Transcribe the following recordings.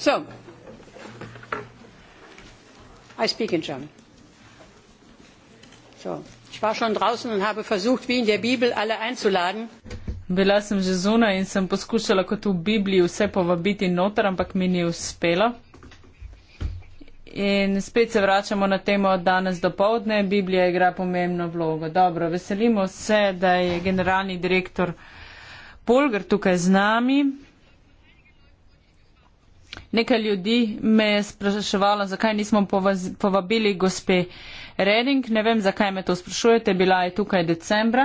So, I speak in German. So, ich war schon draußen und habe versucht, wie in der Bibel alle einzuladen. Bila sem že zunaj in sem poskušala kot v Bibliji vse povabiti noter, ampak mi ni uspelo. In spet se vračamo na temo od danes do povdne. Biblija igra pomembno vlogo. Dobro, veselimo se, da je generalni direktor Polgar tukaj z nami. Nekaj ljudi me je spraševalo, zakaj nismo povaz, povabili gospe Reding. Ne vem, zakaj me to sprašujete. Bila je tukaj decembra.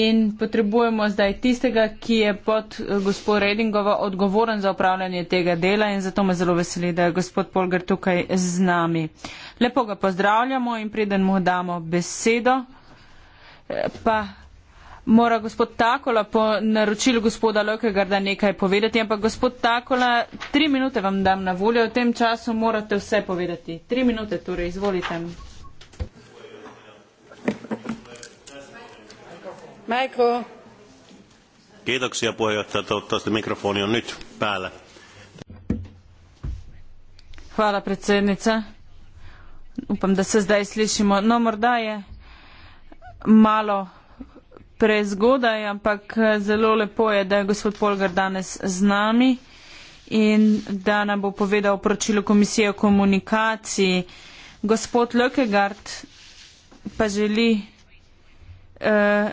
In potrebujemo zdaj tistega, ki je pod eh, gospod Redingova odgovoren za upravljanje tega dela in zato me zelo veseli, da je gospod Polgar tukaj z nami. Lepo ga pozdravljamo in preden mu damo besedo, eh, pa mora gospod Takola po naročilu gospoda Lokegarda nekaj povedati, ampak gospod Takola, tri minute vam dam na voljo, v tem času morate vse povedati. Tri minute torej, izvolite. Majko. Kedoksija pojata, to, to ste mikrofoni on nič, pale. Hvala, predsednica. Upam, da se zdaj slišimo. No, morda je malo prezgodaj, ampak eh, zelo lepo je, da je gospod Polgar danes z nami in da nam bo povedal poročilo Komisije o komunikaciji. Gospod Lökegard pa želi, eh,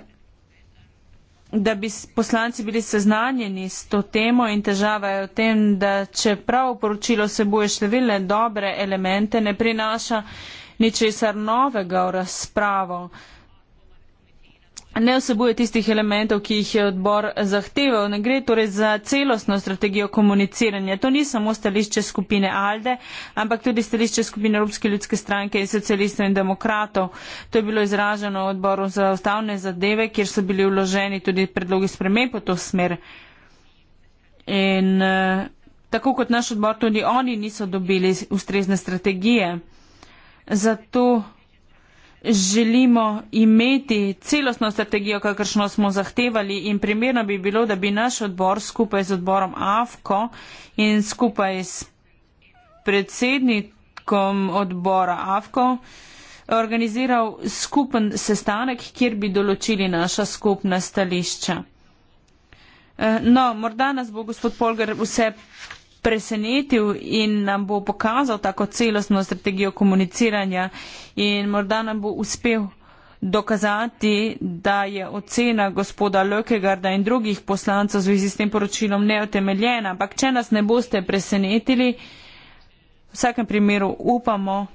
da bi poslanci bili seznanjeni s to temo in težava je v tem, da čeprav poročilo seboje številne dobre elemente, ne prinaša ničesar novega v razpravo. Eh, ne vsebuje tistih elementov, ki jih je odbor zahteval. Ne gre torej za celostno strategijo komuniciranja. To ni samo stališče skupine Alde, ampak tudi stališče skupine Evropske ljudske stranke in socialistov in demokratov. To je bilo izraženo v odboru za ustavne zadeve, kjer so bili vloženi tudi predlogi sprememb v to smer. In eh, tako kot naš odbor, tudi oni niso dobili ustrezne strategije. Zato želimo imeti celostno strategijo, kakršno smo zahtevali in primerno bi bilo, da bi naš odbor skupaj z odborom AFKO in skupaj s predsednikom odbora AFKO organiziral skupen sestanek, kjer bi določili naša skupna stališča. Eh, no, morda nas bo gospod Polgar vse presenetil in nam bo pokazal tako celostno strategijo komuniciranja in morda nam bo uspel dokazati, da je ocena gospoda Lökegarda in drugih poslancev v zvezi s tem poročilom neotemeljena. Ampak, če nas ne boste presenetili, v vsakem primeru upamo,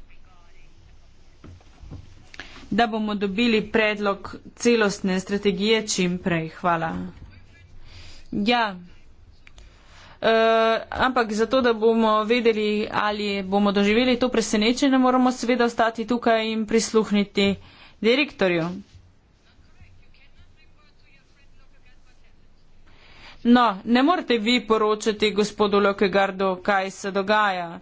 da bomo dobili predlog celostne strategije čim prej. Hvala. Ja. Eh, ampak zato, da bomo vedeli, ali bomo doživeli to presenečenje, moramo seveda ostati tukaj in prisluhniti direktorju. No, ne morete vi poročati gospodu Lokegardu, kaj se dogaja.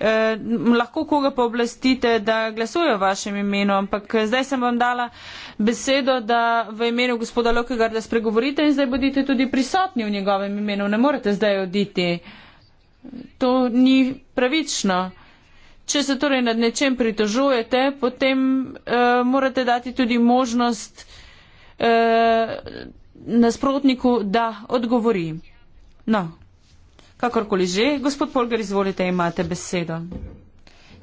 E, lahko koga pa oblastite, da glasujo v vašem imenu, ampak zdaj sem vam dala besedo, da v imenu gospoda Lokegarda spregovorite in zdaj bodite tudi prisotni v njegovem imenu. Ne morete zdaj oditi. To ni pravično. Če se torej nad nečem pritožujete, potem e, morate dati tudi možnost. E, nasprotniku, da odgovori. No, kakorkoli že, gospod Polgar, izvolite, imate besedo.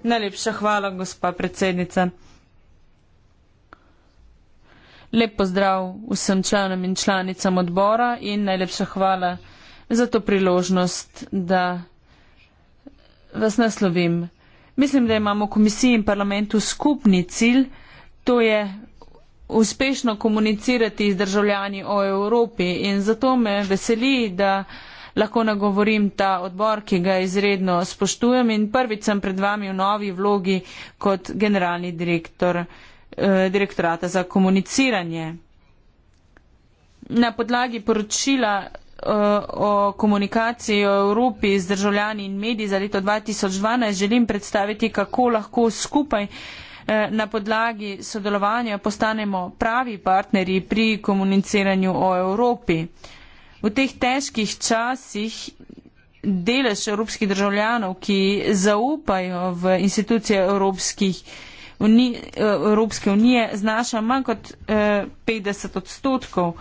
Najlepša hvala, gospa predsednica. Lep pozdrav vsem članom in članicam odbora in najlepša hvala za to priložnost, da vas naslovim. Mislim, da imamo v komisiji in parlamentu skupni cilj, to je uspešno komunicirati z državljani o Evropi in zato me veseli, da lahko nagovorim ta odbor, ki ga izredno spoštujem in prvič sem pred vami v novi vlogi kot generalni direktor eh, direktorata za komuniciranje. Na podlagi poročila eh, o komunikaciji o Evropi z državljani in mediji za leto 2012 želim predstaviti, kako lahko skupaj eh, Eh, na podlagi sodelovanja postanemo pravi partnerji pri komuniciranju o Evropi. V teh težkih časih delež evropskih državljanov, ki zaupajo v institucije evropskih, uni, eh, Evropske unije, znaša manj kot eh, 50 odstotkov.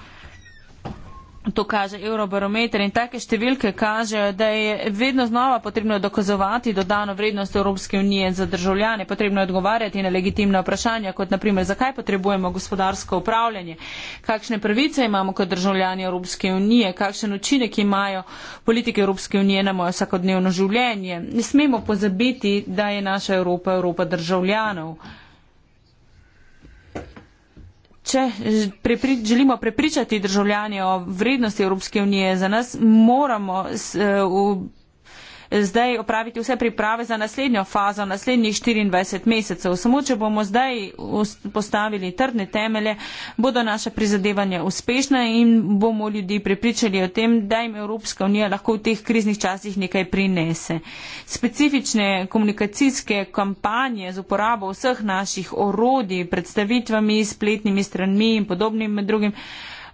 To kaže eurobarometer in take številke kažejo, da je vedno znova potrebno dokazovati dodano vrednost Evropske unije za državljane, potrebno je odgovarjati na legitimna vprašanja, kot naprimer, zakaj potrebujemo gospodarsko upravljanje, kakšne pravice imamo kot državljani Evropske unije, kakšen učinek imajo politike Evropske unije na moje vsakodnevno življenje. Ne smemo pozabiti, da je naša Evropa Evropa državljanov. Če prepri, želimo prepričati državljane o vrednosti Evropske unije za nas, moramo s, uh, zdaj opraviti vse priprave za naslednjo fazo, naslednjih 24 mesecev. Samo če bomo zdaj postavili trdne temelje, bodo naše prizadevanja uspešne in bomo ljudi prepričali o tem, da jim Evropska unija lahko v teh kriznih časih nekaj prinese. Specifične komunikacijske kampanje z uporabo vseh naših orodij, predstavitvami, spletnimi stranmi in podobnim drugim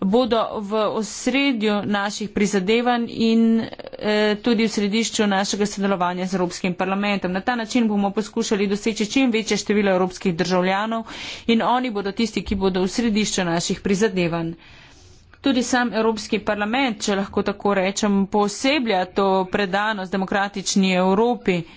bodo v osredju naših prizadevanj in eh, tudi v središču našega sodelovanja z Evropskim parlamentom. Na ta način bomo poskušali doseči čim večje število evropskih državljanov in oni bodo tisti, ki bodo v središču naših prizadevanj. Tudi sam Evropski parlament, če lahko tako rečem, poseblja to predanost demokratični Evropi. Eh,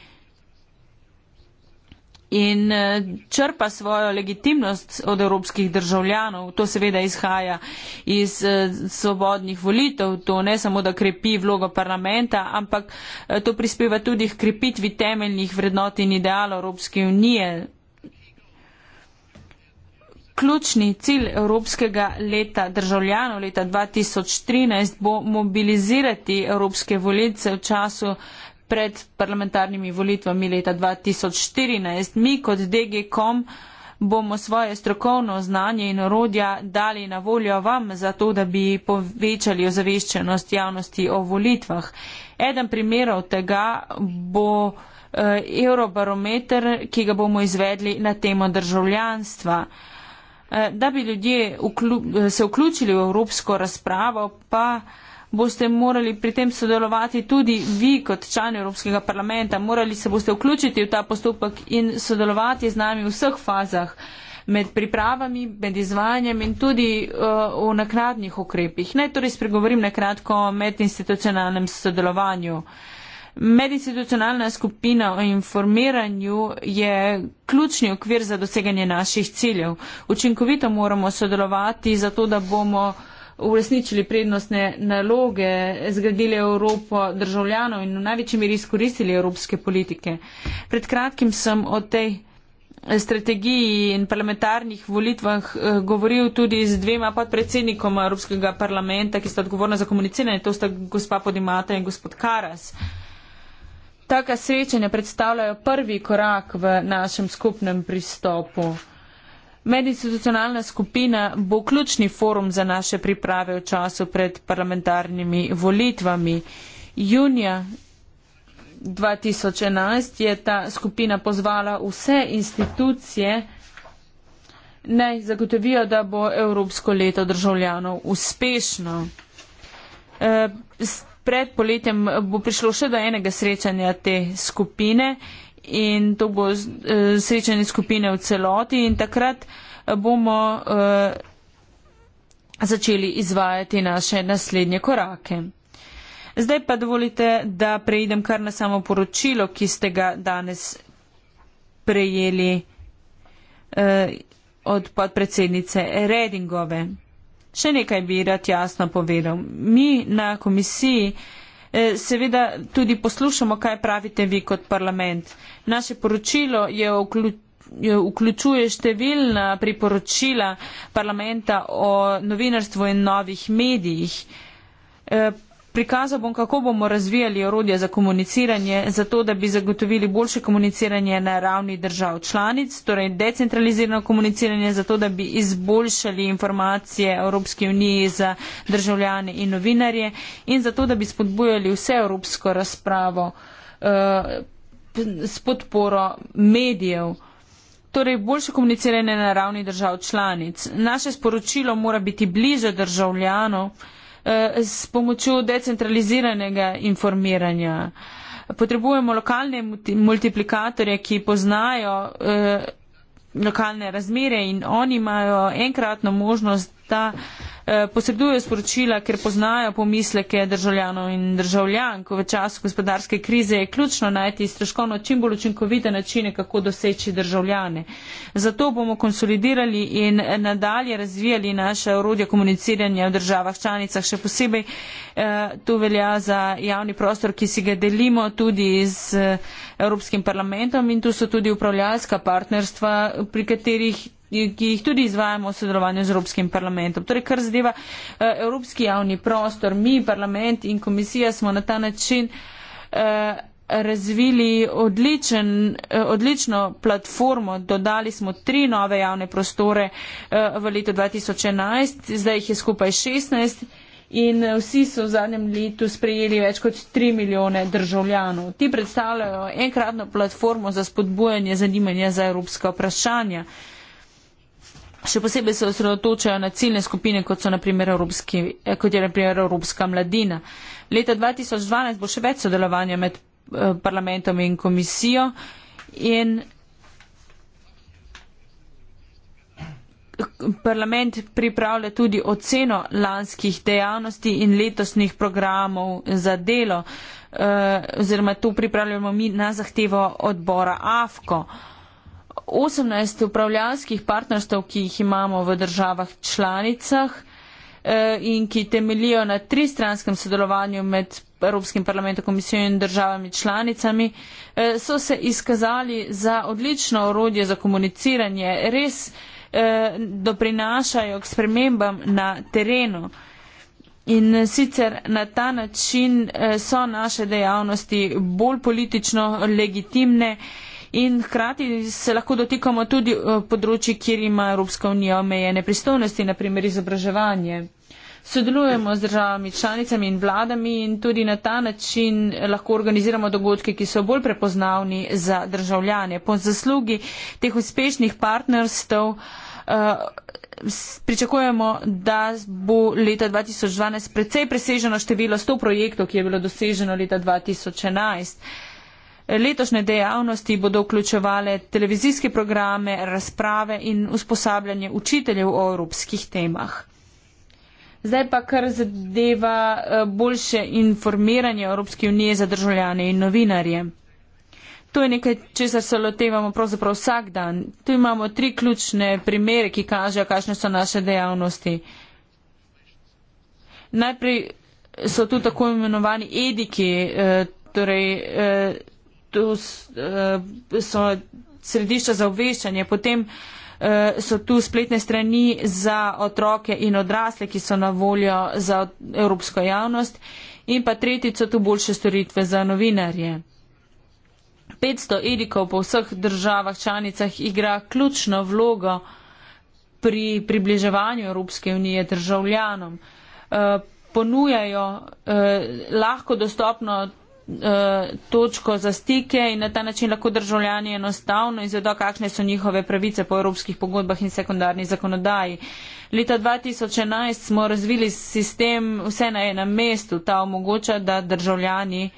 in eh, črpa svojo legitimnost od evropskih državljanov. To seveda izhaja iz eh, svobodnih volitev, to ne samo, da krepi vlogo parlamenta, ampak eh, to prispeva tudi k krepitvi temeljnih vrednot in idealov Evropske unije. Ključni cilj Evropskega leta državljanov leta 2013 bo mobilizirati evropske voljice v času pred parlamentarnimi volitvami leta 2014. Mi kot DGKOM bomo svoje strokovno znanje in orodja dali na voljo vam, zato da bi povečali ozaveščenost javnosti o volitvah. Eden primerov tega bo eh, eurobarometer, ki ga bomo izvedli na temo državljanstva. Eh, da bi ljudje se vključili v evropsko razpravo, pa boste morali pri tem sodelovati tudi vi kot član Evropskega parlamenta, morali se boste vključiti v ta postopek in sodelovati z nami v vseh fazah med pripravami, med izvajanjem in tudi uh, v nakladnih ukrepih. Naj torej spregovorim nakratko o medinstitucionalnem sodelovanju. Medinstitucionalna skupina o informiranju je ključni okvir za doseganje naših ciljev. Učinkovito moramo sodelovati zato, da bomo uh, uresničili prednostne naloge, zgradili Evropo državljanov in v največji meri izkoristili evropske politike. Pred kratkim sem o tej strategiji in parlamentarnih volitvah eh, govoril tudi z dvema podpredsednikoma Evropskega parlamenta, ki sta odgovorna za komuniciranje, to sta gospa Podimata in gospod Karas. Taka srečanja predstavljajo prvi korak v našem skupnem pristopu. Medinstitucionalna skupina bo ključni forum za naše priprave v času pred parlamentarnimi volitvami. Junija 2011 je ta skupina pozvala vse institucije, naj zagotovijo, da bo Evropsko leto državljanov uspešno. E, pred poletjem bo prišlo še do enega srečanja te skupine in to bo eh, srečanje skupine v celoti in takrat eh, bomo eh, začeli izvajati naše naslednje korake. Zdaj pa dovolite, da preidem kar na samo poročilo, ki ste ga danes prejeli eh, od podpredsednice Redingove. Še nekaj bi rad jasno povedal. Mi na komisiji eh, E, seveda tudi poslušamo, kaj pravite vi kot parlament. Naše poročilo je vključeno vključuje številna priporočila parlamenta o novinarstvu in novih medijih. E, Prikazal bom, kako bomo razvijali orodje za komuniciranje, zato da bi zagotovili boljše komuniciranje na ravni držav članic, torej decentralizirano komuniciranje, zato da bi izboljšali informacije Evropske unije za državljane in novinarje in zato da bi spodbujali vse evropsko razpravo eh, s podporo medijev. Torej, boljše komuniciranje na ravni držav članic. Naše sporočilo mora biti bliže državljanov. Eh, s pomočjo decentraliziranega informiranja. Potrebujemo lokalne multiplikatorje, ki poznajo eh, lokalne razmere in oni imajo enkratno možnost, da Eh, posredujejo sporočila, ker poznajo pomisleke državljanov in državljank. V času gospodarske krize je ključno najti stroškovno čim bolj učinkovite načine, kako doseči državljane. Zato bomo konsolidirali in nadalje razvijali naše orodje komuniciranja v državah članicah, še posebej eh, to velja za javni prostor, ki si ga delimo tudi z eh, Evropskim parlamentom in tu so tudi upravljalska partnerstva, pri katerih ki jih tudi izvajamo v sodelovanju z Evropskim parlamentom. Torej, kar zadeva eh, Evropski javni prostor, mi, parlament in komisija smo na ta način eh, razvili odličen, eh, odlično platformo, dodali smo tri nove javne prostore v letu 2011, zdaj jih je skupaj 16 in vsi so v zadnjem letu sprejeli več kot 3 milijone državljanov. Ti predstavljajo enkratno platformo za spodbujanje zanimanja za evropska vprašanja. Še posebej se osredotočajo na ciljne skupine, kot, so, naprimer, evropski, eh, kot je naprimer Evropska mladina. Leta 2012 bo še več sodelovanja med eh, parlamentom in komisijo. In parlament pripravlja tudi oceno lanskih dejavnosti in letosnih programov za delo, eh, oziroma to pripravljamo mi na zahtevo odbora AFKO. Uh, 18 upravljanskih partnerstv, ki jih imamo v državah članicah eh, in ki temelijo na tristranskem sodelovanju med Evropskim parlamentom, komisijo in državami članicami, eh, so se izkazali za odlično orodje za komuniciranje, res eh, doprinašajo k spremembam na terenu. In sicer na ta način so naše dejavnosti bolj politično legitimne in hkrati se lahko dotikamo tudi eh, področji, kjer ima Evropska unija omejene pristojnosti, naprimer izobraževanje. Sodelujemo z državami, članicami in vladami in tudi na ta način lahko organiziramo dogodke, ki so bolj prepoznavni za državljane. Po zaslugi teh uspešnih partnerstv eh, pričakujemo, da bo leta 2012 precej preseženo število 100 projektov, ki je bilo doseženo leta 2011. Letošnje dejavnosti bodo vključevale televizijske programe, razprave in usposabljanje učiteljev o evropskih temah. Zdaj pa kar zadeva eh, boljše informiranje Evropske unije za državljane in novinarje. To je nekaj, česar se lotevamo pravzaprav vsak dan. Tu imamo tri ključne primere, ki kažejo, kakšne so naše dejavnosti. Najprej so tu tako imenovani ediki, eh, torej eh, to uh, eh, so središča za obveščanje, potem uh, so tu spletne strani za otroke in odrasle, ki so na voljo za evropsko javnost in pa tretjič so tu boljše storitve za novinarje. 500 edikov po vseh državah članicah igra ključno vlogo pri približevanju Evropske unije državljanom. Uh, ponujajo uh, lahko dostopno Eh, točko za stike in na ta način lahko državljani enostavno izvedo, kakšne so njihove pravice po evropskih pogodbah in sekundarni zakonodaji. Leta 2011 smo razvili sistem vse na enem mestu. Ta omogoča, da državljani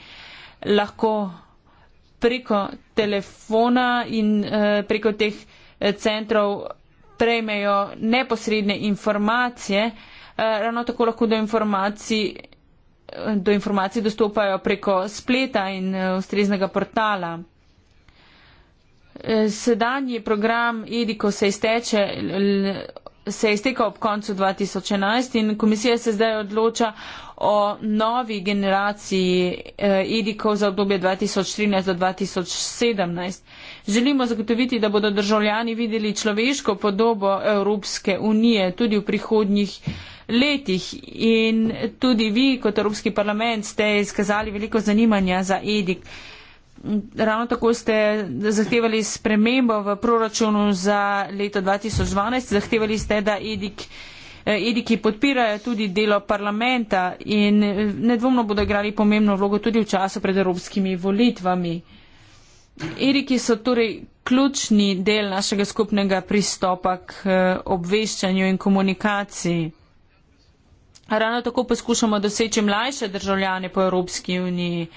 lahko preko telefona in eh, preko teh eh, centrov prejmejo neposredne informacije. Ravno tako lahko do informacij do informacij dostopajo preko spleta in eh, ustreznega portala. Eh, sedanji program EDIKO se izteče, se je iztekal ob koncu 2011 in komisija se zdaj odloča o novi generaciji eh, EDIKO za obdobje 2013 do 2017. Želimo zagotoviti, da bodo državljani videli človeško podobo Evropske unije tudi v prihodnjih letih in tudi vi kot Evropski parlament ste izkazali veliko zanimanja za edik. Ravno tako ste zahtevali spremembo v proračunu za leto 2012, zahtevali ste, da edik, eh, ediki podpirajo tudi delo parlamenta in eh, nedvomno bodo igrali pomembno vlogo tudi v času pred evropskimi volitvami. Ediki so torej ključni del našega skupnega pristopa k eh, obveščanju in komunikaciji. Ravno tako poskušamo doseči mlajše državljane po Evropski uniji.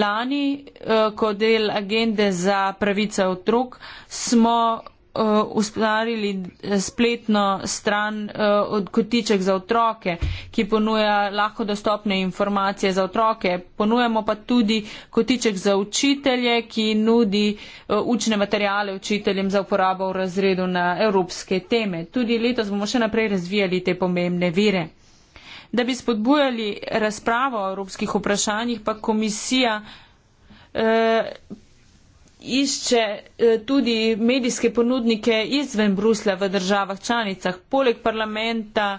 Lani, eh, kot del agende za pravice otrok, smo eh, ustvarili eh, spletno stran od kotiček za otroke, ki ponuja lahko dostopne informacije za otroke. Ponujemo pa tudi kotiček za učitelje, ki nudi učne materijale učiteljem za uporabo v razredu na evropske teme. Tudi letos bomo še naprej razvijali te pomembne vire da bi spodbujali razpravo o evropskih vprašanjih, pa komisija eh, išče eh, tudi medijske ponudnike izven Brusla v državah članicah, poleg parlamenta,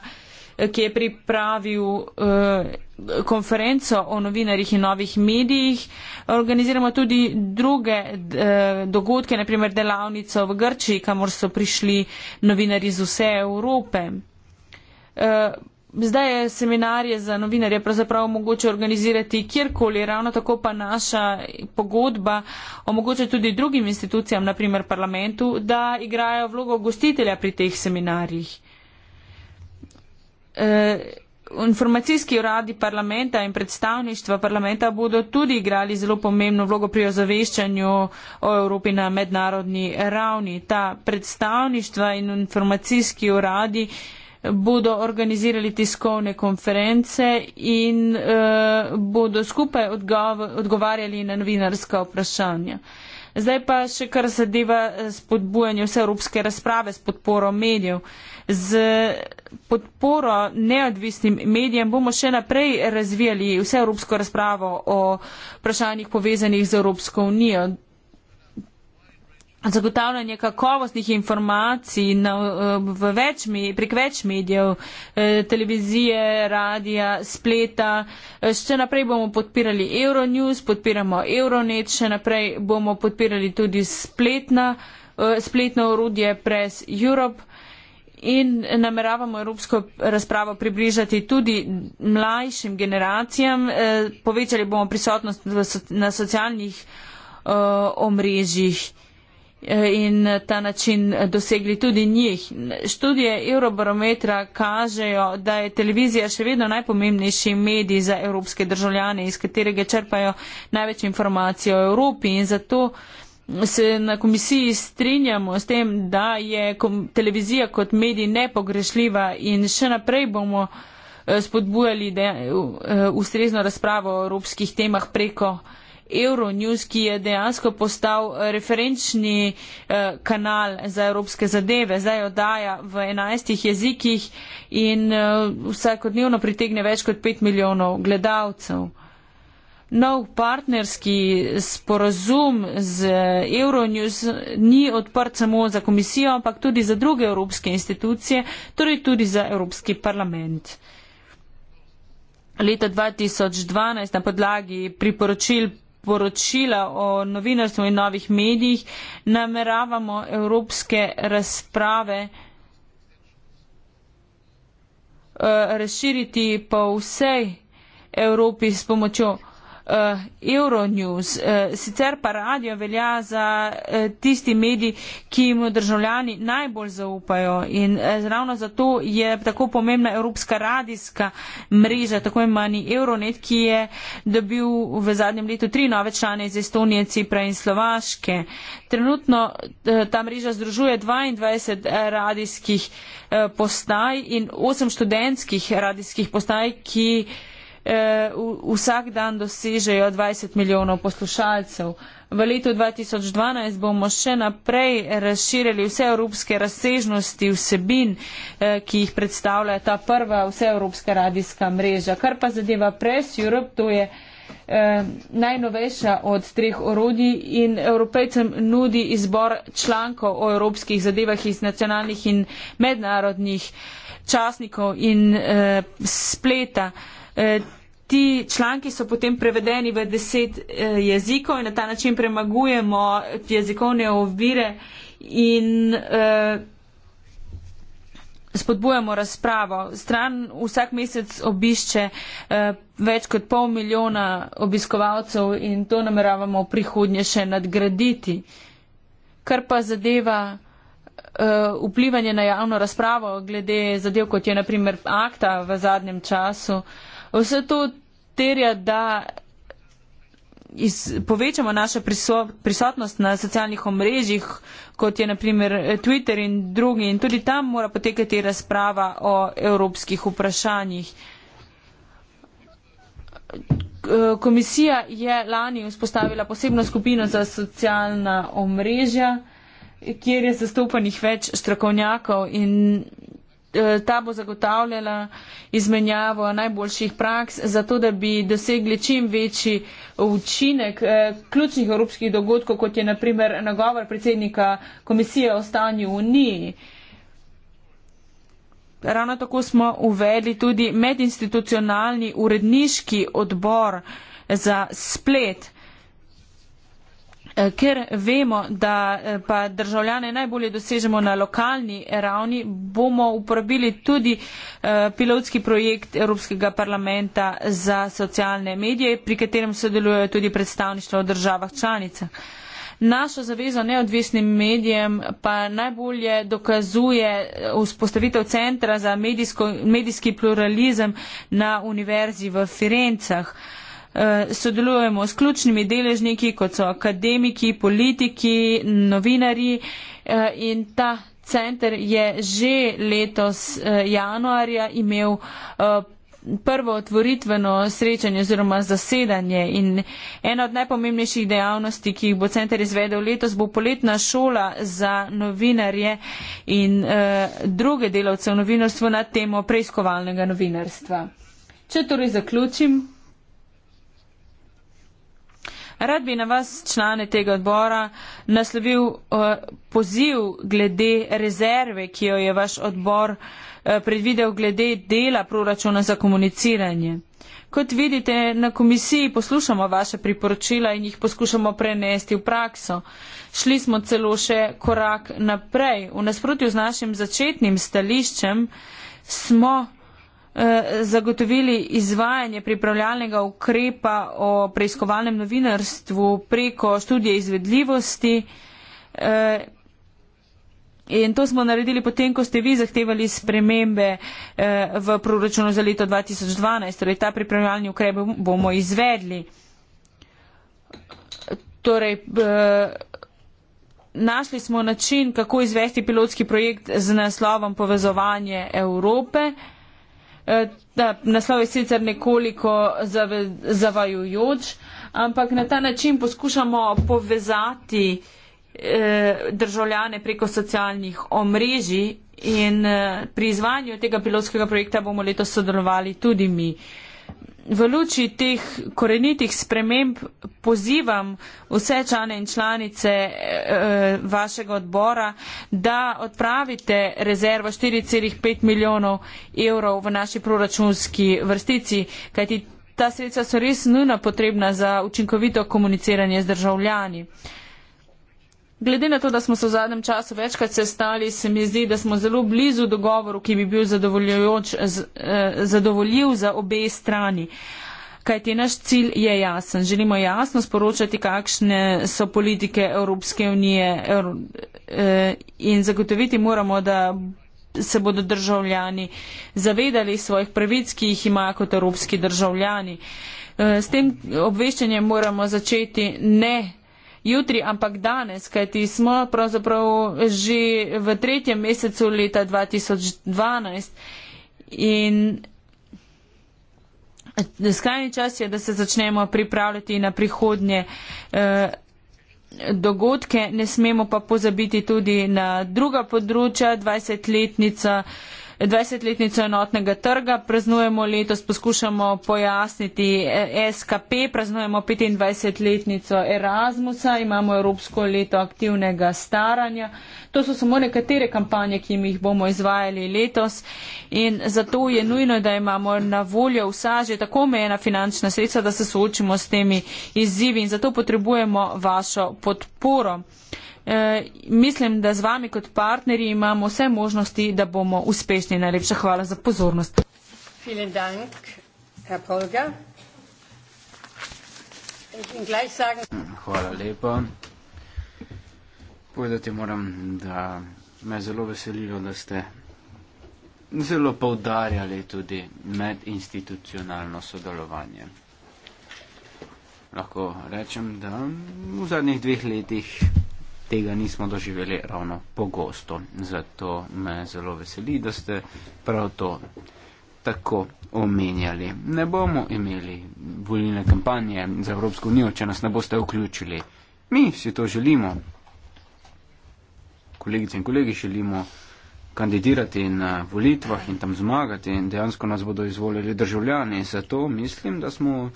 eh, ki je pripravil. Eh, konferenco o novinarjih in novih medijih. Organiziramo tudi druge eh, dogodke, naprimer delavnico v Grčiji, kamor so prišli novinari iz vse Evrope. Eh, Zdaj je seminarje za novinarje pravzaprav mogoče organizirati kjerkoli, ravno tako pa naša pogodba omogoča tudi drugim institucijam, naprimer parlamentu, da igrajo vlogo gostitelja pri teh seminarjih. E, informacijski uradi parlamenta in predstavništva parlamenta bodo tudi igrali zelo pomembno vlogo pri ozaveščanju o Evropi na mednarodni ravni. Ta predstavništva in informacijski uradi bodo organizirali tiskovne konference in uh, bodo skupaj odgovor, odgovarjali na novinarska vprašanja. Zdaj pa še kar zadeva eh, spodbujanje vse evropske razprave s podporo medijev. Z podporo neodvisnim medijem bomo še naprej razvijali vse evropsko razpravo o vprašanjih povezanih z Evropsko unijo zagotavljanje kakovostnih informacij na, eh, v več, prek več medijev, eh, televizije, radija, spleta. Eh, še naprej bomo podpirali Euronews, podpiramo Euronet, še naprej bomo podpirali tudi spletna, spletno orodje Press Europe. In nameravamo evropsko razpravo približati tudi mlajšim generacijam. Povečali bomo prisotnost na socialnih omrežjih in ta način dosegli tudi njih. Študije Eurobarometra kažejo, da je televizija še vedno najpomembnejši medij za evropske državljane, iz katerega črpajo največ informacij o Evropi in zato se na komisiji strinjamo s tem, da je televizija kot medij nepogrešljiva in še naprej bomo eh, spodbujali eh, ustrezno razpravo o evropskih temah preko. Euronews, ki je dejansko postal eh, referenčni eh, kanal za evropske zadeve. Zdaj oddaja v enajstih jezikih in eh, vsakodnevno pritegne več kot pet milijonov gledalcev. Nov partnerski sporazum z Euronews ni odprt samo za komisijo, ampak tudi za druge evropske institucije, torej tudi za Evropski parlament. Leta 2012 na podlagi priporočil poročila o novinarstvu in novih medijih, nameravamo evropske razprave eh, razširiti po vsej Evropi s pomočjo uh, Euronews. Uh, sicer pa radio velja za uh, tisti medij, ki jim državljani najbolj zaupajo in uh, ravno zato je tako pomembna evropska radijska mreža, tako imani Euronet, ki je dobil v zadnjem letu tri nove člane iz Estonije, Cipra in Slovaške. Trenutno uh, ta mreža združuje 22 radijskih uh, postaj in 8 študentskih radijskih postaj, ki eh, vsak dan dosežejo 20 milijonov poslušalcev. V letu 2012 bomo še naprej razširili vse evropske razsežnosti vsebin, eh, ki jih predstavlja ta prva vseevropska radijska mreža. Kar pa zadeva Press Europe, to je eh, najnovejša od treh orodij in evropejcem nudi izbor člankov o evropskih zadevah iz nacionalnih in mednarodnih časnikov in eh, spleta. Eh, Ti članki so potem prevedeni v deset eh, jezikov in na ta način premagujemo jezikovne ovire in eh, spodbujamo razpravo. Stran vsak mesec obišče eh, več kot pol milijona obiskovalcev in to nameravamo v prihodnje še nadgraditi. Kar pa zadeva eh, vplivanje na javno razpravo glede zadev, kot je naprimer akta v zadnjem času, eh, Vse to terja, da iz, povečamo našo prisotnost na socialnih omrežjih, kot je naprimer eh, Twitter in drugi, in tudi tam mora potekati razprava o evropskih vprašanjih. Eh, komisija je lani vzpostavila posebno skupino za socialna omrežja, kjer je zastopanih več strokovnjakov in Eh, ta bo zagotavljala izmenjavo najboljših praks, zato da bi dosegli čim večji učinek eh, ključnih evropskih dogodkov, kot je naprimer nagovor predsednika komisije o stanju Uniji. Ravno tako smo uvedli tudi medinstitucionalni uredniški odbor za splet. Eh, ker vemo, da eh, pa državljane najbolje dosežemo na lokalni ravni, bomo uporabili tudi eh, pilotski projekt Evropskega parlamenta za socialne medije, pri katerem sodelujejo tudi predstavništva v državah članicah. Našo zavezo neodvisnim medijem pa najbolje dokazuje vzpostavitev centra za medijsko, medijski pluralizem na univerzi v Firencah. Eh, sodelujemo s ključnimi deležniki, kot so akademiki, politiki, novinari eh, in ta center je že letos eh, januarja imel prvo otvoritveno srečanje oziroma zasedanje in ena od najpomembnejših dejavnosti, ki jih bo center izvedel letos, bo poletna šola za novinarje in uh, druge delavce v novinarstvu na temo preiskovalnega novinarstva. Če torej zaključim. Rad bi na vas, člane tega odbora, naslovil uh, poziv glede rezerve, ki jo je vaš odbor uh, predvidel glede dela proračuna za komuniciranje. Kot vidite, na komisiji poslušamo vaše priporočila in jih poskušamo prenesti v prakso. Šli smo celo še korak naprej. V nasprotju z našim začetnim stališčem smo zagotovili izvajanje pripravljalnega ukrepa o preiskovalnem novinarstvu preko študije izvedljivosti. Eh, in to smo naredili potem, ko ste vi zahtevali spremembe eh, v proračunu za leto 2012. Torej, ta pripravljalni ukrep bomo izvedli. Torej, eh, Našli smo način, kako izvesti pilotski projekt z naslovom Povezovanje Evrope da eh, naslov je sicer nekoliko zavajujoč, ampak na ta način poskušamo povezati eh, državljane preko socialnih omrežij in eh, pri izvanju tega pilotskega projekta bomo letos sodelovali tudi mi v luči teh korenitih sprememb pozivam vse člane in članice e, vašega odbora, da odpravite rezervo 4,5 milijonov evrov v naši proračunski vrstici, kajti ta sredstva so res nujno potrebna za učinkovito komuniciranje z državljani. E, Glede na to, da smo se v zadnjem času večkrat sestali, se mi zdi, da smo zelo blizu dogovoru, ki bi bil eh, zadovoljiv za obe strani. Kaj ti naš cilj je jasen? Želimo jasno sporočati, kakšne so politike Evropske unije Evro, eh, in zagotoviti moramo, da se bodo državljani zavedali svojih pravic, ki jih imajo kot evropski državljani. Eh, s tem obveščanjem moramo začeti ne jutri, ampak danes, kajti smo pravzaprav že v tretjem mesecu leta 2012 in skrajni čas je, da se začnemo pripravljati na prihodnje. Eh, dogodke, ne smemo pa pozabiti tudi na druga področja, 20-letnica uh, 20-letnico enotnega trga praznujemo letos, poskušamo pojasniti e, SKP, praznujemo 25-letnico Erasmusa, imamo Evropsko leto aktivnega staranja. To so samo nekatere kampanje, ki jih bomo izvajali letos in zato je nujno, da imamo na voljo vsa že tako mejena finančna sredstva, da se soočimo s temi izzivi in zato potrebujemo vašo podporo. E, mislim, da z vami kot partnerji imamo vse možnosti, da bomo uspešni. Najlepša hvala za pozornost. Vielen Dank, Herr Polga. Hvala lepa. Povedati moram, da me je zelo veselilo, da ste zelo poudarjali tudi medinstitucionalno sodelovanje. Lahko rečem, da v zadnjih dveh letih tega nismo doživeli ravno pogosto. Zato me zelo veseli, da ste prav to tako omenjali. Ne bomo imeli volilne kampanje za Evropsko unijo, če nas ne boste vključili. Mi si to želimo. Kolegice in kolegi želimo kandidirati na volitvah in tam zmagati in dejansko nas bodo izvolili državljani. Zato mislim, da smo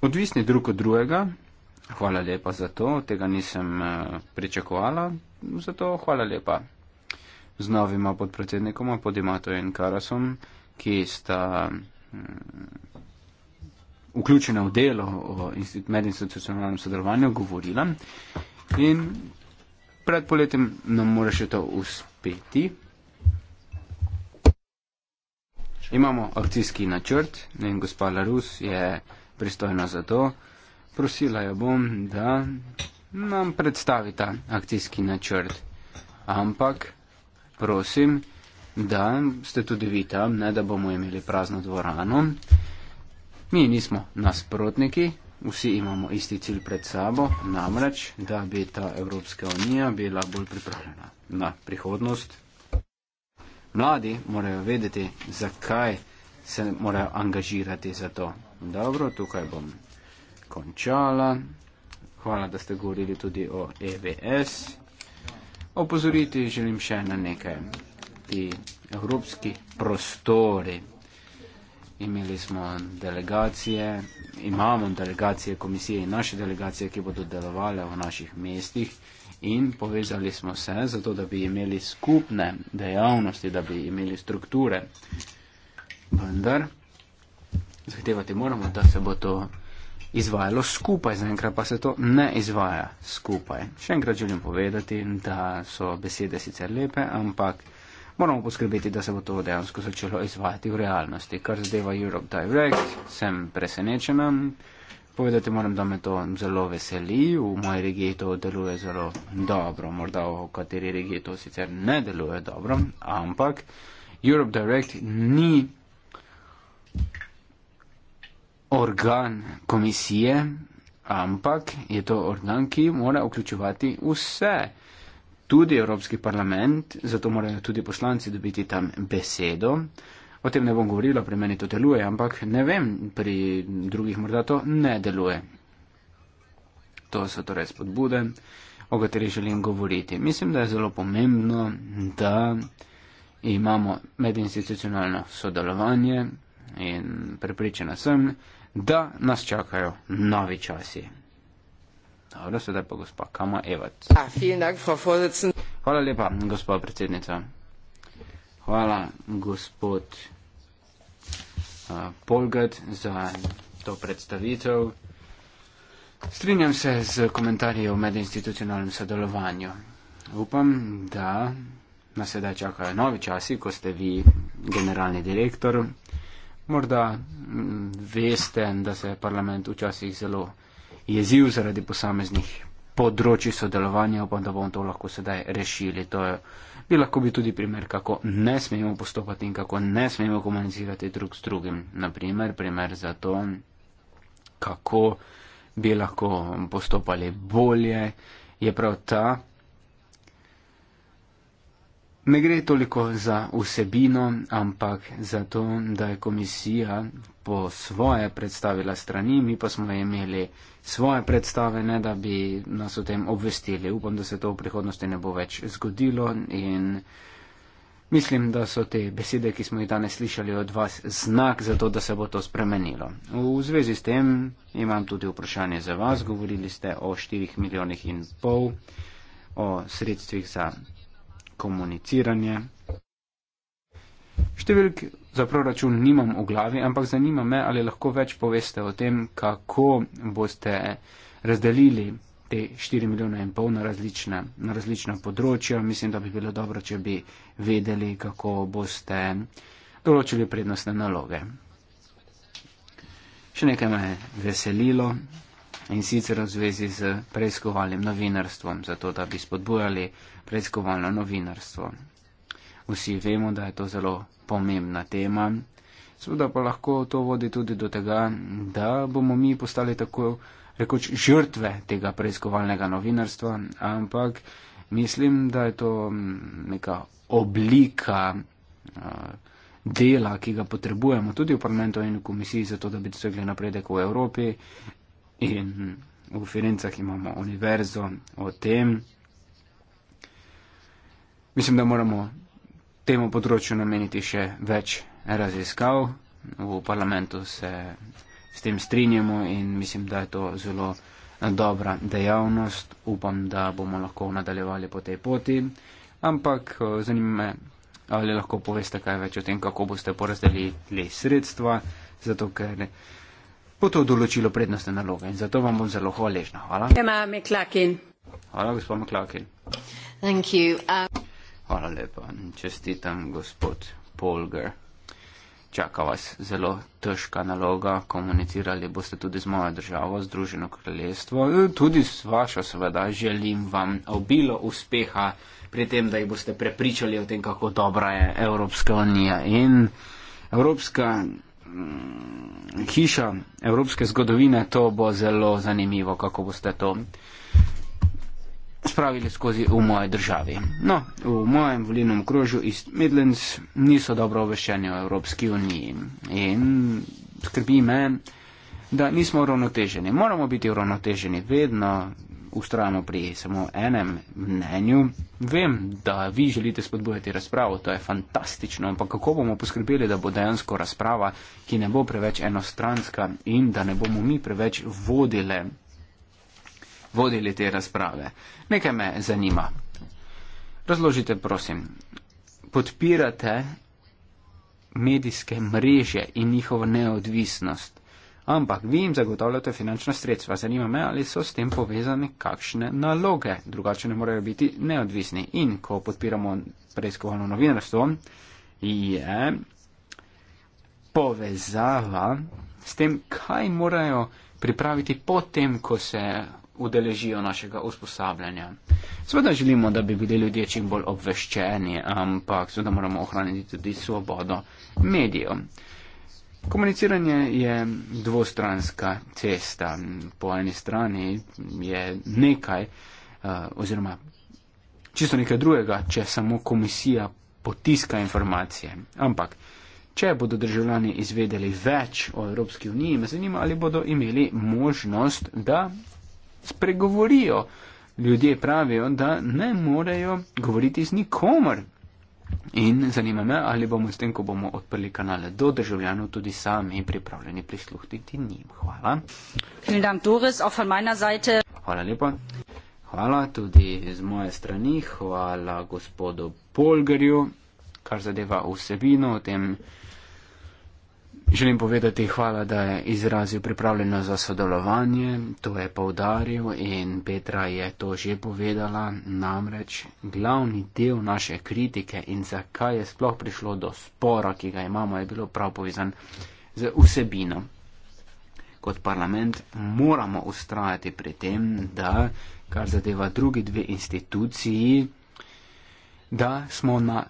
odvisni drug od drugega Hvala lepa za to, tega nisem eh, pričakovala, zato hvala lepa. Z novima podpredsednikoma Podimato in Karasom, ki sta mm, vključena v delo o medinstitucionalnem sodelovanju, govorila in pred poletjem nam mora še to uspeti. Imamo akcijski načrt in gospa Larus je pristojna za to prosila jo bom, da nam predstavi ta akcijski načrt. Ampak prosim, da ste tudi vi tam, ne da bomo imeli prazno dvorano. Mi nismo nasprotniki, vsi imamo isti cilj pred sabo, namreč, da bi ta Evropska unija bila bolj pripravljena na prihodnost. Mladi morajo vedeti, zakaj se morajo angažirati za to. Dobro, tukaj bom končala. Hvala, da ste govorili tudi o EVS. Opozoriti želim še na nekaj. Ti evropski prostori. Imeli smo delegacije, imamo delegacije komisije in naše delegacije, ki bodo delovale v naših mestih in povezali smo se, zato da bi imeli skupne dejavnosti, da bi imeli strukture. Vendar zahtevati moramo, da se bo to izvajalo skupaj, zaenkrat pa se to ne izvaja skupaj. Še enkrat želim povedati, da so besede sicer lepe, ampak moramo poskrbeti, da se bo to dejansko začelo izvajati v realnosti. Kar zdeva Europe Direct, sem presenečena. Povedati moram, da me to zelo veseli, v moji regiji to deluje zelo dobro, morda v kateri regiji to sicer ne deluje dobro, ampak Europe Direct ni organ komisije, ampak je to organ, ki mora vključevati vse, tudi Evropski parlament, zato morajo tudi poslanci dobiti tam besedo. O tem ne bom govorila, pri meni to deluje, ampak ne vem, pri drugih morda to ne deluje. To so torej spodbude, o katerih želim govoriti. Mislim, da je zelo pomembno, da imamo medinstitucionalno sodelovanje in prepričana sem, da nas čakajo novi časi. Dobro, sedaj pa gospa Kama Evac. Ja, Hvala lepa, gospod predsednica. Hvala, gospod uh, Polgat, za to predstavitev. Strinjam se z komentarji o medinstitucionalnem sodelovanju. Upam, da nas sedaj čakajo novi časi, ko ste vi generalni direktor Morda mm, veste, da se je parlament včasih zelo jezil zaradi posameznih področji sodelovanja, upam, da bomo to lahko sedaj rešili. To je, bi lahko bil tudi primer, kako ne smemo postopati in kako ne smemo komunicirati drug s drugim. Naprimer, primer za to, kako bi lahko postopali bolje, je prav ta Ne gre toliko za vsebino, ampak za to, da je komisija po svoje predstavila strani, mi pa smo imeli svoje predstave, ne da bi nas o tem obvestili. Upam, da se to v prihodnosti ne bo več zgodilo in mislim, da so te besede, ki smo jih danes slišali od vas, znak za to, da se bo to spremenilo. V zvezi s tem imam tudi vprašanje za vas. Govorili ste o 4 milijonih in pol, o sredstvih za komuniciranje. Številk za proračun nimam v glavi, ampak zanima me, ali lahko več poveste o tem, kako boste razdelili te 4 milijone in pol na različna, na različna področja. Mislim, da bi bilo dobro, če bi vedeli, kako boste določili prednostne naloge. Še nekaj me je veselilo in sicer v zvezi z preiskovalnim novinarstvom, zato da bi spodbujali preiskovalno novinarstvo. Vsi vemo, da je to zelo pomembna tema, seveda pa lahko to vodi tudi do tega, da bomo mi postali tako rekoč žrtve tega preiskovalnega novinarstva, ampak mislim, da je to mm, neka oblika dela, ki ga potrebujemo tudi v parlamentu in v komisiji, zato da bi dosegli napredek v Evropi, in v Firencah imamo univerzo o tem. Mislim, da moramo temu področju nameniti še več raziskav. V parlamentu se s tem strinjamo in mislim, da je to zelo dobra dejavnost. Upam, da bomo lahko nadaljevali po tej poti. Ampak eh, zanima me, ali lahko poveste kaj več o tem, kako boste porazdelili sredstva, zato ker bo to določilo prednostne naloge in zato vam bom zelo hvaležna. Hvala. Hvala, gospod McLaughlin. Um... Hvala lepa. Čestitam, gospod Polger. Čaka vas zelo težka naloga. Komunicirali boste tudi z mojo državo, Združeno kraljestvo. Tudi z vašo, seveda, želim vam obilo uspeha pri tem, da jih boste prepričali o tem, kako dobra je Evropska unija in Evropska unija. Mm, hiša evropske zgodovine, to bo zelo zanimivo, kako boste to spravili skozi v moje državi. No, v mojem volilnem okrožju iz Midlands niso dobro obveščeni o Evropski uniji in skrbi me, da nismo uravnoteženi. Moramo biti uravnoteženi vedno, ustrajamo pri samo enem mnenju. Vem, da vi želite spodbujati razpravo, to je fantastično, ampak kako bomo poskrbeli, da bo dejansko razprava, ki ne bo preveč enostranska in da ne bomo mi preveč vodile, vodili te razprave. Nekaj me zanima. Razložite, prosim, podpirate medijske mreže in njihovo neodvisnost ampak vi jim zagotavljate finančna sredstva. Zanima me, ali so s tem povezane kakšne naloge, drugače ne morejo biti neodvisni. In ko podpiramo preiskovalno novinarstvo, je povezava s tem, kaj morajo pripraviti potem, ko se udeležijo našega usposabljanja. Sveda želimo, da bi bili ljudje čim bolj obveščeni, ampak sveda moramo ohraniti tudi svobodo medijev. Komuniciranje je dvostranska cesta. Po eni strani je nekaj, eh, oziroma čisto nekaj drugega, če samo komisija potiska informacije. Ampak, če bodo državljani izvedeli več o Evropski uniji, me zanima, ali bodo imeli možnost, da spregovorijo. Ljudje pravijo, da ne morejo govoriti z nikomor, In zanima me, ali bomo s tem, ko bomo odprli kanale do državljanov, tudi sami pripravljeni prisluhniti njim. Hvala. Hvala lepa. Hvala tudi z moje strani. Hvala gospodu Polgerju, kar zadeva vsebino o tem. Želim povedati hvala, da je izrazil pripravljeno za sodelovanje, to je povdaril in Petra je to že povedala, namreč glavni del naše kritike in zakaj je sploh prišlo do spora, ki ga imamo, je bilo prav povezan z vsebino. Kot parlament moramo ustrajati pri tem, da kar zadeva drugi dve instituciji, da smo na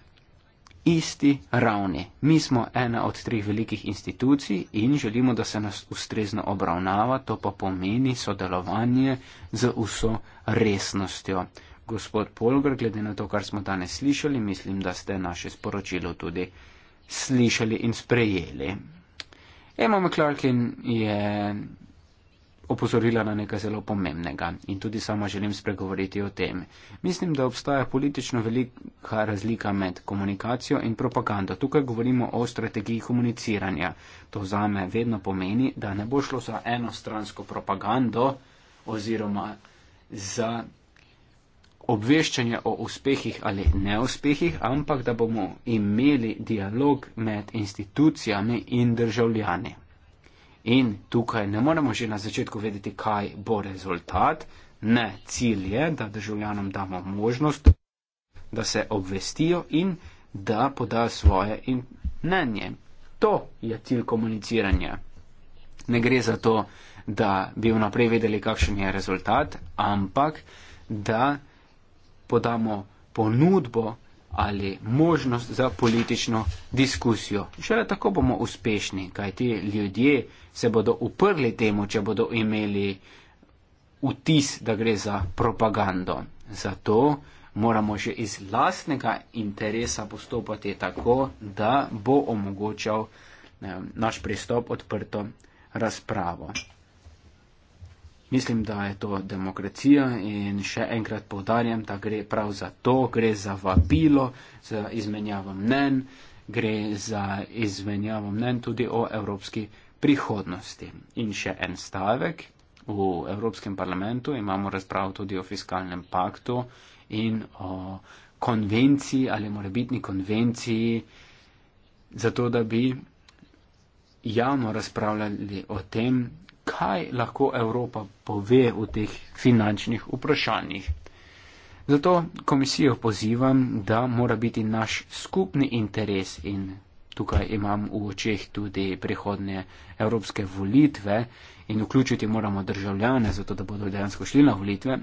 isti ravni. Mi smo ena od treh velikih institucij in želimo, da se nas ustrezno obravnava, to pa pomeni sodelovanje z vso resnostjo. Gospod Polgar, glede na to, kar smo danes slišali, mislim, da ste naše sporočilo tudi slišali in sprejeli. Emma McClarkin je opozorila na nekaj zelo pomembnega in tudi sama želim spregovoriti o tem. Mislim, da obstaja politično velika razlika med komunikacijo in propagando. Tukaj govorimo o strategiji komuniciranja. To zame vedno pomeni, da ne bo šlo za enostransko propagando oziroma za obveščanje o uspehih ali neuspehih, ampak da bomo imeli dialog med institucijami in državljani. In tukaj ne moremo že na začetku vedeti, kaj bo rezultat. Ne, cilj je, da državljanom damo možnost, da se obvestijo in da podajo svoje mnenje. To je cilj komuniciranja. Ne gre za to, da bi vnaprej vedeli, kakšen je rezultat, ampak da podamo ponudbo ali možnost za politično diskusijo. Šele tako bomo uspešni, kaj ti ljudje se bodo uprli temu, če bodo imeli vtis, da gre za propagando. Zato moramo že iz lastnega interesa postopati tako, da bo omogočal ne, eh, naš pristop odprto razpravo. Mislim, da je to demokracija in še enkrat povdarjam, da gre prav za to, gre za vabilo, za izmenjavo mnen, gre za izmenjavo mnen tudi o evropski prihodnosti. In še en stavek. V Evropskem parlamentu imamo razpravo tudi o fiskalnem paktu in o konvenciji ali morebitni konvenciji, zato da bi javno razpravljali o tem, kaj lahko Evropa pove v teh finančnih vprašanjih. Zato komisijo pozivam, da mora biti naš skupni interes in tukaj imam v očeh tudi prihodne evropske volitve in vključiti moramo državljane, zato da bodo dejansko šli na volitve.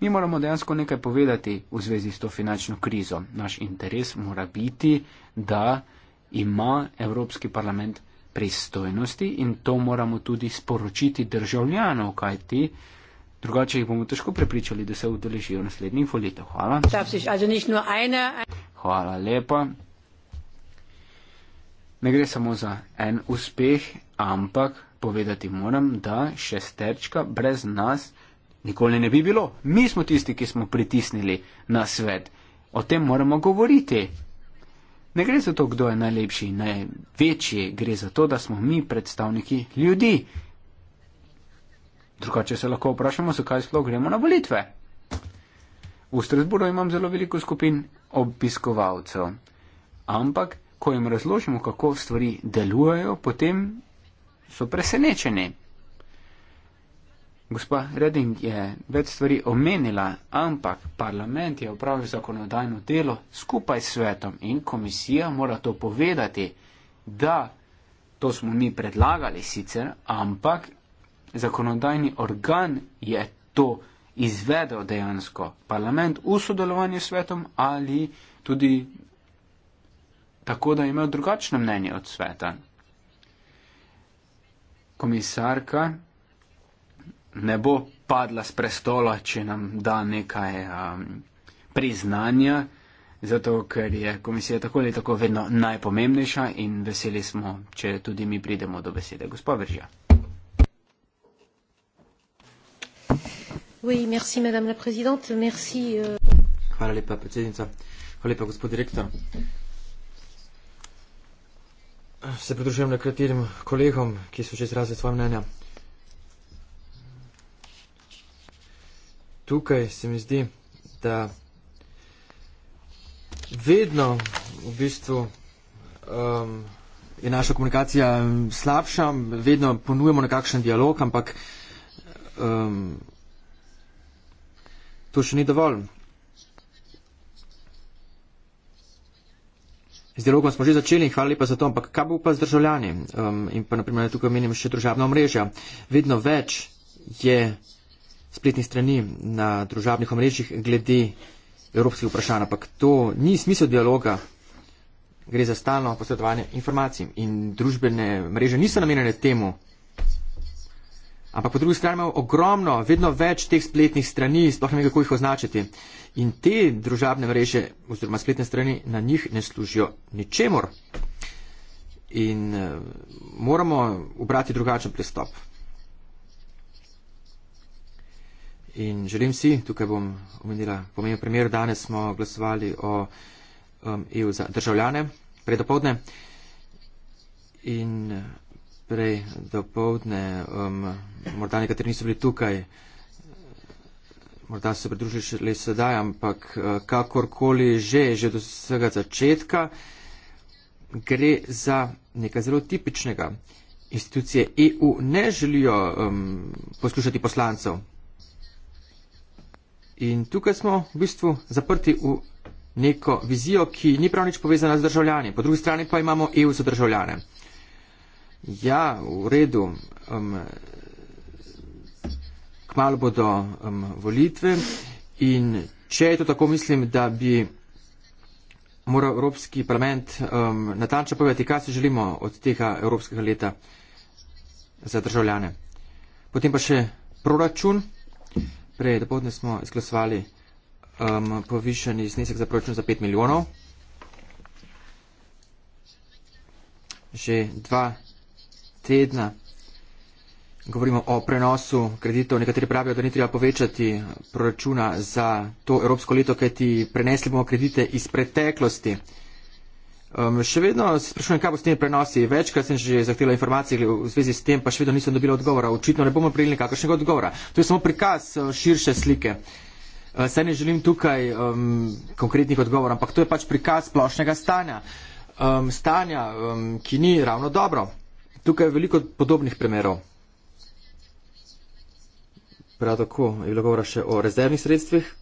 Mi moramo dejansko nekaj povedati v zvezi s to finančno krizo. Naš interes mora biti, da ima Evropski parlament pristojnosti in to moramo tudi sporočiti državljanov, kajti drugače jih bomo težko prepričali, da se udeležijo naslednjih volitev. Hvala. Hvala lepa. Ne gre samo za en uspeh, ampak povedati moram, da šesterčka brez nas nikoli ne bi bilo. Mi smo tisti, ki smo pritisnili na svet. O tem moramo govoriti. Ne gre za to, kdo je najlepši, največji, gre za to, da smo mi predstavniki ljudi. Drugače se lahko vprašamo, zakaj sploh gremo na volitve. V Strasburu imam zelo veliko skupin obiskovalcev, ampak ko jim razložimo, kako stvari delujejo, potem so presenečeni. Gospa Reding je več stvari omenila, ampak parlament je upravil zakonodajno delo skupaj s svetom in komisija mora to povedati, da to smo mi predlagali sicer, ampak zakonodajni organ je to izvedel dejansko. Parlament v sodelovanju s svetom ali tudi tako, da je imel drugačno mnenje od sveta. Komisarka ne bo padla z prestola, če nam da nekaj um, priznanja, zato ker je komisija tako ali tako vedno najpomembnejša in veseli smo, če tudi mi pridemo do besede. Gospa Vržja. Oui, merci, madame la présidente. Merci. Euh... Hvala lepa, predsednica. Hvala lepa, gospod direktor. Se pridružujem nekaterim kolegom, ki so že izrazili svoje mnenje. tukaj se mi zdi, da vedno v bistvu um, je naša komunikacija slabša, vedno ponujemo nekakšen dialog, ampak um, to še ni dovolj. Z dialogom smo že začeli in hvala lepa za to, ampak kaj bo pa z državljani? Um, in pa naprimer tukaj menim še družabna omrežja. Vedno več je spletnih strani, na družabnih omrežjih glede evropskih vprašanj, ampak to ni smisel dialoga. Gre za stalno posredovanje informacij in družbene mreže niso namenjene temu. Ampak po drugi strani imamo ogromno, vedno več teh spletnih strani, sploh ne vem, kako jih označiti. In te družabne mreže oziroma spletne strani na njih ne služijo ničemor. In eh, moramo obrati drugačen pristop. In želim si, tukaj bom omenila pomemben primer, danes smo glasovali o um, EU za državljane, predopovdne in prej dopovdne, um, morda nekateri niso bili tukaj, morda so pridružili šele sedaj, ampak uh, kakorkoli že, že do vsega začetka, gre za nekaj zelo tipičnega. Institucije EU ne želijo um, poslušati poslancev. In tukaj smo v bistvu zaprti v neko vizijo, ki ni prav nič povezana z državljani. Po drugi strani pa imamo EU za državljane. Ja, v redu. Um, kmalo bodo um, volitve in če je to tako, mislim, da bi moral Evropski parlament um, natančno povedati, kaj si želimo od tega Evropskega leta za državljane. Potem pa še proračun. Prej, da podne smo izglasovali um, povišeni znesek za proračun za 5 milijonov. Že dva tedna govorimo o prenosu kreditov. Nekateri pravijo, da ni treba povečati proračuna za to evropsko leto, kajti prenesli bomo kredite iz preteklosti. Um, še vedno se sprašujem, kaj bo s temi prenosi. Večkrat sem že zahtevala informacije v zvezi s tem, pa še vedno nisem dobila odgovora. Očitno ne bomo prijeli nekakšnega odgovora. To je samo prikaz uh, širše slike. Uh, saj ne želim tukaj um, konkretnih odgovorov, ampak to je pač prikaz splošnega stanja. Um, stanja, um, ki ni ravno dobro. Tukaj je veliko podobnih primerov. Prav tako je bilo govora še o rezervnih sredstvih.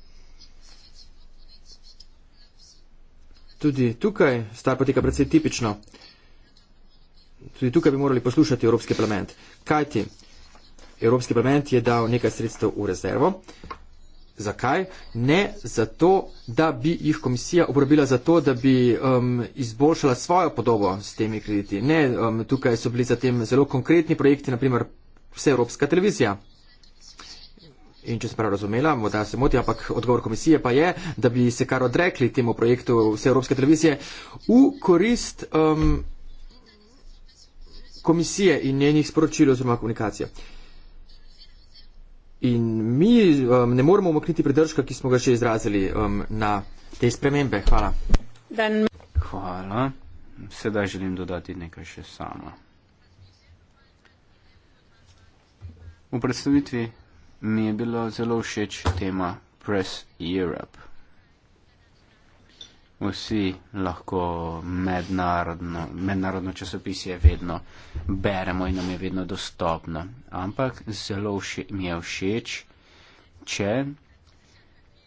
tudi tukaj stvar poteka predvsej tipično. Tudi tukaj bi morali poslušati Evropski parlament. Kaj ti? Evropski parlament je dal nekaj sredstev v rezervo. Zakaj? Ne zato, da bi jih komisija uporabila za to, da bi um, izboljšala svojo podobo s temi krediti. Ne, um, tukaj so bili zatem zelo konkretni projekti, naprimer vseevropska televizija. In če sem prav razumela, morda se moti, ampak odgovor komisije pa je, da bi se kar odrekli temu projektu vse Evropske televizije v korist um, komisije in njenih sporočil oziroma komunikacije. In mi um, ne moremo omakniti pridržka, ki smo ga že izrazili um, na te spremembe. Hvala. Dan. Hvala. Sedaj želim dodati nekaj še sama. V predstavitvi mi je bilo zelo všeč tema Press Europe. Vsi lahko mednarodno, mednarodno časopisje vedno beremo in nam je vedno dostopno. Ampak zelo mi je všeč, če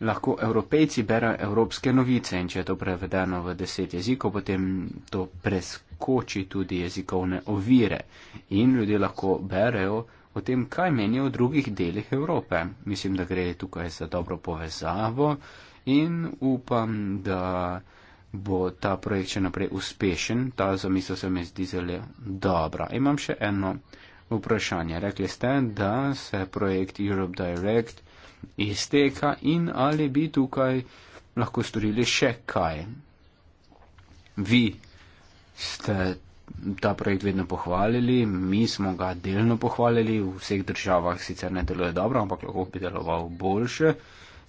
lahko evropejci berejo evropske novice in če je to prevedeno v deset jezikov, potem to preskoči tudi jezikovne ovire in ljudje lahko berejo o tem, kaj menijo v drugih delih Evrope. Mislim, da gre tukaj za dobro povezavo in upam, da bo ta projekt še naprej uspešen. Ta zamisel se mi zdi zelo dobra. Imam še eno vprašanje. Rekli ste, da se projekt Europe Direct izteka in ali bi tukaj lahko storili še kaj. Vi ste ta projekt vedno pohvalili, mi smo ga delno pohvalili, v vseh državah sicer ne deluje dobro, ampak lahko bi deloval boljše.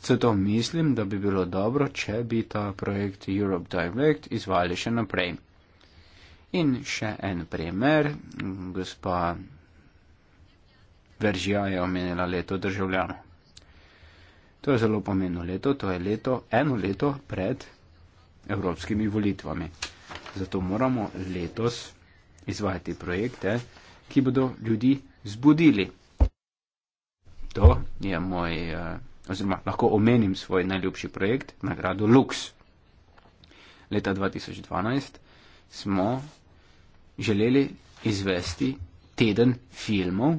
Zato mislim, da bi bilo dobro, če bi ta projekt Europe Direct izvali še naprej. In še en primer, gospa Veržija je omenila leto državljano. To je zelo pomembno leto, to je leto, eno leto pred evropskimi volitvami. Zato moramo letos izvajati projekte, ki bodo ljudi zbudili. To je moj, eh, oziroma lahko omenim svoj najljubši projekt, nagrado Lux. Leta 2012 smo želeli izvesti teden filmov,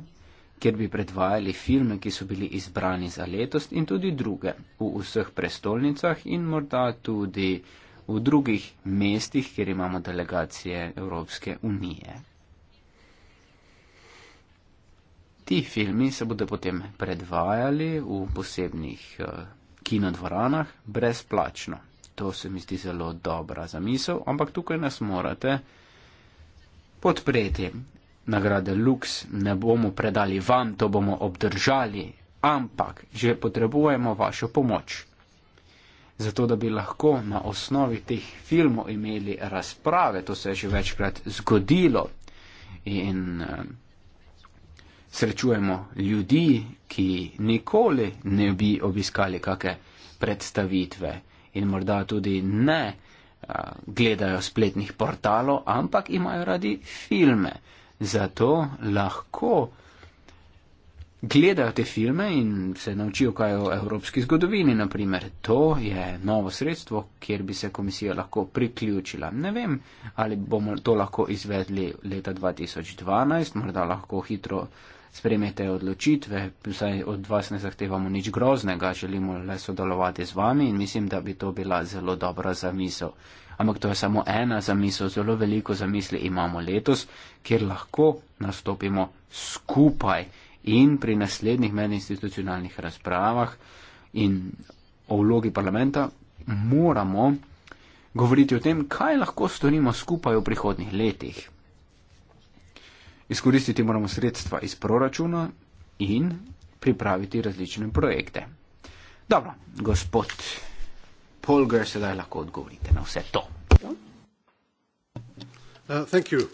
kjer bi predvajali filme, ki so bili izbrani za letos in tudi druge v vseh prestolnicah in morda tudi v drugih mestih, kjer imamo delegacije Evropske unije. Ti filmi se bodo potem predvajali v posebnih uh, kinodvoranah brezplačno. To se mi zdi zelo dobra zamisel, ampak tukaj nas morate podpreti. Nagrade Lux ne bomo predali vam, to bomo obdržali, ampak že potrebujemo vašo pomoč zato da bi lahko na osnovi teh filmov imeli razprave. To se je že večkrat zgodilo in uh, srečujemo ljudi, ki nikoli ne bi obiskali kakšne predstavitve in morda tudi ne uh, gledajo spletnih portalov, ampak imajo radi filme. Zato lahko uh, gledajo te filme in se naučijo kaj o evropski zgodovini, naprimer. To je novo sredstvo, kjer bi se komisija lahko priključila. Ne vem, ali bomo to lahko izvedli leta 2012, morda lahko hitro spremete odločitve, saj od vas ne zahtevamo nič groznega, želimo le sodelovati z vami in mislim, da bi to bila zelo dobra zamisel. Ampak to je samo ena zamisel, zelo veliko zamisli imamo letos, kjer lahko nastopimo skupaj in pri naslednjih medinstitucionalnih razpravah in o vlogi parlamenta moramo govoriti o tem, kaj lahko storimo skupaj v prihodnih letih. Izkoristiti moramo sredstva iz proračuna in pripraviti različne projekte. Dobro, gospod Polger, sedaj lahko odgovorite na vse to. Uh, you,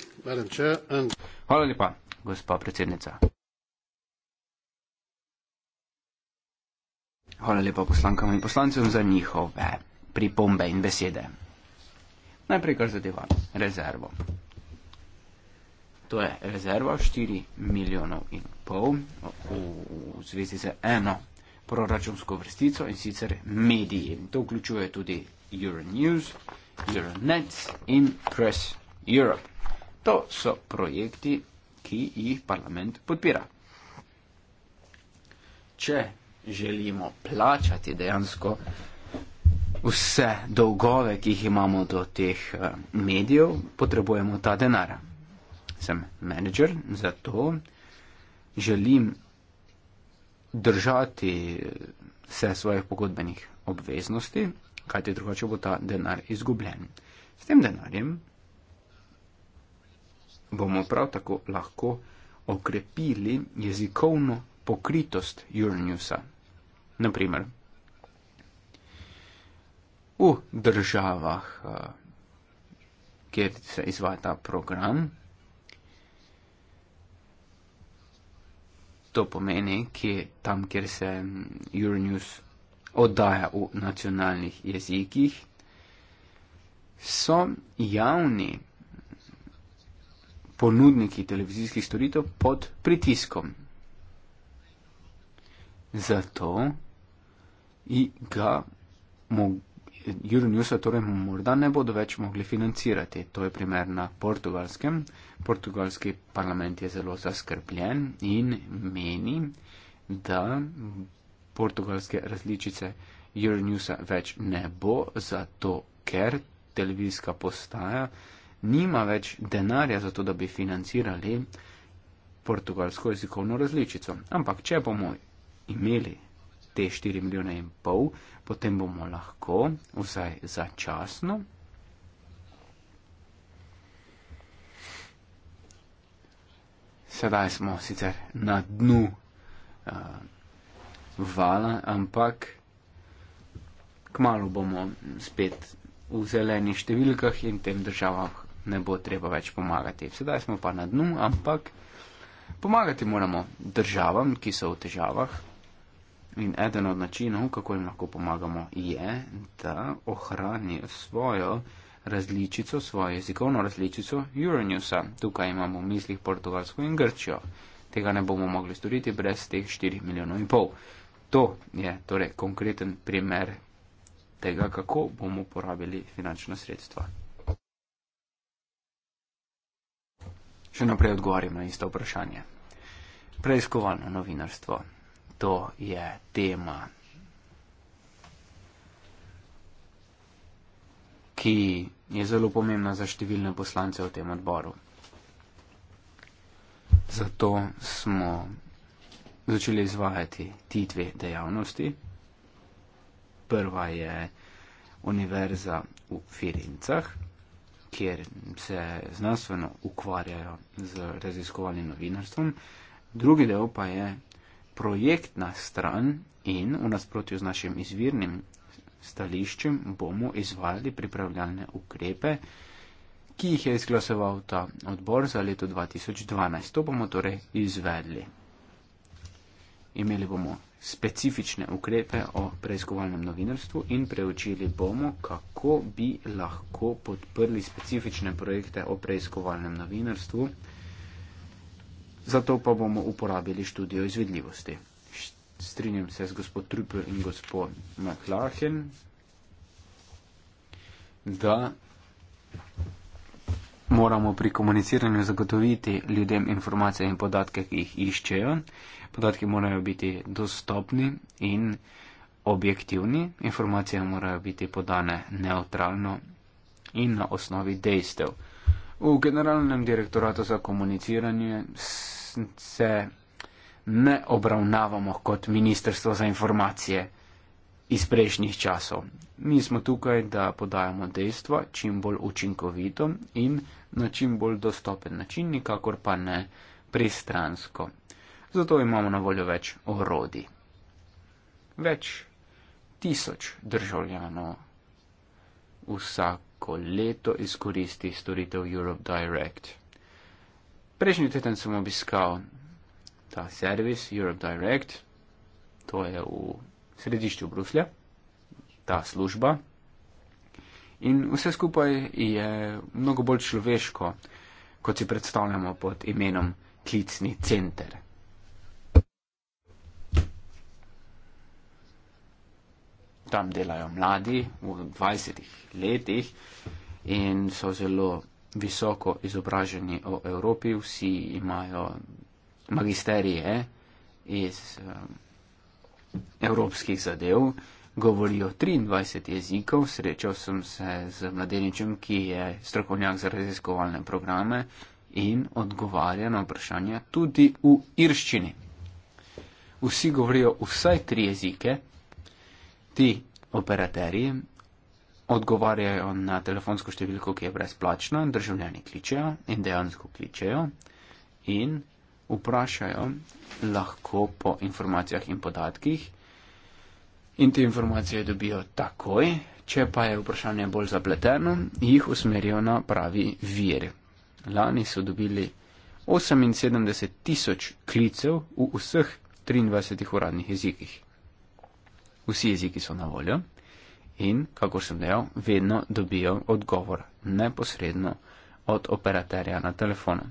Hvala lepa, gospa predsednica. Hvala lepa poslankam in poslancem za njihove pripombe in besede. Najprej, kar zadeva rezervo. To je rezerva 4 milijonov in pol v, v zvezi z eno proračunsko vrstico in sicer mediji. To vključuje tudi Euronews, Euronet in Press Europe. To so projekti, ki jih parlament podpira. Če želimo plačati dejansko vse dolgove, ki jih imamo do teh eh, medijev, potrebujemo ta denar. Sem menedžer, zato želim držati eh, vse svoje pogodbenih obveznosti, kajti drugače bo ta denar izgubljen. S tem denarjem bomo prav tako lahko okrepili jezikovno pokritost Euronewsa naprimer. V državah, eh, kjer se izvaja ta program, to pomeni, ki tam, kjer se Euronews oddaja v nacionalnih jezikih, so javni ponudniki televizijskih storitev pod pritiskom. Zato ga Euronewsa torej morda ne bodo več mogli financirati. To je primer na portugalskem. Portugalski parlament je zelo zaskrbljen in meni, da portugalske različice Euronewsa več ne bo, zato ker televizijska postaja nima več denarja za to, da bi financirali portugalsko jezikovno različico. Ampak, če bomo imeli te 4 milijone in pol, potem bomo lahko, vsaj začasno, sedaj smo sicer na dnu uh, vala, ampak kmalo bomo spet v zelenih številkah in tem državam ne bo treba več pomagati. Sedaj smo pa na dnu, ampak pomagati moramo državam, ki so v težavah. In eden od načinov, kako jim lahko pomagamo, je, da ohranijo svojo različico, svojo jezikovno različico Euronewsa. Tukaj imamo v mislih Portugalsko in Grčijo. Tega ne bomo mogli storiti brez teh 4 milijonov in pol. To je torej konkreten primer tega, kako bomo uporabili finančna sredstva. Še naprej odgovarjam na isto vprašanje. Preiskovalno novinarstvo to je tema, ki je zelo pomembna za številne poslance v tem odboru. Zato smo začeli izvajati ti dve dejavnosti. Prva je univerza v Firencah, kjer se znanstveno ukvarjajo z raziskovalnim novinarstvom. Drugi del pa je projektna stran in v nasprotju z našim izvirnim stališčem bomo izvali pripravljalne ukrepe, ki jih je izglasoval ta odbor za leto 2012. To bomo torej izvedli. Imeli bomo specifične ukrepe o preiskovalnem novinarstvu in preučili bomo, kako bi lahko podprli specifične projekte o preiskovalnem novinarstvu zato pa bomo uporabili študijo izvedljivosti. Strinjam se z gospod Trupper in gospod McLachen, da moramo pri komuniciranju zagotoviti ljudem informacije in podatke, ki jih iščejo. Podatki morajo biti dostopni in objektivni, informacije morajo biti podane neutralno in na osnovi dejstev. V generalnem direktoratu za komuniciranje se ne obravnavamo kot ministrstvo za informacije iz prejšnjih časov. Mi smo tukaj, da podajamo dejstva čim bolj učinkovito in na čim bolj dostopen način, nikakor pa ne pristransko. Zato imamo na voljo več orodij. Več tisoč državljanov vsak ko leto izkoristi storitev Europe Direct. Prejšnji teden sem obiskal ta servis Europe Direct, to je v središču Bruslja, ta služba. In vse skupaj je mnogo bolj človeško, kot si predstavljamo pod imenom klicni center. tam delajo mladi v 20 letih in so zelo visoko izobraženi o Evropi, vsi imajo magisterije iz um, evropskih zadev, govorijo 23 jezikov, srečal sem se z mladeničem, ki je strokovnjak za raziskovalne programe in odgovarja na vprašanja tudi v irščini. Vsi govorijo vsaj tri jezike, ti operaterji odgovarjajo na telefonsko številko, ki je brezplačna, državljani kličejo in dejansko kličejo in vprašajo lahko po informacijah in podatkih in te informacije dobijo takoj, če pa je vprašanje bolj zapleteno, jih usmerijo na pravi vir. Lani so dobili 78 tisoč klicev v vseh 23 uradnih jezikih vsi jeziki so na voljo in, kako sem dejal, vedno dobijo odgovor neposredno od operaterja na telefonu.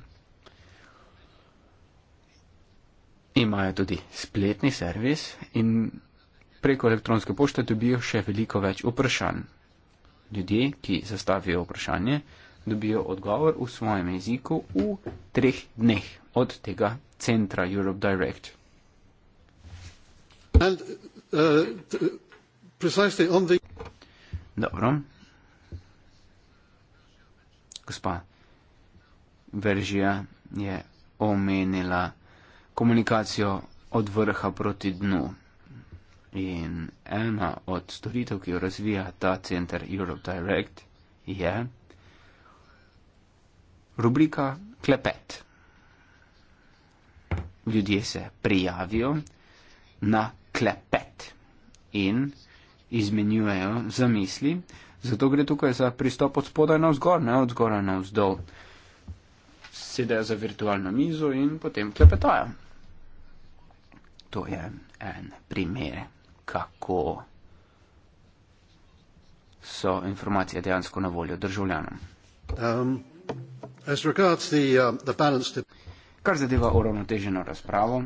Imajo tudi spletni servis in preko elektronske pošte dobijo še veliko več vprašanj. Ljudje, ki zastavijo vprašanje, dobijo odgovor v svojem jeziku v treh dneh od tega centra Europe Direct. And Uh, precisely on the Dobro. Gospa Veržija je omenila komunikacijo od vrha proti dnu. In ena od storitev, ki jo razvija ta center Europe Direct, je rubrika Klepet. Ljudje se prijavijo na klepet in izmenjujejo zamisli. Zato gre tukaj za pristop od spodaj na vzgor, ne od zgora na vzdol. Sedejo za virtualno mizo in potem klepetajo. To je en primer, kako so informacije dejansko na voljo državljanom. Um, the, uh, the balanced... Kar zadeva uravnoteženo razpravo,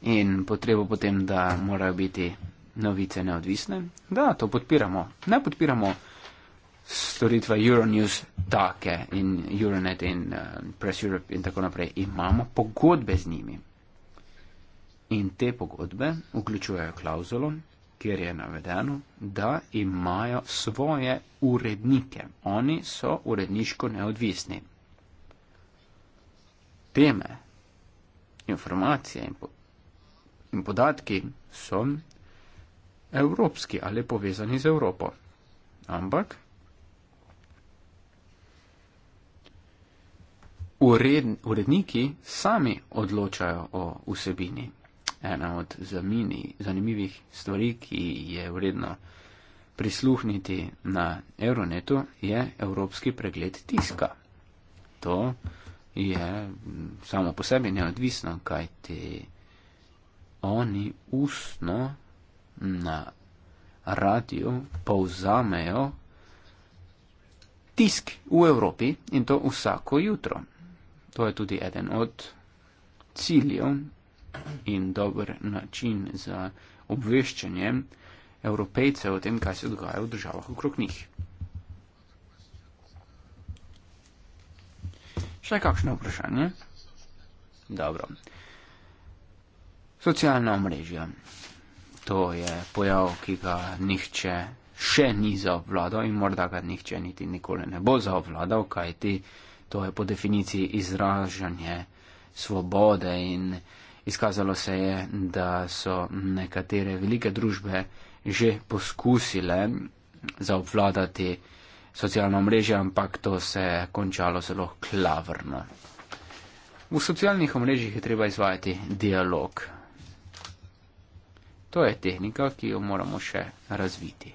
in potrebo potem, da morajo biti novice neodvisne. Da, to podpiramo. Ne podpiramo storitve Euronews take in Euronet in uh, Press Europe in tako naprej. Imamo pogodbe z njimi. In te pogodbe vključujejo klauzulo, kjer je navedeno, da imajo svoje urednike. Oni so uredniško neodvisni. Teme, informacije in podobno podatki so evropski ali povezani z Evropo. Ampak uredniki sami odločajo o vsebini. Ena od zamini, zanimivih stvari, ki je vredno prisluhniti na Euronetu, je evropski pregled tiska. To je samo po sebi neodvisno, kaj ti. Te oni ustno na radio povzamejo tisk v Evropi in to vsako jutro. To je tudi eden od ciljev in dober način za obveščanje evropejcev o tem, kaj se dogaja v državah okrog njih. Še kakšno vprašanje? Dobro. Socialna omrežja. To je pojav, ki ga nihče še ni zavladal in morda ga nihče niti nikoli ne bo zavladal, kajti to je po definiciji izražanje svobode in izkazalo se je, da so nekatere velike družbe že poskusile zavladati socialna omrežja, ampak to se je končalo zelo klavrno. V socialnih omrežjih je treba izvajati dialog. To je tehnika, ki jo moramo še razviti.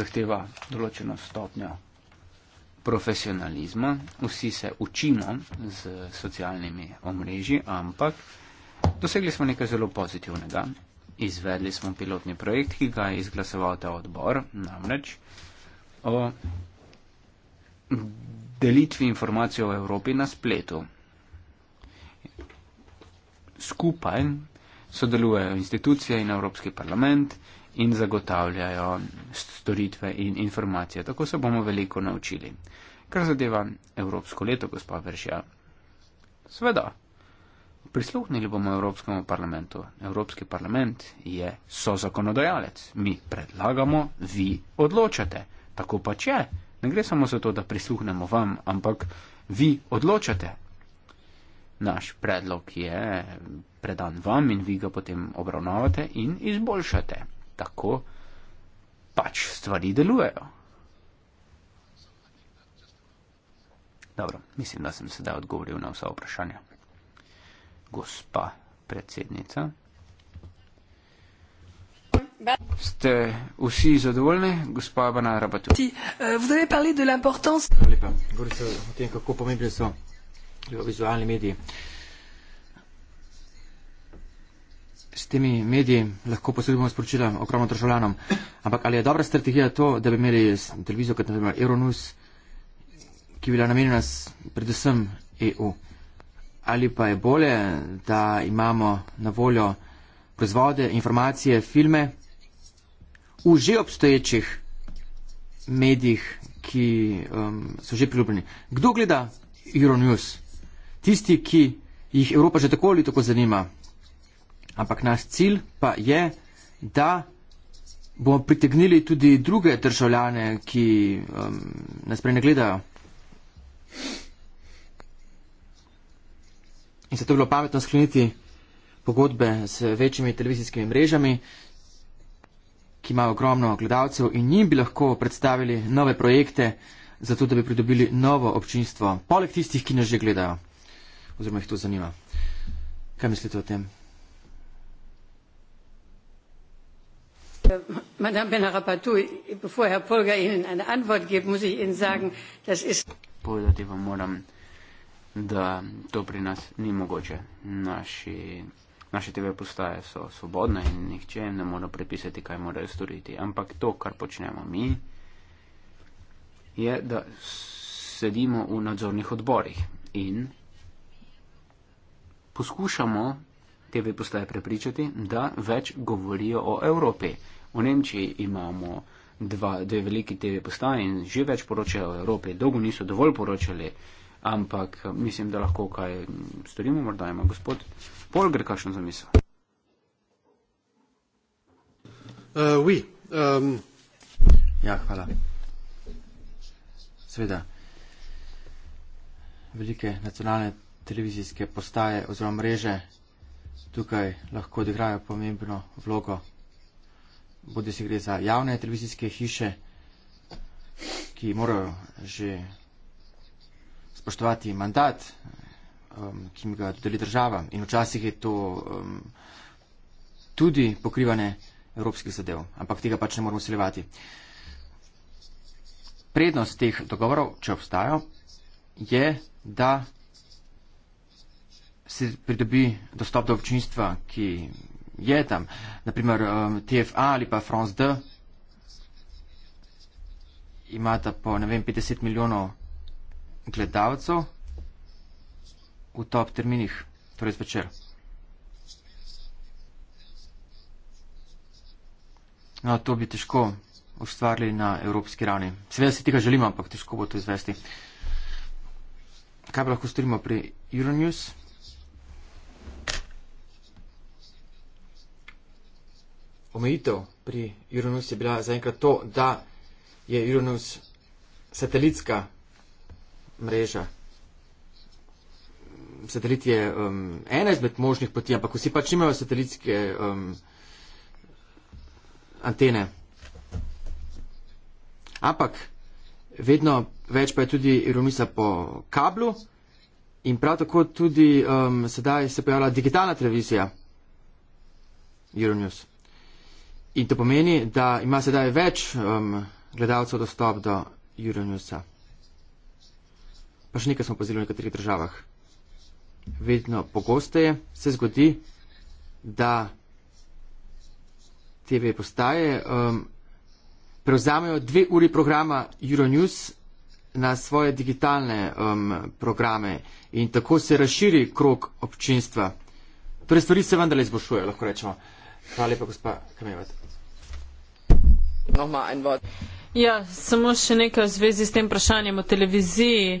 Zahteva določeno stopnjo profesionalizma. Vsi se učimo z socialnimi omrežji, ampak dosegli smo nekaj zelo pozitivnega. Izvedli smo pilotni projekt, ki ga je izglasoval ta odbor, namreč o delitvi informacij o Evropi na spletu skupaj sodelujejo institucije in Evropski parlament in zagotavljajo storitve in informacije. Tako se bomo veliko naučili. Kar zadeva Evropsko leto, gospa Verša. Sveda, prisluhnili bomo Evropskemu parlamentu. Evropski parlament je sozakonodajalec. Mi predlagamo, vi odločate. Tako pač je. Ne gre samo za to, da prisluhnemo vam, ampak vi odločate naš predlog je predan vam in vi ga potem obravnavate in izboljšate. Tako pač stvari delujejo. Dobro, mislim, da sem sedaj odgovoril na vsa vprašanja. Gospa predsednica. Ste vsi zadovoljni, gospa Banara Batu? Hvala lepa. Govorite o tem, kako pomembni so vizualni mediji. S temi mediji lahko posredujemo sporočila okromno državljanom, ampak ali je dobra strategija to, da bi imeli televizijo, kot naprimer Euronews, ki bi bila namenjena predvsem EU? Ali pa je bolje, da imamo na voljo proizvode, informacije, filme v že obstoječih medijih, ki um, so že priljubljeni? Kdo gleda Euronews? tisti, ki jih Evropa že tako ali tako zanima. Ampak naš cilj pa je, da bomo pritegnili tudi druge državljane, ki um, nas prej ne gledajo. In zato je bilo pametno skleniti pogodbe z večjimi televizijskimi mrežami, ki imajo ogromno gledalcev in njim bi lahko predstavili nove projekte, zato da bi pridobili novo občinstvo, poleg tistih, ki nas že gledajo oziroma jih to zanima. Kaj mislite o tem? Madame Benarapatu, bevor Herr Polger Ihnen eine Antwort gibt, muss ich Ihnen sagen, das ist. Povedati vam moram, da to pri nas ni mogoče. Naši, naše TV postaje so svobodne in nihče ne more prepisati, kaj morajo storiti. Ampak to, kar počnemo mi, je, da sedimo v nadzornih odborih in poskušamo TV postaje prepričati, da več govorijo o Evropi. V Nemčiji imamo dva, dve veliki TV postaje in že več poročajo o Evropi. Dolgo niso dovolj poročali, ampak eh, mislim, da lahko kaj storimo. Morda ima gospod Polgr kakšno zamisel. Uh, oui. um. Ja, hvala. Sveda. Velike nacionalne televizijske postaje oziroma mreže tukaj lahko odigrajo pomembno vlogo. Bodi si gre za javne televizijske hiše, ki morajo že spoštovati mandat, um, ki jim ga dodeli država in včasih je to um, tudi pokrivanje evropskih zadev, ampak tega pač ne moramo usiljevati. Prednost teh dogovorov, če obstajajo, je, da se pridobi dostop do občinstva, ki je tam, naprimer um, TFA ali pa France D, imata po, ne vem, 50 milijonov gledalcev v top terminih, torej zvečer. No, to bi težko ustvarili na evropski ravni. Seveda si tega želimo, ampak težko bo to izvesti. Kaj pa lahko storimo pri Euronews? omejitev pri Uranus je bila zaenkrat to, da je Uranus satelitska mreža. Satelit je um, ena izmed možnih poti, ampak vsi pač imajo satelitske um, antene. Ampak vedno več pa je tudi Uranusa po kablu in prav tako tudi um, sedaj se pojavlja digitalna televizija Uranus. In to pomeni, da ima sedaj več um, gledalcev dostop do Euronews. Pa še nekaj smo pozirali v nekaterih državah. Vedno pogosteje se zgodi, da TV postaje um, prevzamejo dve uri programa Euronews na svoje digitalne um, programe in tako se razširi krok občinstva. Torej stvari se vendarle izboljšujejo, lahko rečemo. Hvala lepa, gospa Kamevata. Ja, samo še nekaj v zvezi s tem vprašanjem o televiziji. E,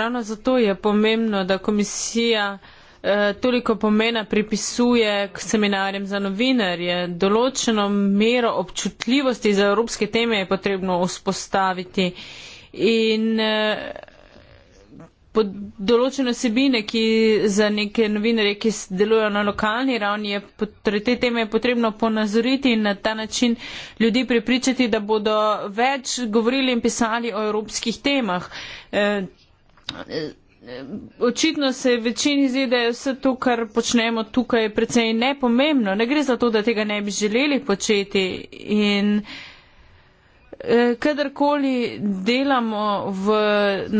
ravno zato je pomembno, da komisija e, toliko pomena pripisuje k seminarjem za novinarje. Določeno mero občutljivosti za evropske teme je potrebno vzpostaviti. In, e, določene osebine, ki za neke novinarje, ki delujejo na lokalni ravni, je torej te teme je potrebno ponazoriti in na ta način ljudi prepričati, da bodo več govorili in pisali o evropskih temah. E, e Očitno se večini zdi, da je vse to, kar počnemo tukaj, precej nepomembno. Ne gre za to, da tega ne bi želeli početi. In, uh, Eh, kadarkoli delamo v,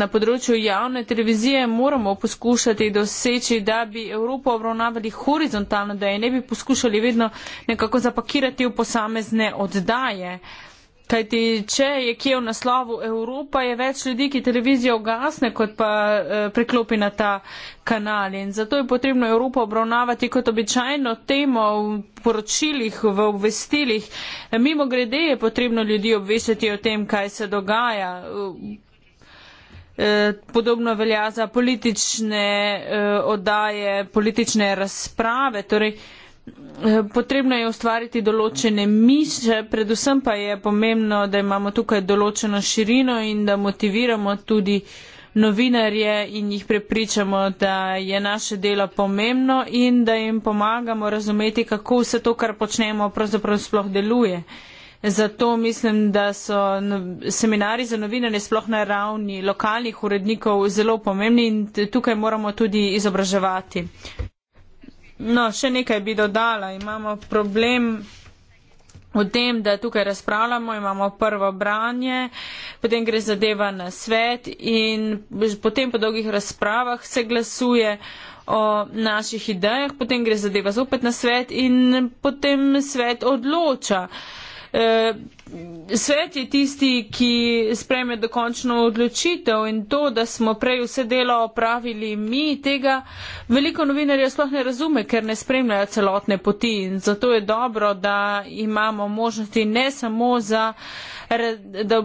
na področju javne televizije, moramo poskušati doseči, da bi Evropo obravnavali horizontalno, da je ne bi poskušali vedno nekako zapakirati v posamezne oddaje. Kajti, če je kje v naslovu Evropa, je več ljudi, ki televizijo ugasne, kot pa eh, preklopi na ta kanal. In zato je potrebno Evropo obravnavati kot običajno temo v poročilih, v obvestilih. E, eh, mimo grede je potrebno ljudi obvestiti o tem, kaj se dogaja. E, podobno velja za politične eh, odaje, politične razprave. Torej, eh, potrebno je ustvariti določene miše, predvsem pa je pomembno, da imamo tukaj določeno širino in da motiviramo tudi novinarje in jih prepričamo, da je naše delo pomembno in da jim pomagamo razumeti, kako vse to, kar počnemo, pravzaprav sploh deluje. Zato mislim, da so no, seminari za novinarje sploh na ravni lokalnih urednikov zelo pomembni in tukaj moramo tudi izobraževati. No, še nekaj bi dodala. Imamo problem v tem, da tukaj razpravljamo, imamo prvo branje, potem gre zadeva na svet in potem po dolgih razpravah se glasuje o naših idejah, potem gre zadeva zopet na svet in potem svet odloča. E, svet je tisti, ki spreme dokončno odločitev in to, da smo prej vse delo opravili mi, tega veliko novinarja sploh ne razume, ker ne spremljajo celotne poti in zato je dobro, da imamo možnosti ne samo za. Da,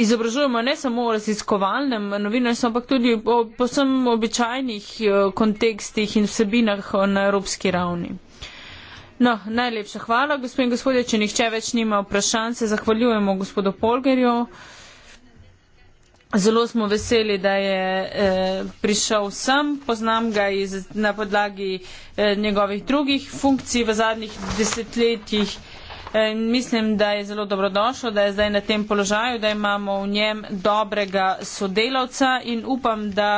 Izobražujemo ne samo o raziskovalnem novinarstvu, ampak tudi o posebno običajnih eh, kontekstih in vsebinah na evropski ravni. No, najlepša hvala, gospod in gospodje. Če nihče več nima vprašanj, se zahvaljujemo gospodu Polgerju. Zelo smo veseli, da je e, prišel sem. Poznam ga iz, na podlagi e, njegovih drugih funkcij v zadnjih desetletjih. Eh, mislim, da je zelo dobrodošlo, da je zdaj na tem položaju, da imamo v njem dobrega sodelavca in upam, da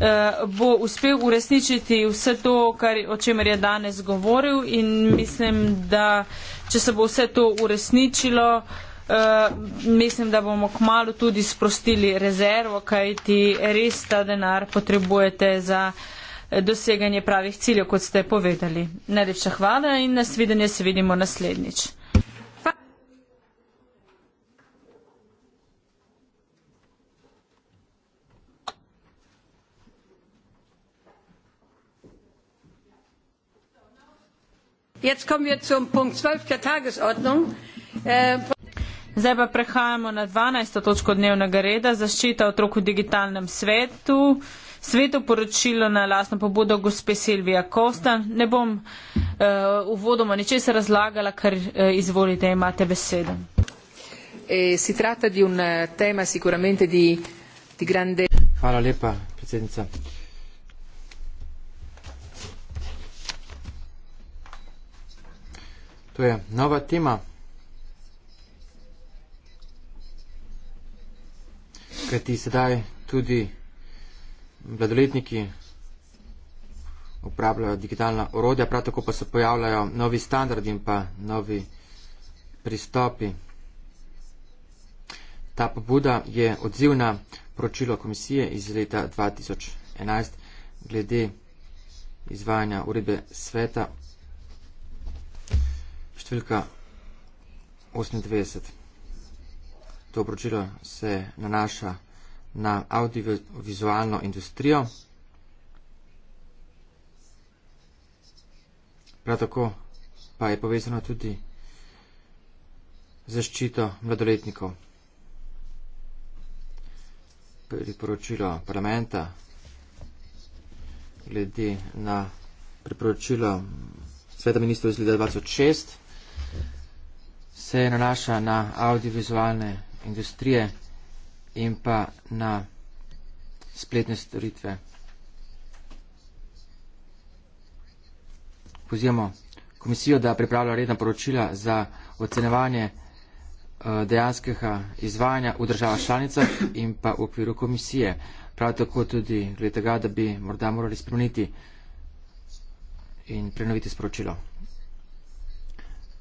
Eh, bo uspel uresničiti vse to, kar, o čemer je danes govoril in mislim, da če se bo vse to uresničilo, eh, mislim, da bomo kmalo tudi sprostili rezervo, kajti res ta denar potrebujete za eh, doseganje pravih ciljev, kot ste povedali. Najlepša hvala in nas videnje se vidimo naslednjič. Jetzt kommen wir zum Punkt 12 der Tagesordnung. Äh, Zdaj pa prehajamo na 12. točko dnevnega reda, zaščita otrok v digitalnem svetu. Sveto poročilo na lastno pobudo gospe Silvija Kosta. Ne bom uh, uvodoma ničesar razlagala, ker uh, izvolite, imate besedo. E, eh, Hvala lepa, predsednica. To je nova tema, kaj ti sedaj tudi mladoletniki uporabljajo digitalna orodja, prav tako pa se pojavljajo novi standardi in pa novi pristopi. Ta pobuda je odziv na poročilo komisije iz leta 2011 glede izvajanja uredbe sveta številka 98. To poročilo se nanaša na audiovizualno industrijo. Prav tako pa je povezano tudi zaščito mladoletnikov. Priporočilo parlamenta glede na priporočilo sveta ministrov iz leta 2006 se nanaša na audiovizualne industrije in pa na spletne storitve. Pozivamo komisijo, da pripravlja redna poročila za ocenevanje eh, dejanskega izvajanja v državah članicah in pa v okviru komisije. Prav tako tudi glede tega, da bi morda morali spremeniti in prenoviti sporočilo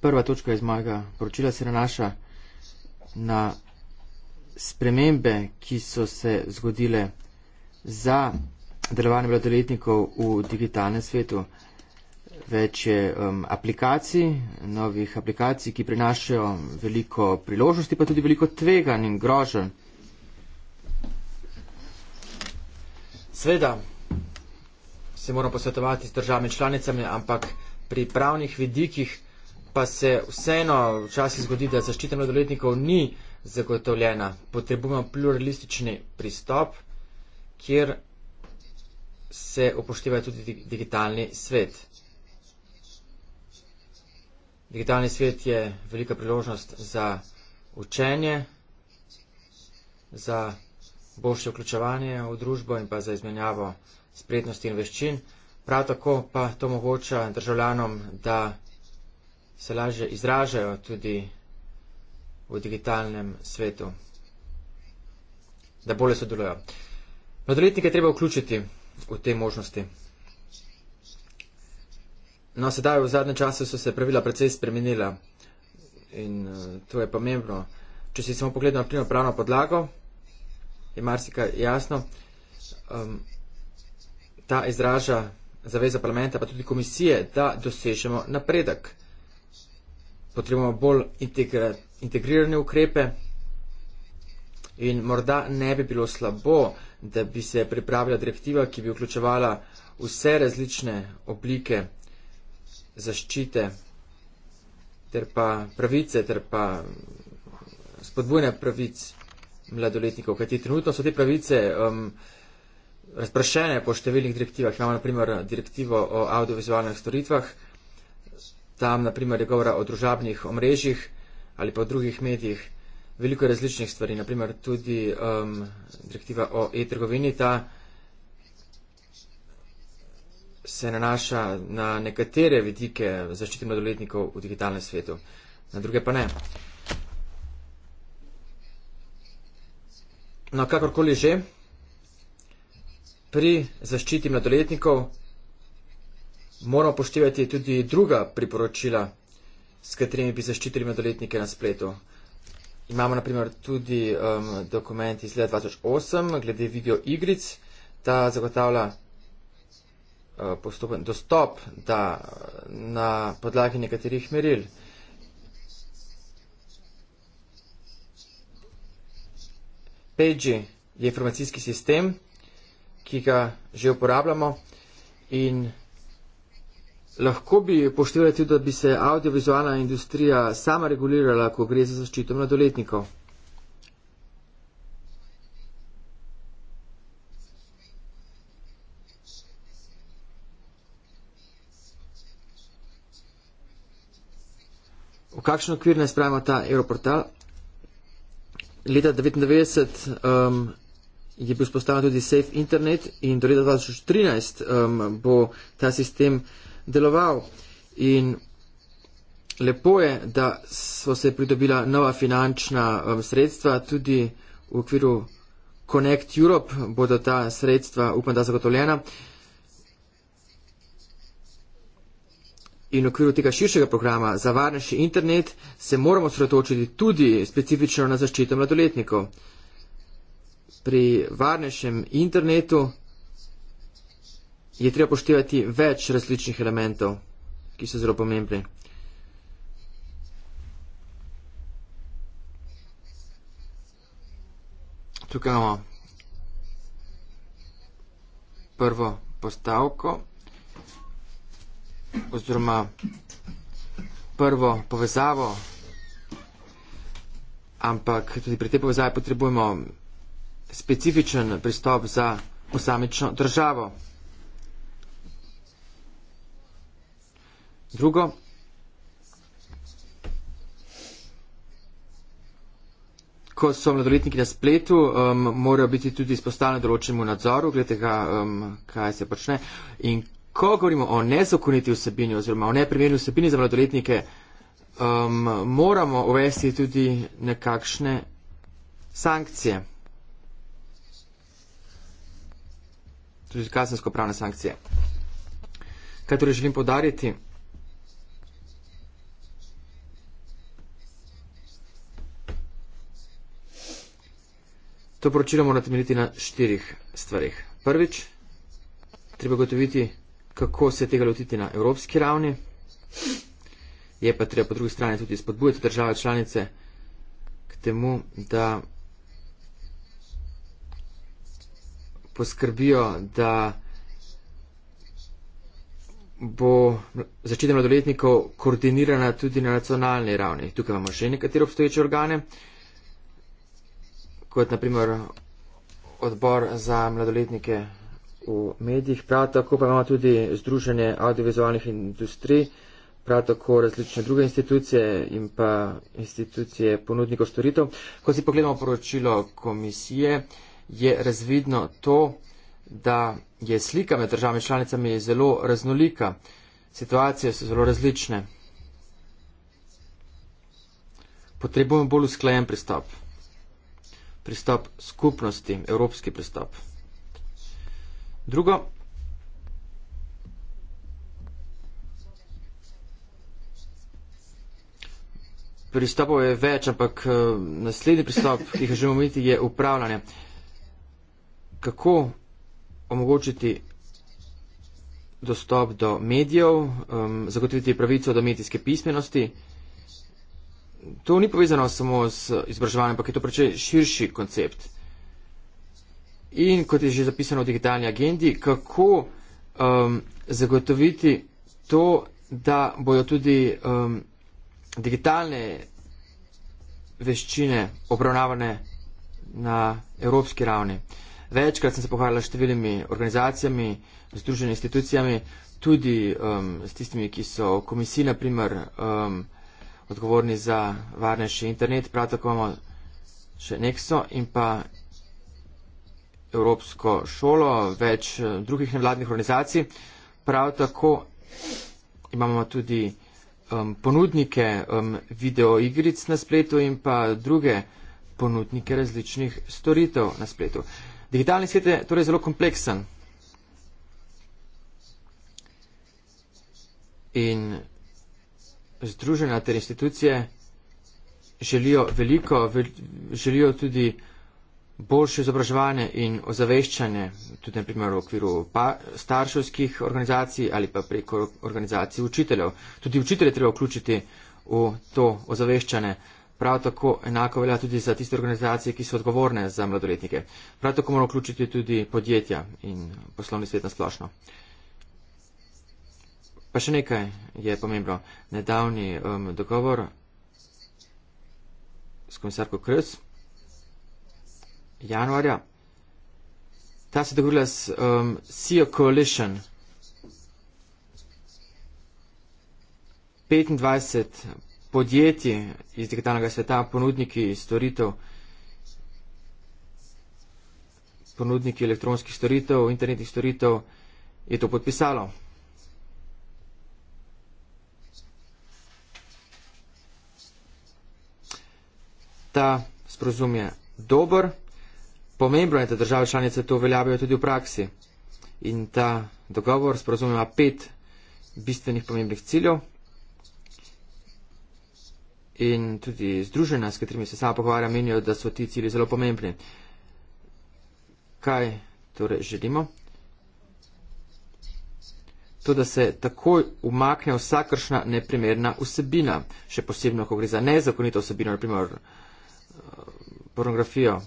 prva točka iz mojega poročila se nanaša na spremembe, ki so se zgodile za delovanje mladoletnikov v digitalnem svetu. Več je um, aplikacij, novih aplikacij, ki prinašajo veliko priložnosti, pa tudi veliko tveganj in groženj. Sveda se moramo posvetovati s državami članicami, ampak pri pravnih vidikih pa se vseeno včasih zgodi, da zaščita mladoletnikov ni zagotovljena. Potrebujemo pluralistični pristop, kjer se upošteva tudi digitalni svet. Digitalni svet je velika priložnost za učenje, za boljše vključevanje v družbo in pa za izmenjavo spretnosti in veščin. Prav tako pa to omogoča državljanom, da se lažje izražajo tudi v digitalnem svetu, da bolje sodelujo. Mladoletnike treba vključiti v te možnosti. No, sedaj v zadnjem času so se pravila precej spremenila in eh, to je pomembno. Če si samo pogledamo primer pravno podlago, je marsika jasno. Um, ta izraža zaveza parlamenta, pa tudi komisije, da dosežemo napredek potrebujemo bolj integre, integrirane ukrepe in morda ne bi bilo slabo, da bi se pripravila direktiva, ki bi vključevala vse različne oblike zaščite ter pa pravice ter pa spodbujanja pravic mladoletnikov, kajti trenutno so te pravice um, razprašene po številnih direktivah. Imamo naprimer direktivo o audiovizualnih storitvah, tam naprimer je govora o družabnih omrežjih ali pa o drugih medijih, veliko različnih stvari, naprimer tudi um, direktiva o e-trgovini, ta se nanaša na nekatere vidike zaščite mladoletnikov v digitalnem svetu, na druge pa ne. No, kakorkoli že, pri zaščiti mladoletnikov Moramo poštevati tudi druga priporočila, s katerimi bi zaščitili mladoletnike na spletu. Imamo naprimer tudi um, dokument iz leta 2008 glede videoigric, ta zagotavlja uh, postopen dostop da, na podlagi nekaterih meril. Page je informacijski sistem, ki ga že uporabljamo in Lahko bi poštevali tudi, da bi se audiovizualna industrija sama regulirala, ko gre za zaščito mladoletnikov. V kakšen okvir naj spravimo ta Europortal? Leta 1999. Um, je bil spostavljen tudi Safe Internet in do leta 2013 um, bo ta sistem uh, deloval. In lepo je, da so se pridobila nova finančna um, sredstva tudi v okviru Connect Europe bodo ta sredstva, upam, da zagotovljena. In v okviru tega širšega programa za varnejši internet se moramo sredotočiti tudi specifično na zaščito mladoletnikov. Pri varnejšem internetu je treba poštevati več različnih elementov, ki so zelo pomembni. Tukaj imamo prvo postavko oziroma prvo povezavo, ampak tudi pri tej povezavi potrebujemo specifičen pristop za posamično državo. Drugo, ko so mladoletniki na spletu, um, morajo biti tudi izpostavljeni določenemu nadzoru, glede tega, um, kaj se počne. In ko govorimo o nezakoniti vsebini oziroma o neprimerni vsebini za mladoletnike, um, moramo uvesti tudi nekakšne sankcije. Tudi kazensko-pravne sankcije. Kaj torej želim podariti? To poročilo mora temeljiti na štirih stvarih. Prvič, treba gotoviti, kako se tega lotiti na evropski ravni. Je pa treba po drugi strani tudi spodbujati države članice k temu, da poskrbijo, da bo začetek mladoletnikov koordinirana tudi na nacionalni ravni. Tukaj imamo še nekatere obstoječe organe kot naprimer odbor za mladoletnike v medijih. Prav tako pa imamo tudi Združenje audiovizualnih industrij, prav tako različne druge institucije in pa institucije ponudnikov storitev. Ko si pogledamo poročilo komisije, je razvidno to, da je slika med državami članicami zelo raznolika. Situacije so zelo različne. Potrebujemo bolj usklajen pristop pristop skupnosti, evropski pristop. Drugo, pristopov je več, ampak eh, naslednji pristop, ki ga želimo omeniti, je upravljanje. Kako omogočiti dostop do medijev, um, zagotoviti pravico do medijske pismenosti, to ni povezano samo z izobraževanjem, ampak je to precej širši koncept. In kot je že zapisano v digitalni agendi, kako um, zagotoviti to, da bojo tudi um, digitalne veščine obravnavane na evropski ravni. Večkrat sem se pohvalila številimi organizacijami, združenimi institucijami, tudi um, s tistimi, ki so v komisiji, naprimer, um, odgovorni za varnejši internet, prav tako imamo še Nexo in pa Evropsko šolo, več eh, drugih nevladnih organizacij. Prav tako imamo tudi um, ponudnike um, videoigric na spletu in pa druge ponudnike različnih storitev na spletu. Digitalni svet je torej zelo kompleksen. In združenja ter institucije želijo veliko, želijo tudi boljše izobraževanje in ozaveščanje, tudi na primer v okviru pa starševskih organizacij ali pa preko organizacij učiteljev. Tudi učitelje treba vključiti v to ozaveščanje. Prav tako enako velja tudi za tiste organizacije, ki so odgovorne za mladoletnike. Prav tako moramo vključiti tudi podjetja in poslovni svet na splošno. Pa še nekaj je pomembno. Nedavni um, dogovor s komisarko Krs januarja. Ta se dogovorila s um, CEO Coalition. 25 podjetij iz digitalnega sveta, ponudniki storitev, ponudniki elektronskih storitev, internetnih storitev je to podpisalo. ta sporozum je dober. Pomembno je, da države članice to uveljavijo tudi v praksi. In ta dogovor sporozum ima pet bistvenih pomembnih ciljev. In tudi združena, s katerimi se sama pogovarjam, menijo, da so ti cilji zelo pomembni. Kaj torej želimo? To, da se takoj umakne vsakršna neprimerna vsebina, še posebno, ko gre za nezakonito vsebino, naprimer pornografijo.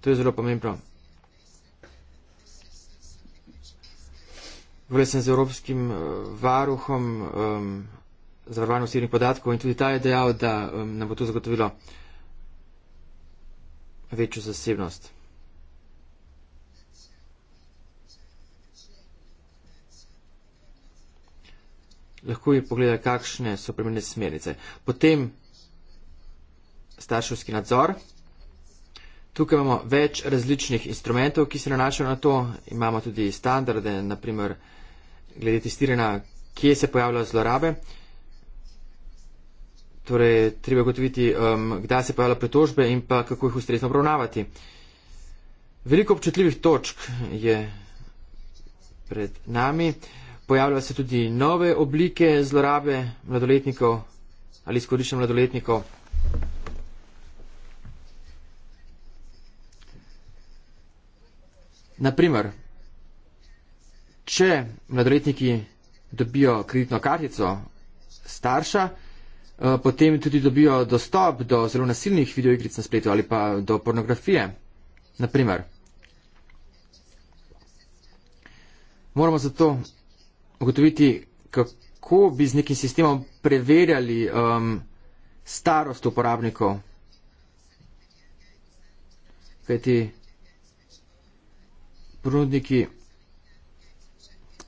To je zelo pomembno. Govoril sem z Evropskim eh, varuhom um, za varovanje osebnih podatkov in tudi ta je dejal, da um, nam bo to zagotovilo večjo zasebnost. Lahko je pogledati, kakšne so primerne smernice. Potem starševski nadzor. Tukaj imamo več različnih instrumentov, ki se nanašajo na to. Imamo tudi standarde, naprimer glede testiranja, kje se pojavljajo zlorabe. Torej, treba je gotoviti, um, kdaj se pojavljajo pritožbe in pa kako jih ustrezno obravnavati. Veliko občutljivih točk je pred nami. Pojavljajo se tudi nove oblike zlorabe mladoletnikov ali izkoriščenja mladoletnikov. Naprimer, če mladoletniki dobijo kreditno kartico starša, eh, potem tudi dobijo dostop do zelo nasilnih videoigric na spletu ali pa do pornografije. Naprimer, moramo zato ugotoviti, kako bi z nekim sistemom preverjali um, starost uporabnikov. Kajti, ponudniki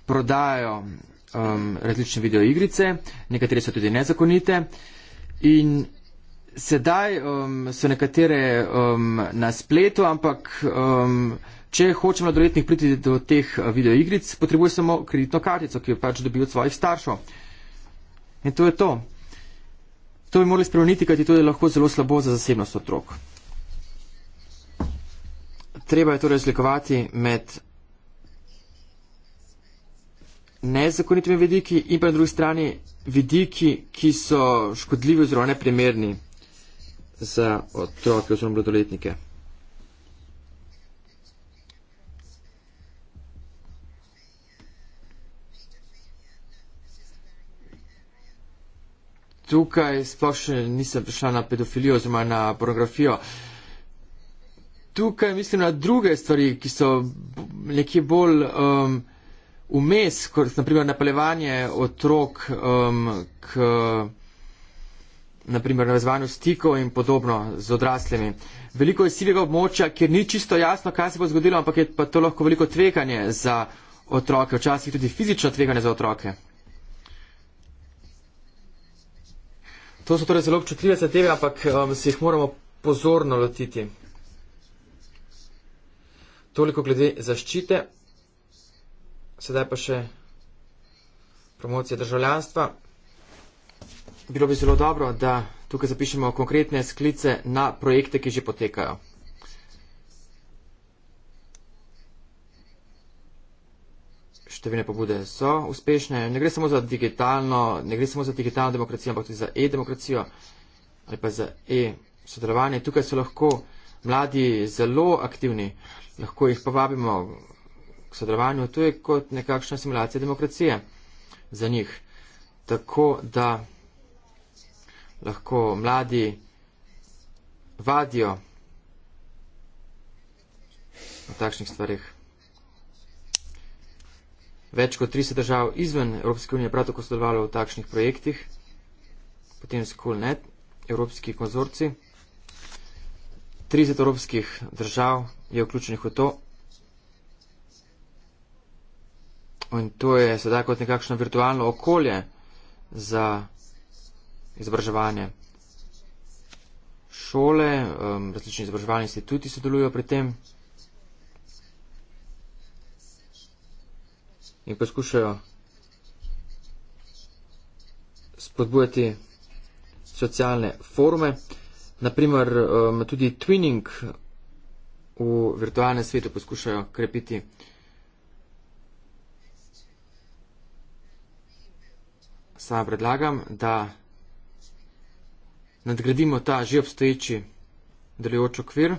prodajajo um, različne videoigrice, nekatere so tudi nezakonite. In sedaj um, so nekatere um, na spletu, ampak um, če hočemo doletnih priti do teh uh, videoigric, potrebuje samo kreditno kartico, ki jo pač dobijo od svojih staršev. In to je to. To bi morali spremeniti, kajti to je lahko zelo slabo za zasebnost otrok treba je to razlikovati med nezakonitimi vidiki in pa na drugi strani vidiki, ki so škodljivi oziroma neprimerni za otroke oziroma mladoletnike. Tukaj sploh še nisem prišla na pedofilijo oziroma na pornografijo. Uh, tukaj mislim na druge stvari, ki so nekje bolj um, umes, kot naprimer napalevanje otrok um, k naprimer navezvanju stikov in podobno z odraslimi. Veliko je sivega območja, kjer ni čisto jasno, kaj se bo zgodilo, ampak je pa to lahko veliko tveganje za otroke, včasih tudi fizično tveganje za otroke. To so torej zelo občutljive zadeve, ampak um, se jih moramo pozorno lotiti. Toliko glede zaščite, sedaj pa še promocija državljanstva. Bilo bi zelo dobro, da tukaj zapišemo konkretne sklice na projekte, ki že potekajo. Številne pobude so uspešne, ne gre samo za digitalno, ne gre samo za digitalno demokracijo, ampak tudi za e-demokracijo ali pa za e-sodelovanje. Tukaj so lahko mladi zelo aktivni, lahko jih povabimo k sodelovanju, to je kot nekakšna simulacija demokracije za njih. Tako da lahko mladi vadijo o takšnih stvarih. Več kot 30 držav izven Evropske unije prav tako sodelovalo v takšnih projektih, potem SchoolNet, Evropski konzorci. 30 evropskih držav je vključenih v to. In to je sedaj kot nekakšno virtualno okolje za izobraževanje. Šole, um, različni izobraževalni instituti sodelujo pri tem in poskušajo spodbujati socialne forume. Naprimer, um, tudi twinning v virtualnem svetu poskušajo krepiti. Sam predlagam, da nadgradimo ta že obstoječi delujoč okvir.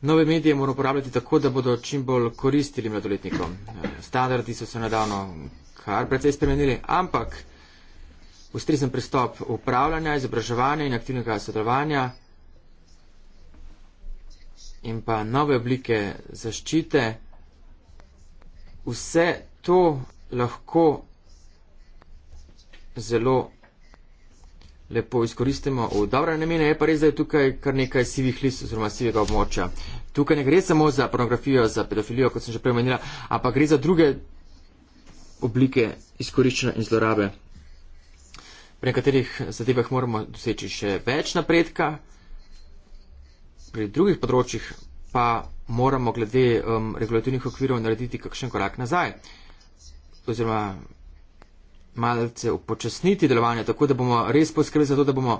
Nove medije moramo uporabljati tako, da bodo čim bolj koristili mladoletnikom. Standardi so se nedavno kar precej spremenili, ampak ustrezen pristop upravljanja, izobraževanja in aktivnega sodelovanja in pa nove oblike zaščite. Vse to lahko zelo lepo izkoristimo v dobre namene, je pa res, da je tukaj kar nekaj sivih list oziroma sivega območja. Tukaj ne gre samo za pornografijo, za pedofilijo, kot sem že prej omenila, ampak gre za druge oblike izkoriščanja in zlorabe. Pri nekaterih zadevah moramo doseči še več napredka, pri drugih področjih pa moramo glede um, regulativnih okvirov narediti kakšen korak nazaj oziroma malce upočasniti delovanje, tako da bomo res poskrbeli za to, da bomo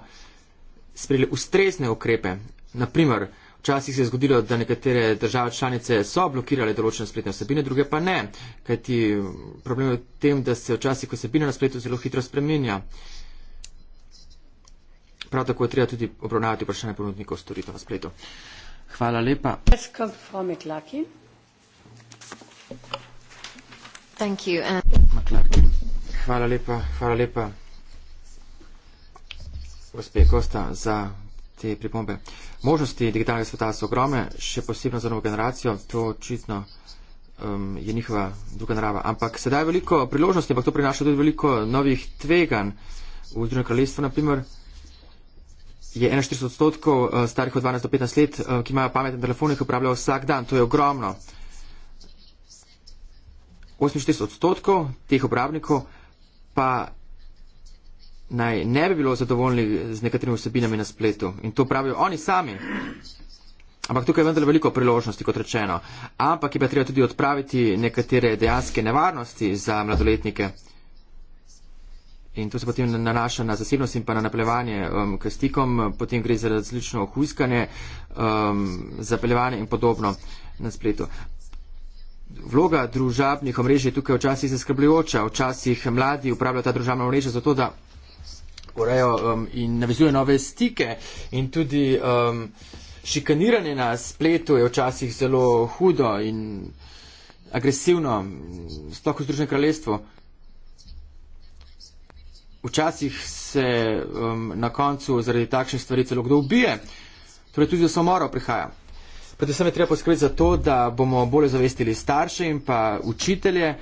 sprejeli ustrezne ukrepe. Naprimer, Včasih se je zgodilo, da nekatere države članice so blokirale določene spletne osebine, druge pa ne, kajti problem je v tem, da se včasih osebina na spletu zelo hitro spreminja. Prav tako je treba tudi obravnavati vprašanje ponudnikov storitev na spletu. Hvala lepa. Uh, hvala lepa, hvala lepa, gospe Kosta, za te pripombe. Možnosti digitalnega sveta so ogromne, še posebno za novo generacijo, to očitno um, je njihova druga narava. Ampak sedaj je veliko priložnosti, ampak to prinaša tudi veliko novih tveganj. V Združenem kraljestvu, na primer, je 41 odstotkov uh, starih od 12 do 15 let, uh, ki imajo pametne telefone, ki uporabljajo vsak dan. To je ogromno. 48 odstotkov teh uporabnikov pa naj ne bi bilo zadovoljni z nekaterimi vsebinami na spletu. In to pravijo oni sami. Ampak tukaj je vendar veliko priložnosti, kot rečeno. Ampak je pa treba tudi odpraviti nekatere dejanske nevarnosti za mladoletnike. In to se potem nanaša na zasebnost in pa na napeljevanje um, k stikom, potem gre za različno ohuskanje, um, zapeljevanje in podobno na spletu. Vloga družabnih omrežij je tukaj včasih zaskrbljujoča, včasih mladi uporabljajo ta družabna omrežja zato, da urejo um, in navezuje nove stike in tudi um, šikaniranje na spletu je včasih zelo hudo in agresivno, sploh v Združenem kraljestvu. Včasih se um, na koncu zaradi takšnih stvari celo kdo ubije, torej tudi za samoro prihaja. Predvsem je treba poskrbeti za to, da bomo bolje zavestili starše in pa učitelje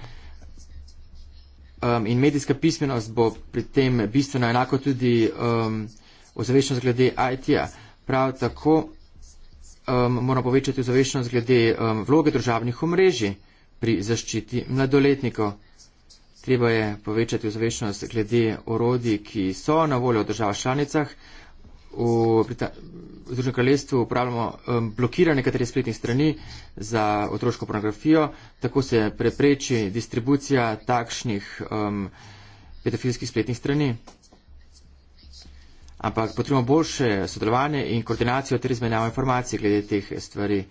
um, in medijska pismenost bo pri tem bistveno enako tudi um, ozaveščenost glede IT-ja. Prav tako um, moramo povečati ozaveščenost glede um, vloge državnih omrežij pri zaščiti mladoletnikov. Treba je povečati ozaveščenost glede orodij, ki so na voljo v državah članicah v, v Združenem kraljestvu upravljamo um, blokirane nekatere spletne strani za otroško pornografijo, tako se prepreči distribucija takšnih um, pedofilskih spletnih strani. Ampak potrebujemo boljše sodelovanje in koordinacijo ter izmenjavo informacij glede teh stvari.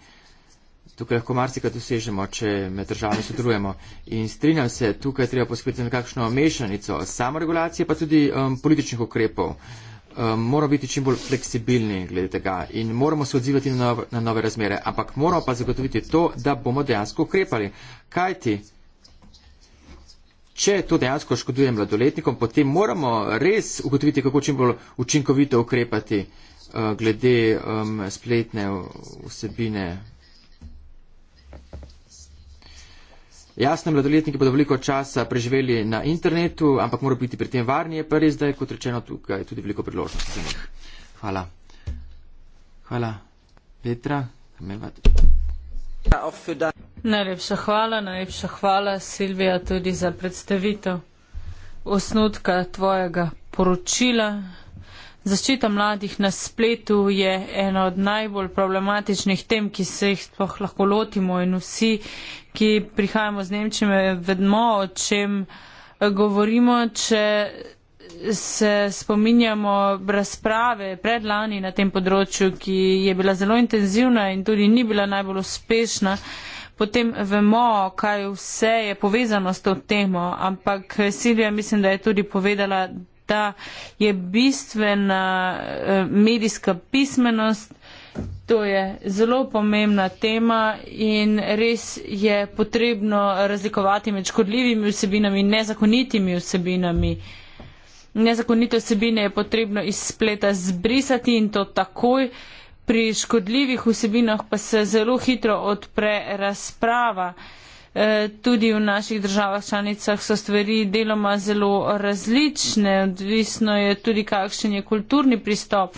Tukaj lahko marsikaj dosežemo, če med državami sodelujemo. In strinjam se, tukaj treba poskrbeti na kakšno mešanico samoregulacije, pa tudi um, političnih ukrepov. Uh, Eh, moramo biti čim bolj fleksibilni glede tega in moramo se odzivati na nove, na nove razmere, ampak moramo pa zagotoviti to, da bomo dejansko ukrepali. Kaj ti? Če to dejansko škoduje mladoletnikom, potem moramo res ugotoviti, kako čim bolj učinkovito ukrepati uh, glede um, spletne vsebine Jasno, mladoletniki bodo veliko časa preživeli na internetu, ampak morajo biti pri tem varni, je pa res, da je, kot rečeno, tukaj tudi veliko priložnosti za njih. Hvala. Hvala, Petra. Najlepša hvala, najlepša hvala, Silvija, tudi za predstavitev osnutka tvojega poročila. Zaščita mladih na spletu je ena od najbolj problematičnih tem, ki se jih sploh lahko lotimo in vsi, ki prihajamo z Nemčije, vedmo, o čem eh, govorimo, če se spominjamo razprave predlani na tem področju, ki je bila zelo intenzivna in tudi ni bila najbolj uspešna. Potem vemo, kaj vse je povezano s to temo, ampak Silvija mislim, da je tudi povedala, ta je bistvena eh, medijska pismenost. To je zelo pomembna tema in res je potrebno razlikovati med škodljivimi vsebinami in nezakonitimi vsebinami. Nezakonite vsebine je potrebno iz spleta zbrisati in to takoj. Pri škodljivih vsebinah pa se zelo hitro odpre razprava. Eh, tudi v naših državah članicah so stvari deloma zelo različne, odvisno je tudi kakšen je kulturni pristop.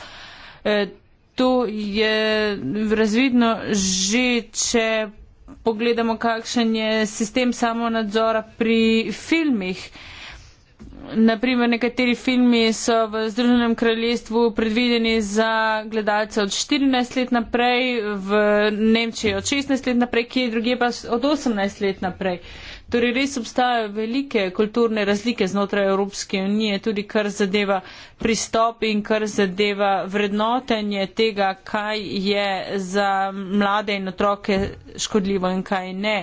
Eh, to je razvidno že, če pogledamo, kakšen je sistem samonadzora pri filmih naprimer nekateri filmi so v Združenem kraljestvu predvideni za gledalce od 14 let naprej, v Nemčiji od 16 let naprej, kje drugje pa od 18 let naprej. Torej res obstajajo velike kulturne razlike znotraj Evropske unije, tudi kar zadeva pristop in kar zadeva vrednotenje tega, kaj je za mlade in otroke škodljivo in kaj ne.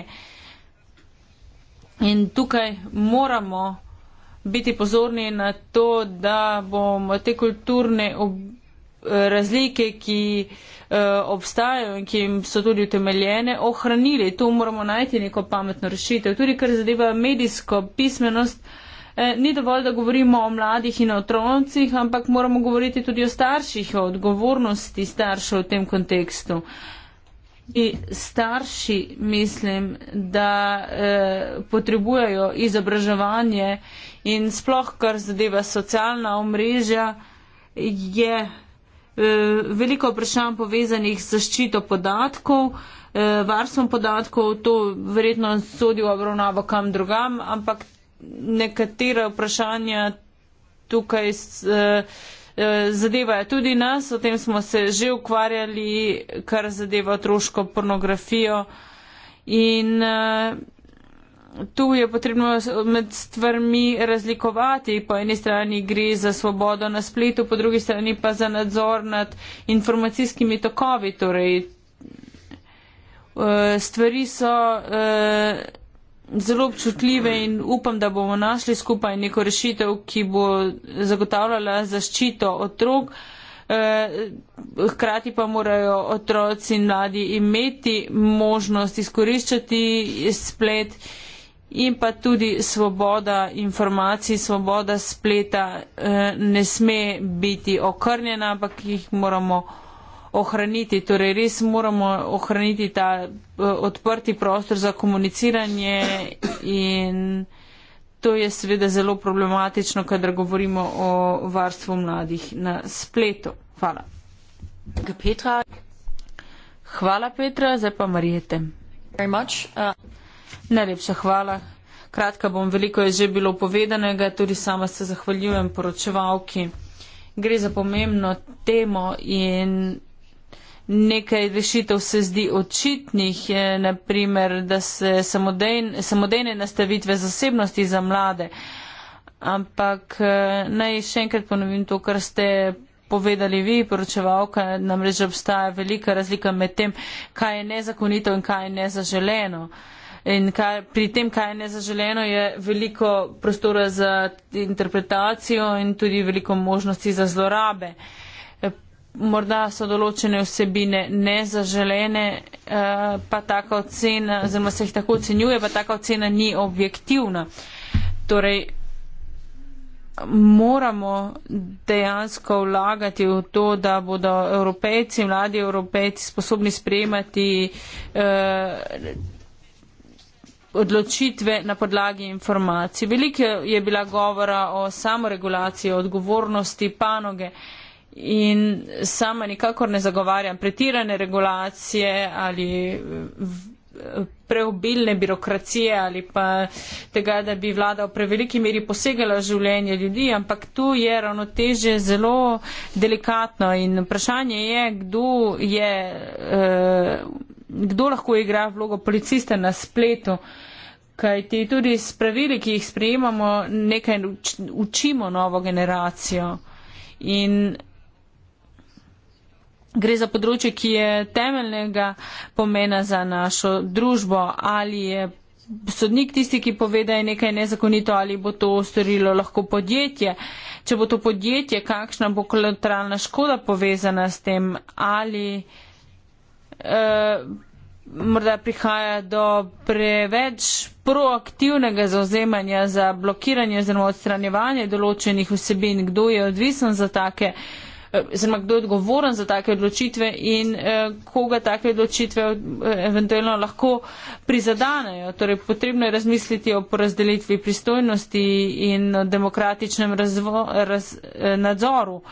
In tukaj moramo biti pozorni na to, da bomo te kulturne ob, razlike, ki eh, obstajajo in ki so tudi utemeljene, ohranili. Tu moramo najti neko pametno rešitev. Tudi kar zadeva medijsko pismenost, eh, ni dovolj, da govorimo o mladih in o otrocih, ampak moramo govoriti tudi o starših, o odgovornosti staršev v tem kontekstu. Tudi starši mislim, da eh, potrebujejo izobraževanje in sploh, kar zadeva socialna omrežja, je eh, veliko vprašanj povezanih z zaščito podatkov, eh, varstvom podatkov, to verjetno sodi v obravnavo kam drugam, ampak nekatera vprašanja tukaj. Eh, Eh, zadevajo tudi nas, o tem smo se že ukvarjali, kar zadeva otroško pornografijo. In eh, tu je potrebno med stvarmi razlikovati. Po eni strani gre za svobodo na spletu, po drugi strani pa za nadzor nad informacijskimi tokovi. Torej, eh, stvari so zelo občutljive in upam, da bomo našli skupaj neko rešitev, ki bo zagotavljala zaščito otrok. Eh, hkrati pa morajo otroci in mladi imeti možnost izkoriščati splet in pa tudi svoboda informacij, svoboda spleta eh, ne sme biti okrnjena, ampak jih moramo ohraniti. Torej, res moramo ohraniti ta eh, odprti prostor za komuniciranje in to je seveda zelo problematično, kadar govorimo o varstvu mladih na spletu. Hvala. Petra. Hvala, Petra. Zdaj pa Marijete. Uh, Najlepša hvala. Kratka bom, veliko je že bilo povedanega, tudi sama se zahvaljujem poročevalki. Gre za pomembno temo in Nekaj rešitev se zdi očitnih, naprimer, da se samodejne, samodejne nastavitve zasebnosti za mlade. Ampak eh, naj še enkrat ponovim to, kar ste povedali vi, poročevalka, namreč obstaja velika razlika med tem, kaj je nezakonito in kaj je nezaželeno. In kaj, pri tem, kaj je nezaželeno, je veliko prostora za interpretacijo in tudi veliko možnosti za zlorabe. Uh, morda so določene vsebine nezaželene, eh, pa taka ocena, oziroma se jih tako ocenjuje, pa taka ocena ni objektivna. Torej, moramo dejansko vlagati v to, da bodo evropejci, mladi evropejci sposobni sprejemati eh, odločitve na podlagi informacij. Veliko je bila govora o samoregulaciji, odgovornosti panoge. Uh, In sama nikakor ne zagovarjam pretirane regulacije ali preobilne birokracije ali pa tega, da bi vlada v preveliki meri posegala življenje ljudi, ampak tu je ravnotežje zelo delikatno in vprašanje je, kdo, je eh, kdo lahko igra vlogo policista na spletu, kaj ti tudi s pravili, ki jih sprejemamo, nekaj učimo novo generacijo. In gre za področje, ki je temeljnega pomena za našo družbo, ali je sodnik tisti, ki pove, da je nekaj nezakonito, ali bo to storilo lahko podjetje, če bo to podjetje, kakšna bo kolateralna škoda povezana s tem, ali eh, morda prihaja do preveč proaktivnega zauzemanja za blokiranje oziroma odstranjevanje določenih vsebin, kdo je odvisen za take eh, Eh, oziroma kdo je odgovoren za take odločitve in eh, koga take odločitve eh, eventualno lahko prizadanejo. Torej, potrebno je razmisliti o porazdelitvi pristojnosti in o demokratičnem razvo, raz, nadzoru.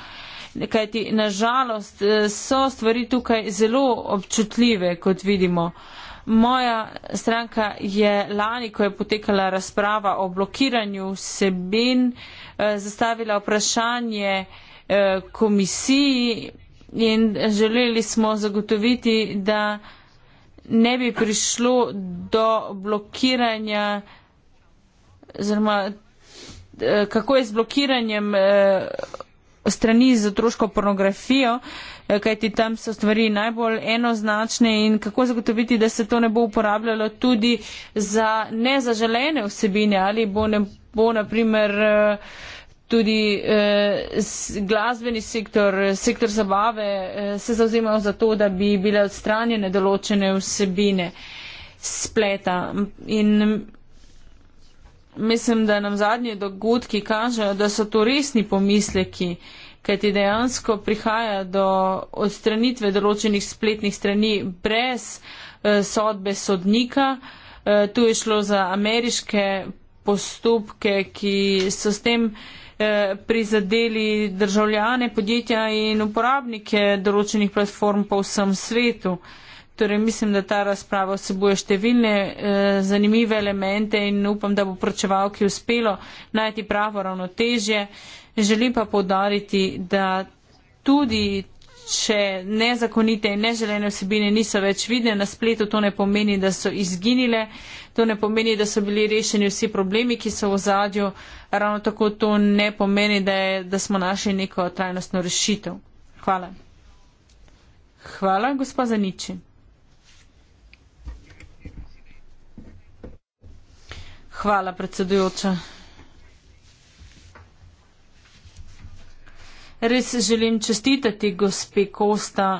Kajti, nažalost, so stvari tukaj zelo občutljive, kot vidimo. Moja stranka je lani, ko je potekala razprava o blokiranju sebin, zastavila vprašanje eh, komisiji in želeli smo zagotoviti, da ne bi prišlo do blokiranja, oziroma e, kako je z blokiranjem e, strani za otroško pornografijo, e, kajti tam so stvari najbolj enoznačne in kako zagotoviti, da se to ne bo uporabljalo tudi za nezaželene vsebine ali bo ne bo, na primer, tudi eh, glasbeni sektor, sektor zabave eh, se zauzemajo za to, da bi bile odstranjene določene vsebine spleta. In mislim, da nam zadnji dogodki kažejo, da so to resni pomisleki, kajti dejansko prihaja do odstranitve določenih spletnih strani brez eh, sodbe sodnika. Eh, tu je šlo za ameriške postopke, ki so s tem Eh, prizadeli državljane, podjetja in uporabnike določenih platform po vsem svetu. Torej, mislim, da ta razprava vsebuje številne eh, zanimive elemente in upam, da bo pročevalki uspelo najti pravo ravnotežje. Želim pa povdariti, da tudi če nezakonite in neželene vsebine niso več vidne na spletu, to ne pomeni, da so izginile. To ne pomeni, da so bili rešeni vsi problemi, ki so v zadju, ravno tako to ne pomeni, da, je, da smo našli neko trajnostno rešitev. Hvala. Hvala, gospa Zaniči. Hvala, predsedujoča. Res želim čestitati gospe Kosta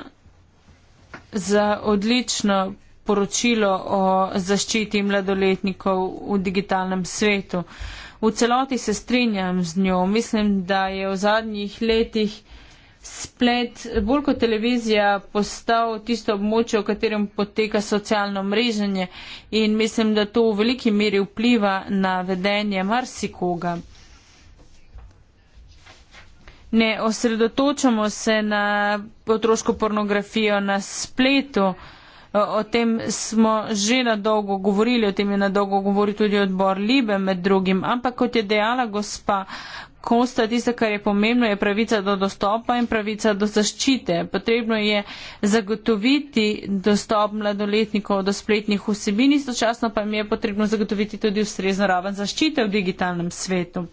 za odlično poročilo o zaščiti mladoletnikov v digitalnem svetu. V celoti se strinjam z njo. Mislim, da je v zadnjih letih splet bolj kot televizija postal tisto območje, v katerem poteka socialno mreženje in mislim, da to v veliki meri vpliva na vedenje marsikoga. Ne osredotočamo se na otroško pornografijo na spletu. O tem smo že na dolgo govorili, o tem je na dolgo govoril tudi odbor Libe med drugim. Ampak kot je dejala gospa Kosta, tisto, kar je pomembno, je pravica do dostopa in pravica do zaščite. Potrebno je zagotoviti dostop mladoletnikov do spletnih vsebin, istočasno pa jim je potrebno zagotoviti tudi ustrezno raven zaščite v digitalnem svetu.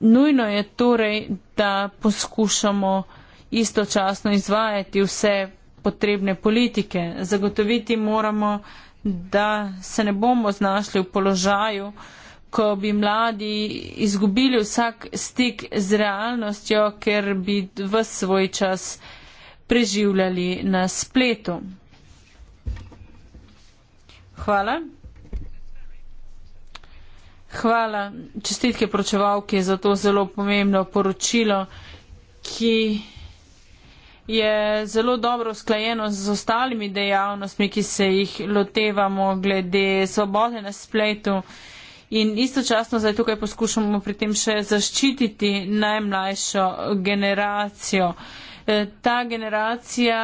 Nujno je torej, da poskušamo istočasno izvajati vse potrebne politike. Zagotoviti moramo, da se ne bomo znašli v položaju, ko bi mladi izgubili vsak stik z realnostjo, ker bi v svoj čas preživljali na spletu. Hvala. Hvala čestitke pročevalke za to zelo pomembno poročilo, ki je zelo dobro usklajeno z ostalimi dejavnostmi, ki se jih lotevamo glede svobode na spletu. In istočasno zdaj tukaj poskušamo pri tem še zaščititi najmlajšo generacijo. E, ta generacija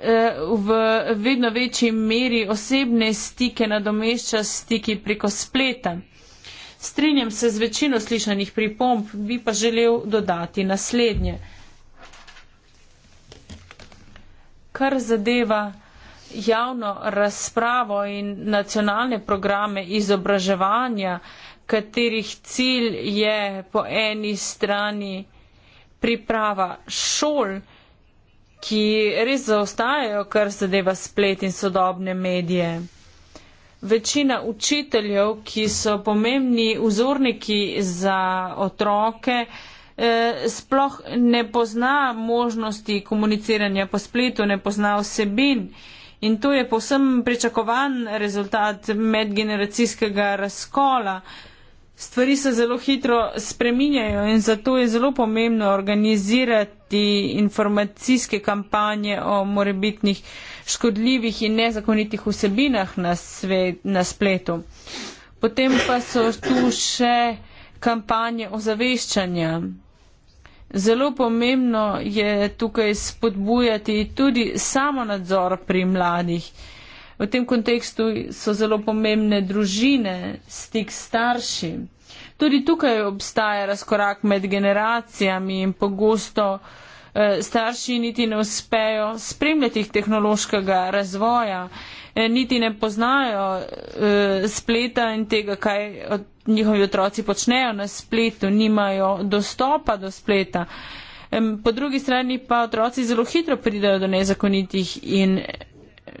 e, v vedno večji meri osebne stike nadomešča stiki preko spleta. Strinjam se z večino slišanih pripomb, bi pa želel dodati naslednje. kar zadeva javno razpravo in nacionalne programe izobraževanja, katerih cilj je po eni strani priprava šol, ki res zaostajajo, kar zadeva splet in sodobne medije. Večina učiteljev, ki so pomembni vzorniki za otroke, uh, Eh, sploh ne pozna možnosti komuniciranja po spletu, ne pozna vsebin. In to je povsem pričakovan rezultat medgeneracijskega razkola. Stvari se zelo hitro spreminjajo in zato je zelo pomembno organizirati informacijske kampanje o morebitnih škodljivih in nezakonitih vsebinah na, svet, na spletu. Potem pa so tu še kampanje o zaveščanju. Zelo pomembno je tukaj spodbujati tudi samo nadzor pri mladih. V tem kontekstu so zelo pomembne družine, stik starši. Tudi tukaj obstaja razkorak med generacijami in pogosto Eh, starši niti ne uspejo spremljati tehnološkega razvoja, eh, niti ne poznajo eh, spleta in tega, kaj njihovi otroci počnejo na spletu, nimajo dostopa do spleta. Po drugi strani pa otroci zelo hitro pridajo do nezakonitih in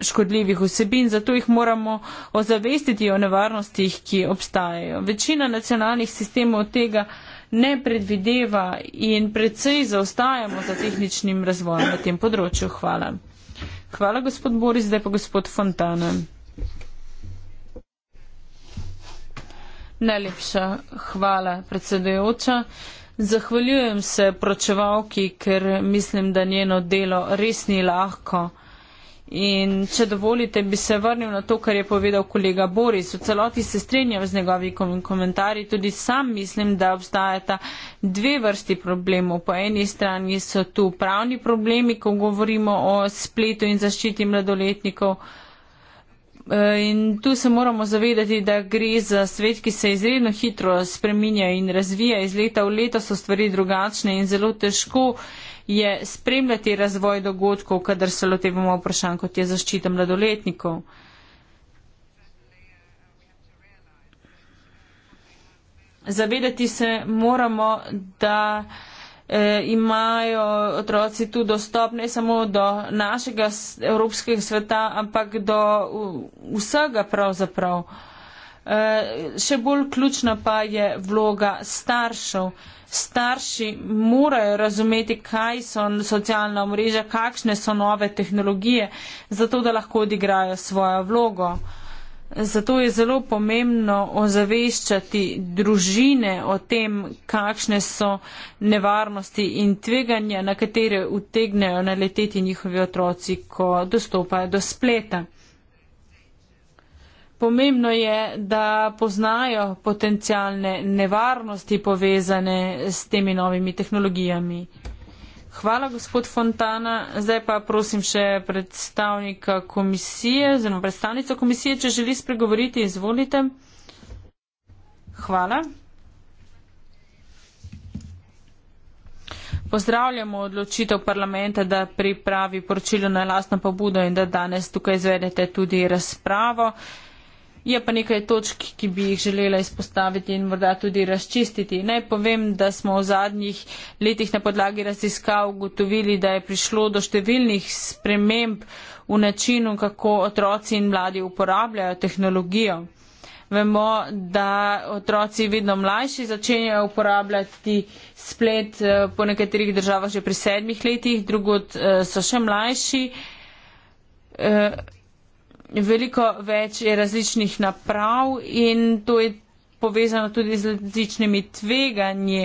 škodljivih vsebin, zato jih moramo ozavestiti o nevarnostih, ki obstajajo. Večina nacionalnih sistemov tega ne predvideva in predvsej zaostajamo za tehničnim razvojem na tem področju. Hvala. Hvala, gospod Boris, zdaj pa gospod Fontana. Najlepša hvala, predsedujoča. Zahvaljujem se pročevalki, ker mislim, da njeno delo res ni lahko. In če dovolite, bi se vrnil na to, kar je povedal kolega Boris. V celoti se strenjam z njegovim komentarji. Tudi sam mislim, da obstajata dve vrsti problemov. Po eni strani so tu pravni problemi, ko govorimo o spletu in zaščiti mladoletnikov. Eh, in tu se moramo zavedati, da gre za svet, ki se izredno hitro spreminja in razvija. Iz leta v leto so stvari drugačne in zelo težko je spremljati razvoj dogodkov, kadar se lotevamo vprašanj, kot je zaščita mladoletnikov. Zavedati se moramo, da eh, imajo otroci tu dostop ne samo do našega evropskega sveta, ampak do vsega pravzaprav. Eh, še bolj ključna pa je vloga staršev. Starši morajo razumeti, kaj so socialna mreža, kakšne so nove tehnologije, zato da lahko odigrajo svojo vlogo. Eh, Zato je zelo pomembno ozaveščati družine o tem, kakšne so nevarnosti in tveganja, na katere utegnejo naleteti njihovi otroci, ko dostopajo do spleta. Pomembno je, da poznajo potencialne nevarnosti povezane s temi novimi tehnologijami. Hvala, gospod Fontana. Zdaj pa prosim še predstavnika komisije, oziroma predstavnico komisije, če želi spregovoriti, izvolite. Hvala. Pozdravljamo odločitev parlamenta, da pripravi poročilo na lastno pobudo in da danes tukaj izvedete tudi razpravo. Uh, Je pa nekaj točk, ki bi jih želela izpostaviti in morda tudi razčistiti. Naj povem, da smo v zadnjih letih na podlagi raziskav ugotovili, da je prišlo do številnih sprememb v načinu, kako otroci in mladi uporabljajo tehnologijo. Vemo, da otroci vedno mlajši začenjajo uporabljati splet eh, po nekaterih državah že pri sedmih letih, drugod eh, so še mlajši. Eh, veliko več različnih naprav in to je povezano tudi z različnimi tveganji.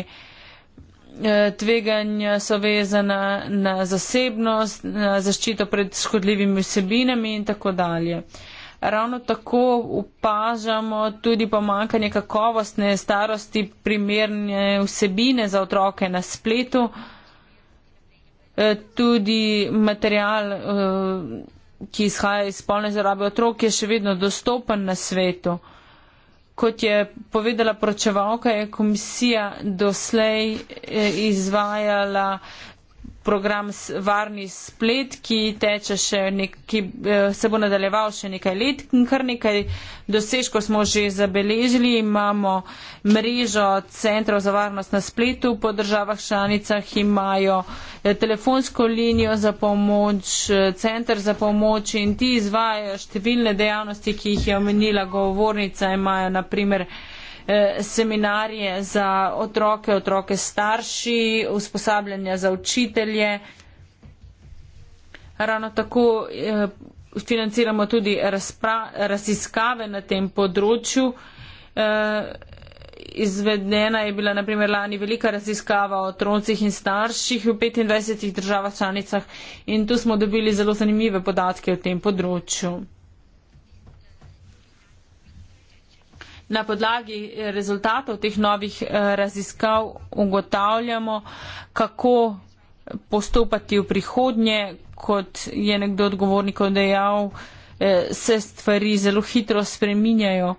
E, tveganja so vezana na zasebnost, na zaščito pred škodljivimi vsebinami in tako dalje. Ravno tako upažamo tudi pomankanje kakovostne starosti primerne vsebine za otroke na spletu. E, tudi material e, ki izhaja iz spolne zarabe otrok, je še vedno dostopen na svetu. Kot je povedala pročevalka, je komisija doslej eh, izvajala program Varni splet, ki teče še neki, eh, se bo nadaljeval še nekaj let in kar nekaj dosežkov smo že zabeležili. Imamo mrežo centrov za varnost na spletu po državah članicah, imajo eh, telefonsko linijo za pomoč, eh, center za pomoč in ti izvajajo številne dejavnosti, ki jih je omenila govornica, imajo naprimer Eh, seminarije za otroke, otroke starši, usposabljanja za učitelje. Ravno tako eh, financiramo tudi raziskave na tem področju. Eh, izvedena je bila naprimer lani velika raziskava o otrocih in starših v 25 državah članicah in tu smo dobili zelo zanimive podatke o tem področju. Na podlagi eh, rezultatov teh novih eh, raziskav ugotavljamo, kako postopati v prihodnje, kot je nekdo odgovornik odejal, eh, se stvari zelo hitro spreminjajo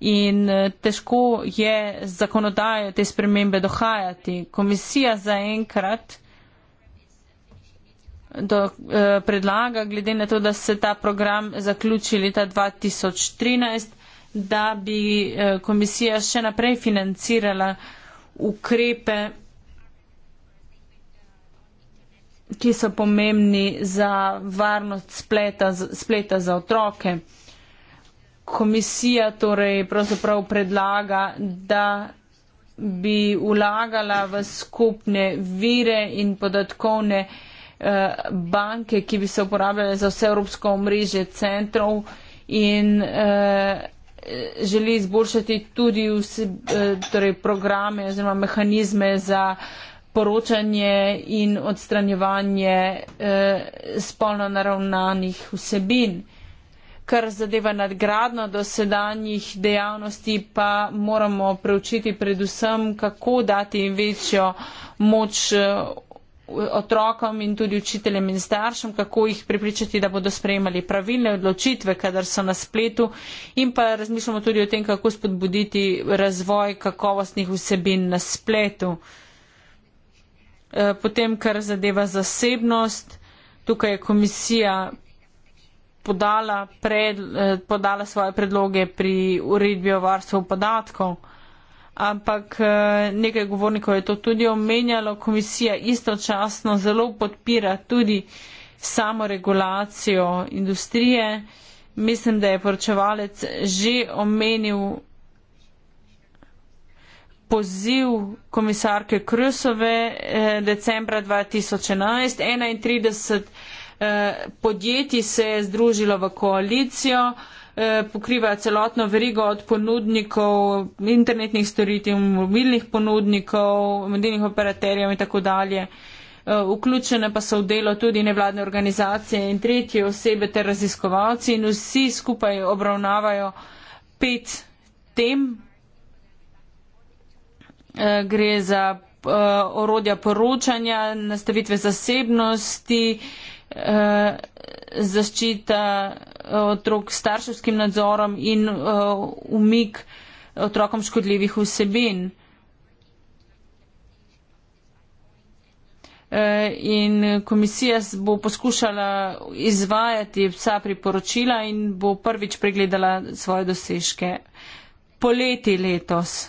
in težko je z zakonodajo te spremembe dohajati. Komisija za enkrat do, predlaga, glede na to, da se ta program zaključi leta 2013, da bi eh, komisija še naprej financirala ukrepe, ki so pomembni za varnost spleta, spleta za otroke. Komisija torej pravzaprav predlaga, da bi ulagala v skupne vire in podatkovne eh, banke, ki bi se uporabljale za vse Evropsko omrežje centrov in eh, želi izboljšati tudi vse, eh, torej programe oziroma mehanizme za poročanje in odstranjevanje eh, spolno naravnanih vsebin. Kar zadeva nadgradno do sedanjih dejavnosti, pa moramo preučiti predvsem, kako dati večjo moč eh, otrokom in tudi učiteljem in staršem, kako jih prepričati, da bodo sprejemali pravilne odločitve, kadar so na spletu in pa razmišljamo tudi o tem, kako spodbuditi razvoj kakovostnih vsebin na spletu. Eh, potem, kar zadeva zasebnost, tukaj je komisija podala, pred, eh, podala svoje predloge pri uredbi o varstvu podatkov ampak eh, nekaj govornikov je to tudi omenjalo, komisija istočasno zelo podpira tudi samoregulacijo industrije. Mislim, da je poročevalec že omenil poziv komisarke Krusove eh, decembra 2011. 31 eh, podjetij se je združilo v koalicijo. Eh, pokriva celotno verigo od ponudnikov internetnih storitev, mobilnih ponudnikov, medijnih operaterjev in tako dalje. Eh, vključene pa so v delo tudi nevladne organizacije in tretje osebe ter raziskovalci in vsi skupaj obravnavajo pet tem. Eh, gre za orodja poročanja, nastavitve zasebnosti, zaščita otrok s starševskim nadzorom in uh, umik otrokom škodljivih vsebin. Eh, in komisija bo poskušala izvajati vsa priporočila in bo prvič pregledala svoje dosežke. Poleti letos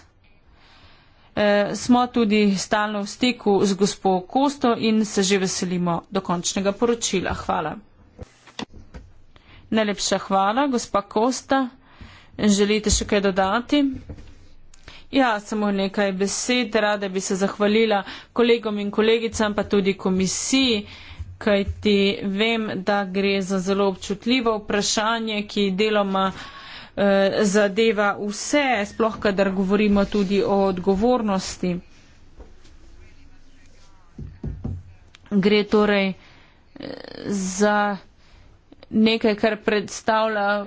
eh, smo tudi stalno v stiku z gospod Kosto in se že veselimo dokončnega poročila. Hvala. Najlepša hvala, gospa Kosta. Želite še kaj dodati? Ja, samo nekaj besed. Rada bi se zahvalila kolegom in kolegicam, pa tudi komisiji, kajti vem, da gre za zelo občutljivo vprašanje, ki deloma eh, zadeva vse, sploh kadar govorimo tudi o odgovornosti. Gre torej eh, za. Eh, nekaj, kar predstavlja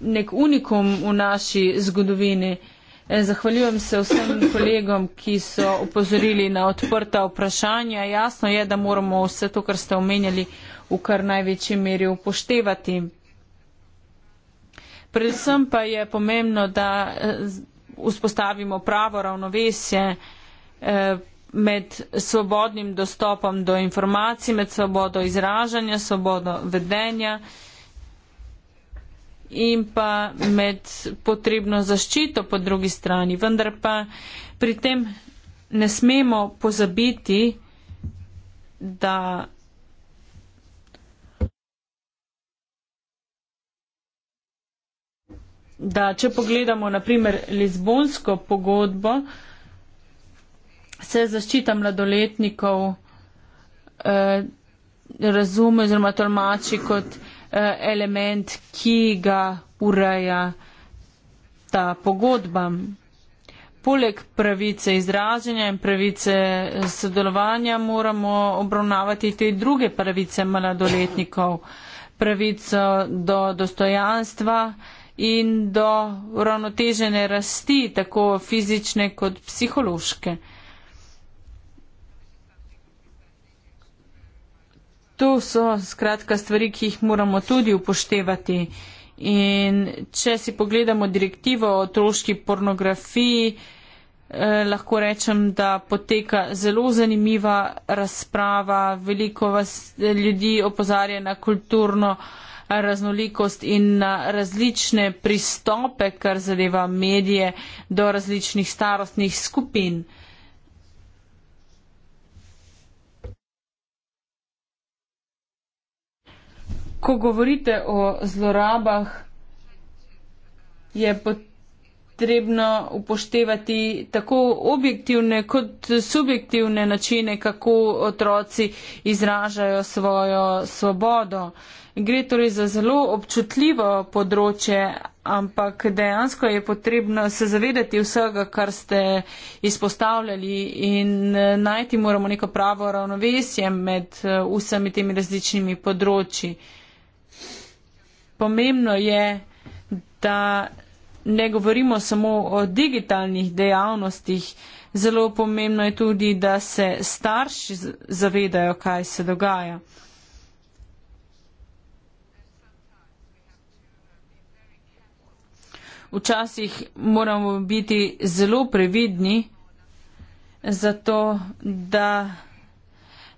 nek unikum v naši zgodovini. E, zahvaljujem se vsem kolegom, ki so upozorili na odprta vprašanja. Jasno je, da moramo vse to, kar ste omenjali, v kar največji meri upoštevati. Predvsem pa je pomembno, da e, vzpostavimo pravo ravnovesje. Eh, med svobodnim dostopom do informacij, med svobodo izražanja, svobodo vedenja in pa med potrebno zaščito po drugi strani. Vendar pa pri tem ne smemo pozabiti, da. da če pogledamo naprimer Lizbonsko pogodbo, se zaščita mladoletnikov eh, razume oziroma tolmači kot eh, element, ki ga ureja ta pogodba. Poleg pravice izražanja in pravice eh, sodelovanja moramo obravnavati tudi druge pravice mladoletnikov. Pravico do dostojanstva in do uravnotežene rasti, tako fizične kot psihološke. to so skratka stvari, ki jih moramo tudi upoštevati. In če si pogledamo direktivo o otroški pornografiji, eh, lahko rečem, da poteka zelo zanimiva razprava. Veliko vas eh, ljudi opozarja na kulturno raznolikost in na različne pristope, kar zadeva medije do različnih starostnih skupin. ko govorite o zlorabah, je potrebno upoštevati tako objektivne kot subjektivne načine, kako otroci izražajo svojo svobodo. Gre torej za zelo občutljivo področje, ampak dejansko je potrebno se zavedati vsega, kar ste izpostavljali in eh, najti moramo neko pravo ravnovesje med eh, vsemi temi različnimi področji pomembno je, da ne govorimo samo o digitalnih dejavnostih, zelo pomembno je tudi, da se starši zavedajo, kaj se dogaja. Včasih moramo biti zelo previdni, zato da.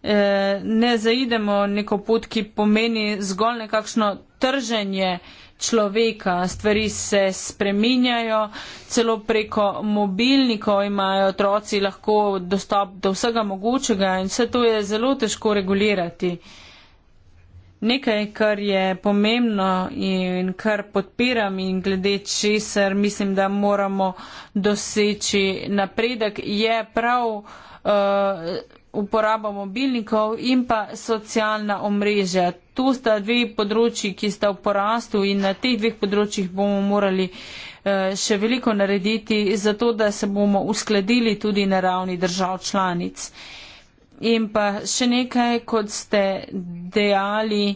Eh, ne zaidemo neko pot, ki pomeni zgolj nekakšno trženje človeka. Stvari se spreminjajo, celo preko mobilnikov imajo otroci lahko dostop do vsega mogočega in vse to je zelo težko regulirati. Nekaj, kar je pomembno in kar podpiram in glede česar mislim, da moramo doseči napredek, je prav uh, uporaba mobilnikov in pa socialna omrežja. Tu sta dve področji, ki sta v porastu in na teh dveh področjih bomo morali eh, še veliko narediti, zato da se bomo uskladili tudi na ravni držav članic. In pa še nekaj, kot ste dejali,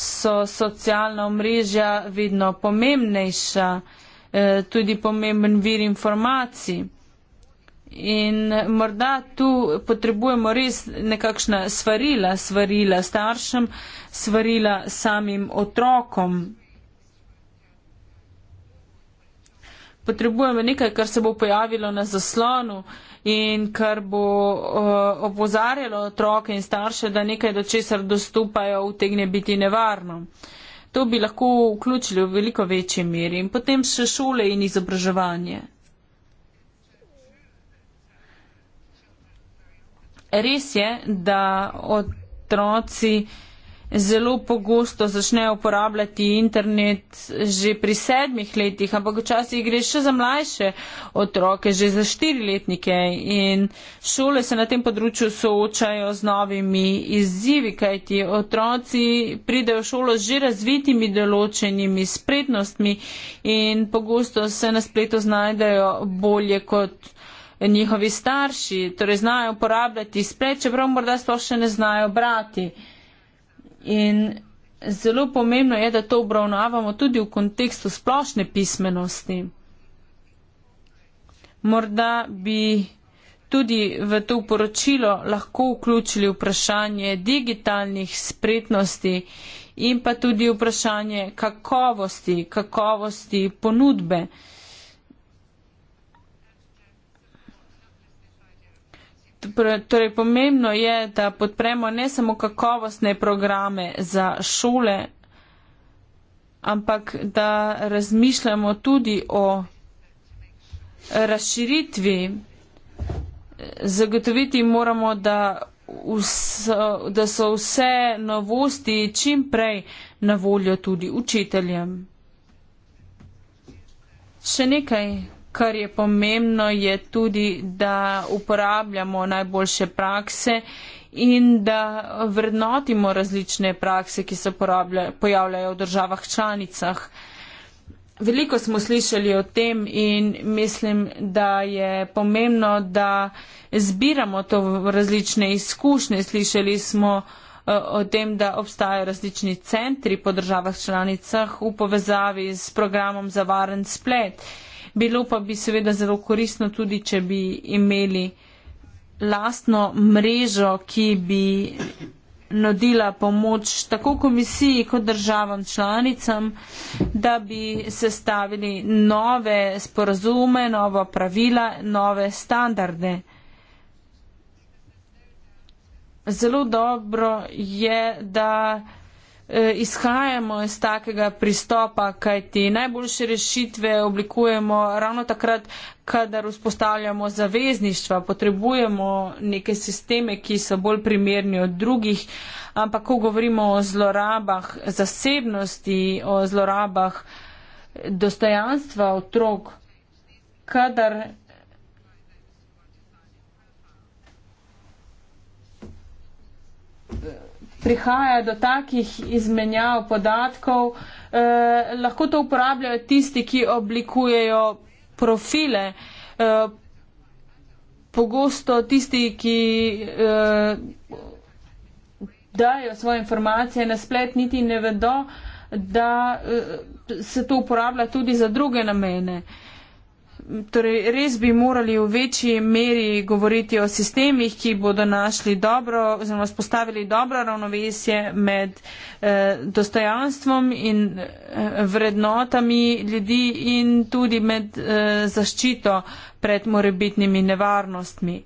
so socialna omrežja vedno pomembnejša, eh, tudi pomemben vir informacij. In morda tu potrebujemo res nekakšna svarila, svarila staršem, svarila samim otrokom. Potrebujemo nekaj, kar se bo pojavilo na zaslonu in kar bo uh, opozarjalo otroke in starše, da nekaj, do česar dostopajo, vtegne biti nevarno. To bi lahko vključili v veliko večji meri in potem še šole in izobraževanje. res je, da otroci zelo pogosto začnejo uporabljati internet že pri sedmih letih, ampak včasih gre še za mlajše otroke, že za štiriletnike in šole se na tem področju soočajo z novimi izzivi, kajti otroci pridejo v šolo z že razvitimi določenimi spretnostmi in pogosto se na spletu znajdejo bolje kot otroci njihovi starši, torej znajo uporabljati splet, čeprav morda sploh še ne znajo brati. In zelo pomembno je, da to obravnavamo tudi v kontekstu splošne pismenosti. Morda bi tudi v to poročilo lahko vključili vprašanje digitalnih spretnosti in pa tudi vprašanje kakovosti, kakovosti ponudbe. Torej, pomembno je, da podpremo ne samo kakovostne programe za šole, ampak da razmišljamo tudi o razširitvi. Zagotoviti moramo, da, vso, da so vse novosti čim prej na voljo tudi učiteljem. Še nekaj kar je pomembno, je tudi, da uporabljamo najboljše prakse in da vrednotimo različne prakse, ki se pojavljajo v državah članicah. Veliko smo slišali o tem in mislim, da je pomembno, da zbiramo to različne izkušnje. Slišali smo eh, o tem, da obstajajo različni centri po državah članicah v povezavi s programom za varen splet. Uh, Bilo pa bi seveda zelo koristno tudi, če bi imeli lastno mrežo, ki bi nudila pomoč tako komisiji kot državam članicam, da bi sestavili nove sporazume, nova pravila, nove standarde. Zelo dobro je, da Eh, izhajamo iz takega pristopa, kajti najboljše rešitve oblikujemo ravno takrat, kadar vzpostavljamo zavezništva, potrebujemo neke sisteme, ki so bolj primerni od drugih, ampak ko govorimo o zlorabah zasebnosti, o zlorabah dostojanstva otrok, kadar prihaja do takih izmenjav podatkov, eh, lahko to uporabljajo tisti, ki oblikujejo profile. Eh, pogosto tisti, ki. Eh, dajo svoje informacije na splet, niti ne vedo, da eh, se to uporablja tudi za druge namene. Uh, torej res bi morali v večji meri govoriti o sistemih, ki bodo našli dobro oziroma spostavili dobro ravnovesje med eh, dostojanstvom in eh, vrednotami ljudi in tudi med eh, zaščito pred morebitnimi nevarnostmi.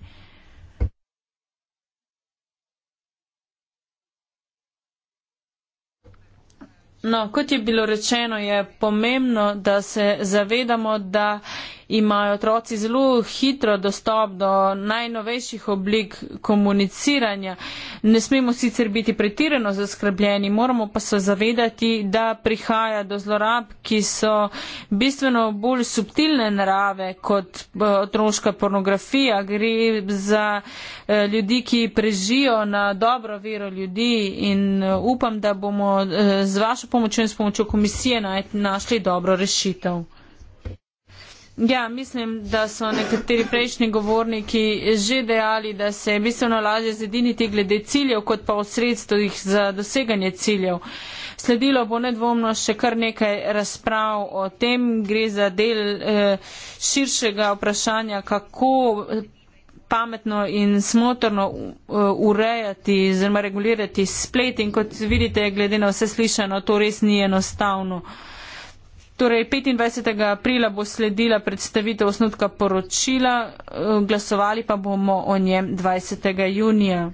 No, kot je bilo rečeno, je pomembno, da se zavedamo, da imajo otroci zelo hitro dostop do najnovejših oblik komuniciranja. Ne smemo sicer biti pretirano zaskrbljeni, moramo pa se zavedati, da prihaja do zlorab, ki so bistveno bolj subtilne narave kot eh, otroška pornografija. Gre za eh, ljudi, ki prežijo na dobro vero ljudi in eh, upam, da bomo z vašo pomočjo in s pomočjo komisije našli dobro rešitev. Ja, mislim, da so nekateri prejšnji govorniki že dejali, da se je bistveno lažje zediniti glede ciljev, kot pa o sredstvih za doseganje ciljev. Sledilo bo nedvomno še kar nekaj razprav o tem, gre za del eh, širšega vprašanja, kako pametno in smotrno eh, urejati oziroma regulirati splet in kot vidite, glede na vse slišano, to res ni enostavno. Eh, Torej, 25. aprila bo sledila predstavitev osnutka poročila, eh, glasovali pa bomo o njem 20. junija.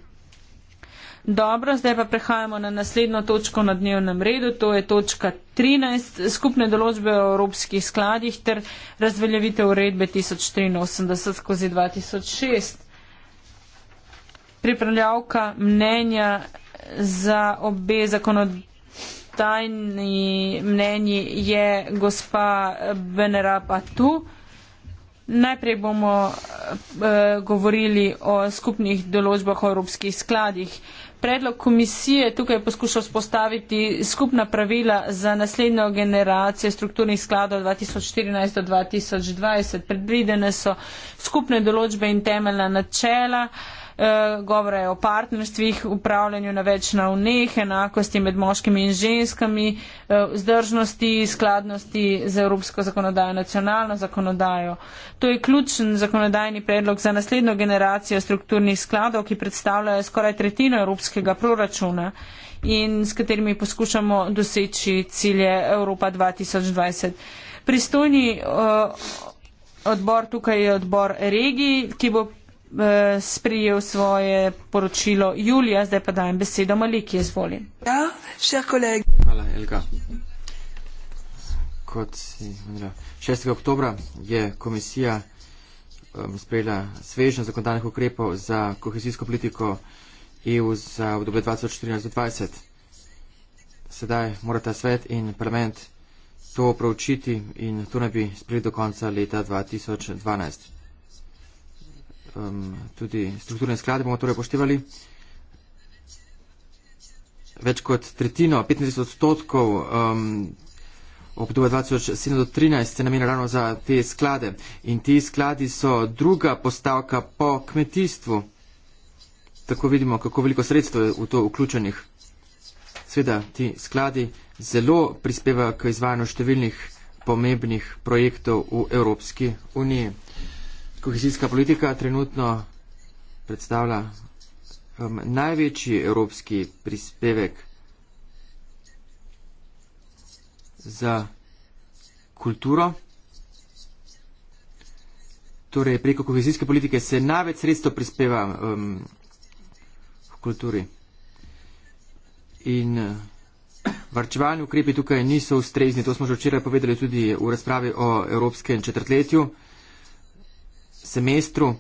Dobro, zdaj pa prehajamo na naslednjo točko na dnevnem redu, to je točka 13, skupne določbe o evropskih skladih ter razveljavitev uredbe 1083 skozi 2006. Pripravljavka mnenja za obe zakonodajne tajni mnenji je gospa Benera Patu. Najprej bomo eh, govorili o skupnih določbah o evropskih skladih. Predlog komisije tukaj je poskušal spostaviti skupna pravila za naslednjo generacijo strukturnih skladov 2014-2020. Predvidene so skupne določbe in temeljna načela. Eh, Eh, govora je o partnerstvih, upravljanju na več ravneh, enakosti med moškimi in ženskami, eh, zdržnosti, skladnosti z evropsko zakonodajo, nacionalno zakonodajo. To je ključen zakonodajni predlog za naslednjo generacijo strukturnih skladov, ki predstavljajo skoraj tretjino evropskega proračuna in s katerimi poskušamo doseči cilje Evropa 2020. Pristojni uh, odbor tukaj je odbor regij, ki bo Eh, sprijel svoje poročilo Julija, zdaj pa dajem besedo Maliki, izvoli. Ja, še kolegi. Hvala, Elka. Kot si, 6. oktobra je komisija um, sprejela svežen zakonodajnih ukrepov za kohezijsko politiko EU za obdobje 2014-2020. Sedaj morata svet in parlament to proučiti in to naj bi sprejeli do konca leta 2012 um, tudi strukturne sklade bomo torej poštevali. Več kot tretjino, 35 odstotkov um, obdobja 2007-2013 se namenja ravno za te sklade. In ti skladi so druga postavka po kmetijstvu. Tako vidimo, kako veliko sredstev je v to vključenih. Sveda, ti skladi zelo prispevajo k izvajanju številnih pomembnih projektov v Evropski uniji kohezijska politika trenutno predstavlja um, največji evropski prispevek za kulturo. Torej, preko kohezijske politike se največ sredstva prispeva um, v kulturi. In uh, varčevalni ukrepi tukaj niso ustrezni. To smo že včeraj povedali tudi v razpravi o evropskem četrtletju semestru.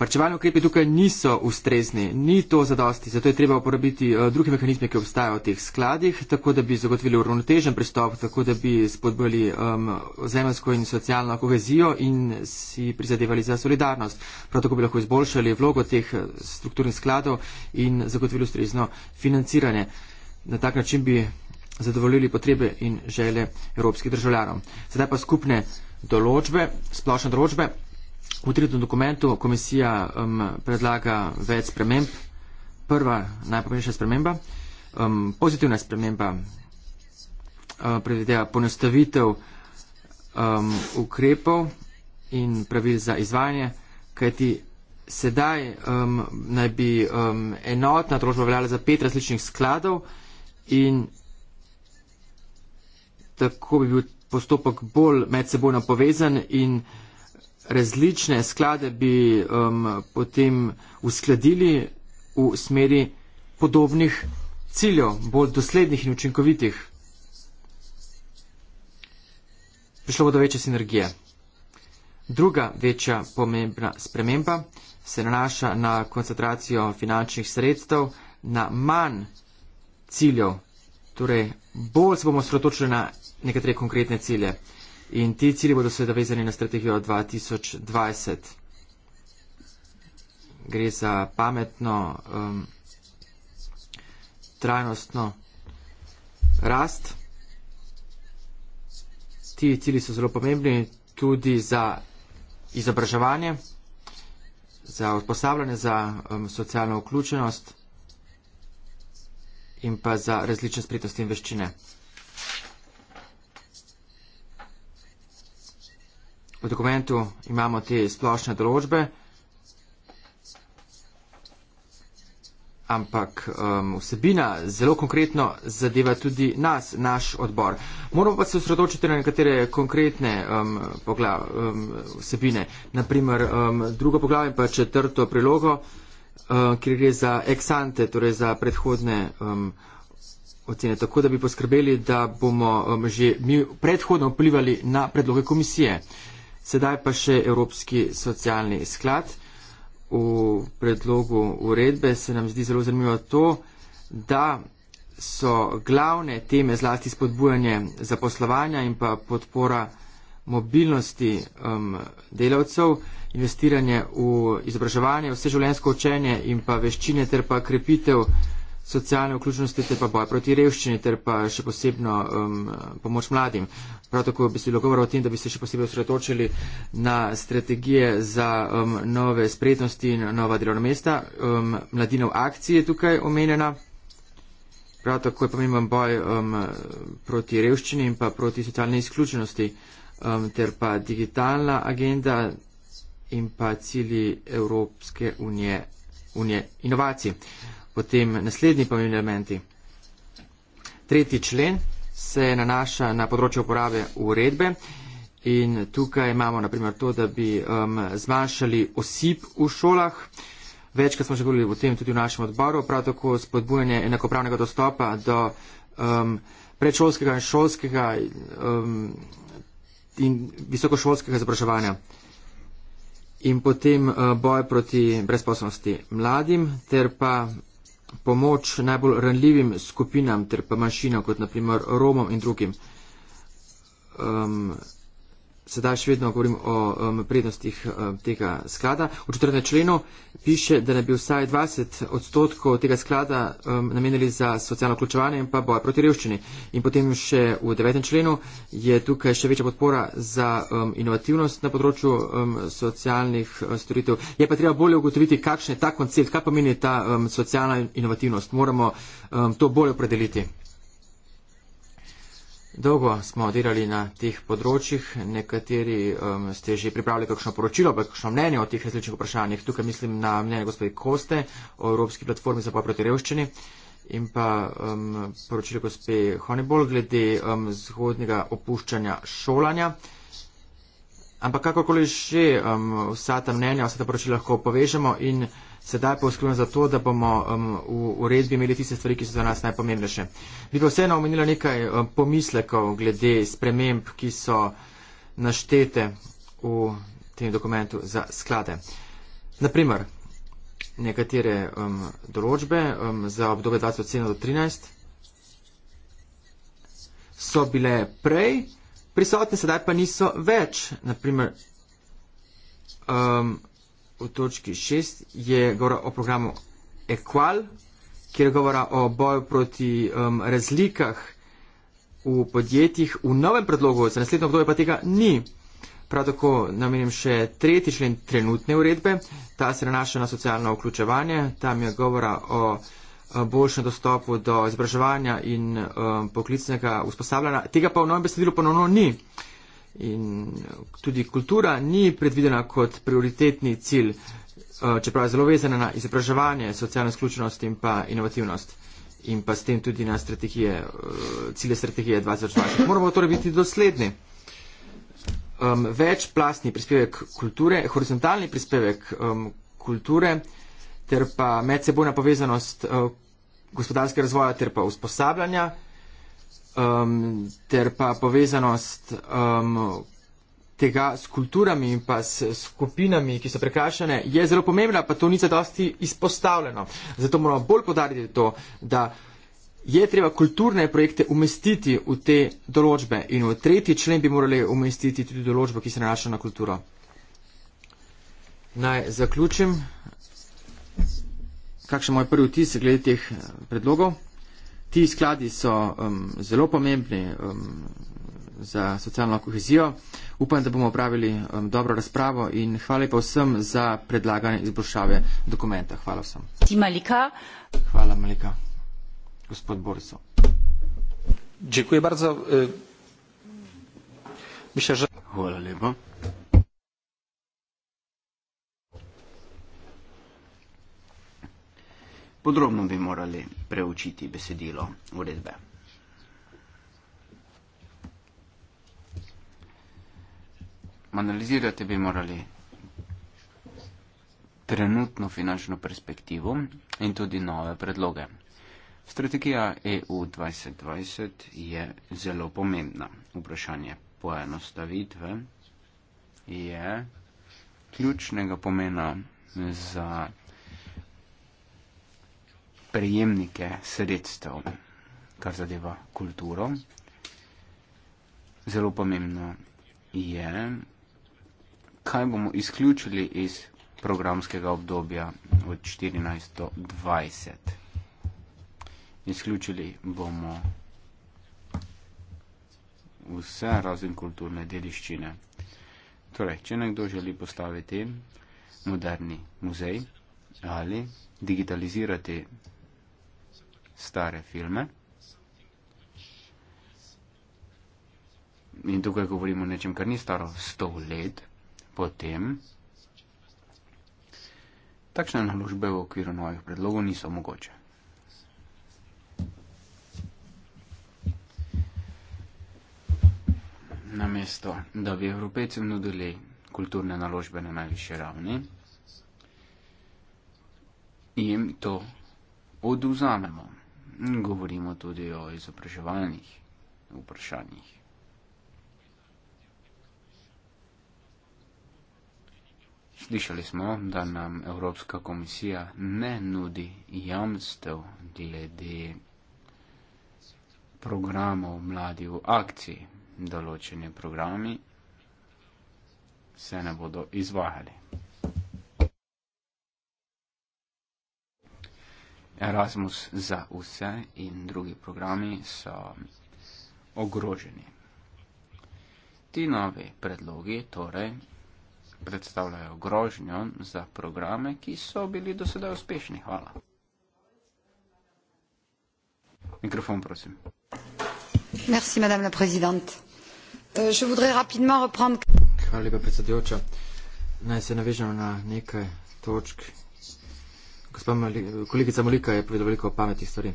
Varčevalni ukrepi tukaj niso ustrezni, ni to zadosti, zato je treba uporabiti eh, druge mehanizme, ki obstajajo v teh skladih, tako da bi zagotovili uravnotežen pristop, tako da bi spodbojali um, zemljsko in socialno kohezijo in si prizadevali za solidarnost. Prav tako bi lahko izboljšali vlogo teh eh, strukturnih skladov in zagotovili ustrezno financiranje. Na tak način bi zadovoljili potrebe in žele evropskih državljanov. Sedaj pa skupne določbe, splošne določbe. V tretjem dokumentu komisija um, predlaga več sprememb. Prva najpomembnejša sprememba, um, pozitivna sprememba, um, predvideva ponestavitev um, ukrepov in pravil za izvajanje, kajti sedaj um, naj bi um, enotna trošba veljala za pet različnih skladov in tako bi bil postopek bolj medsebojno povezan in različne sklade bi um, potem uskladili v smeri podobnih ciljev, bolj doslednih in učinkovitih. Prišlo bo do večje sinergije. Druga večja pomembna sprememba se nanaša na koncentracijo finančnih sredstev na manj ciljev. Torej, bolj se bomo sredotočili na nekatere konkretne cilje in ti cilji bodo seveda vezani na strategijo 2020. Gre za pametno, um, trajnostno rast. Ti cilji so zelo pomembni tudi za izobraževanje, za usposabljanje, za um, socialno vključenost in pa za različne spretnosti in veščine. V dokumentu imamo te splošne določbe, ampak um, vsebina zelo konkretno zadeva tudi nas, naš odbor. Moramo pa se osredočiti na nekatere konkretne um, um, vsebine, naprimer drugo poglavje in pa četrto prilogo, uh, kjer gre za eksante, torej za predhodne ocene, tako da bi poskrbeli, da bomo že mi predhodno vplivali na predloge komisije. Sedaj pa še Evropski socialni sklad. V predlogu uredbe se nam zdi zelo zanimivo to, da so glavne teme zlasti spodbujanje zaposlovanja in pa podpora mobilnosti um, delavcev, investiranje v izobraževanje, vseživljenjsko učenje in pa veščine ter pa krepitev socialne vključnosti ter pa boj proti revščini ter pa še posebno um, pomoč mladim. Prav tako bi se dogovoril o tem, da bi se še posebej osredotočili na strategije za um, nove spretnosti in nova delovna mesta. Um, mladina v akciji je tukaj omenjena. Prav tako je pomemben boj um, proti revščini in pa proti socialne izključenosti um, ter pa digitalna agenda in pa cilji Evropske unije, unije inovacij. Potem naslednji pomembni elementi. Tretji člen se nanaša na področje uporabe uredbe in tukaj imamo naprimer to, da bi um, zmanjšali osip v šolah. Večkrat smo že govorili o tem tudi v našem odboru, prav tako spodbujanje enakopravnega dostopa do um, predšolskega in šolskega um, in visokošolskega izobraževanja. In potem uh, boj proti brezposobnosti mladim ter pa pomoč najbolj ranljivim skupinam ter pa manjšinam, kot naprimer Romom in drugim. Um, sedaj še vedno govorim o um, prednostih um, tega sklada. V četrtem členu piše, da ne bi vsaj 20 odstotkov tega sklada um, namenili za socialno vključevanje in pa boja proti revščini. In potem še v devetem členu je tukaj še večja podpora za um, inovativnost na področju um, socialnih um, storitev. Je pa treba bolje ugotoviti, kakšen je ta koncept, kaj pomeni ta um, socialna inovativnost. Moramo um, to bolje opredeliti. Dolgo smo delali na teh področjih, nekateri um, ste že pripravili kakšno poročilo, pa kakšno mnenje o teh različnih vprašanjih. Tukaj mislim na mnenje gospodine Koste o Evropski platformi za boj proti revščini in pa um, poročilo gospe Honeyball glede um, zgodnega opuščanja šolanja. Ampak kakorkoli že um, vsa ta mnenja, vsa ta poročila lahko povežemo in sedaj pa usklajujem za to, da bomo um, v uredbi imeli tiste stvari, ki so za nas najpomembnejše. Bi pa vseeno omenila nekaj um, pomislekov glede sprememb, ki so naštete v tem dokumentu za sklade. Naprimer, nekatere um, določbe um, za obdobje 2007 do 2013 so bile prej prisotne, sedaj pa niso več. Naprimer, um, v točki 6 je govora o programu Equal, kjer govora o boju proti um, razlikah v podjetjih. V novem predlogu za naslednjo obdobje pa tega ni. Prav tako namenim še tretji člen trenutne uredbe, ta se nanaša na socialno vključevanje, tam je govora o boljšem dostopu do izobraževanja in um, poklicnega usposabljanja. Tega pa v novem besedilu ponovno ni. In tudi kultura ni predvidena kot prioritetni cilj, eh, čeprav je zelo vezana na izobraževanje, socialno sključenost in pa inovativnost. In pa s tem tudi na strategije, eh, cilje strategije 2020. Moramo torej biti dosledni. Um, večplastni prispevek kulture, horizontalni prispevek um, kulture ter pa medsebojna povezanost uh, gospodarskega razvoja ter pa usposabljanja um, ter pa povezanost um, tega s kulturami in pa s skupinami, ki so prekrašene, je zelo pomembna, pa to ni zadosti izpostavljeno. Zato moramo bolj podariti to, da je treba kulturne projekte umestiti v te določbe in v tretji člen bi morali umestiti tudi določbo, ki se nanaša na kulturo. Naj zaključim. Kakšen je moj prvi vtis glede teh eh, predlogov? Ti skladi so um, zelo pomembni um, za socialno kohezijo. Upam, da bomo opravili um, dobro razpravo in hvala pa vsem za predlagane izboljšave dokumenta. Hvala vsem. Ti Malika. Hvala Malika. Gospod Boriso. Hvala lepa. podrobno bi morali preučiti besedilo uredbe. Analizirati bi morali trenutno finančno perspektivo in tudi nove predloge. Strategija EU 2020 je zelo pomembna. Vprašanje poenostavitve je ključnega pomena za prejemnike sredstev, kar zadeva kulturo. Zelo pomembno je, kaj bomo izključili iz programskega obdobja od 14 do 20. Izključili bomo vse razen kulturne dediščine. Torej, če nekdo želi postaviti moderni muzej ali digitalizirati stare filme. In tukaj govorimo o nečem, kar ni staro sto let. Potem takšne naložbe v okviru novih predlogov niso mogoče. Namesto, da bi Evropejcem nudili kulturne naložbe na najvišji ravni, jim to oduzamemo govorimo tudi o izobraževalnih vprašanjih. Slišali smo, da nam Evropska komisija ne nudi jamstev glede programov mladi v akciji. Določeni programi se ne bodo izvajali. Erasmus za vse in drugi programi so ogroženi. Ti novi predlogi torej predstavljajo grožnjo za programe, ki so bili do sedaj uspešni. Hvala. Mikrofon, prosim. Merci, madame la présidente. Euh, je voudrais rapidement reprendre. Hvala lepa, predsedujoča. Naj se navežem na nekaj točk, Kolegica Molika je povedala veliko pametnih stvari.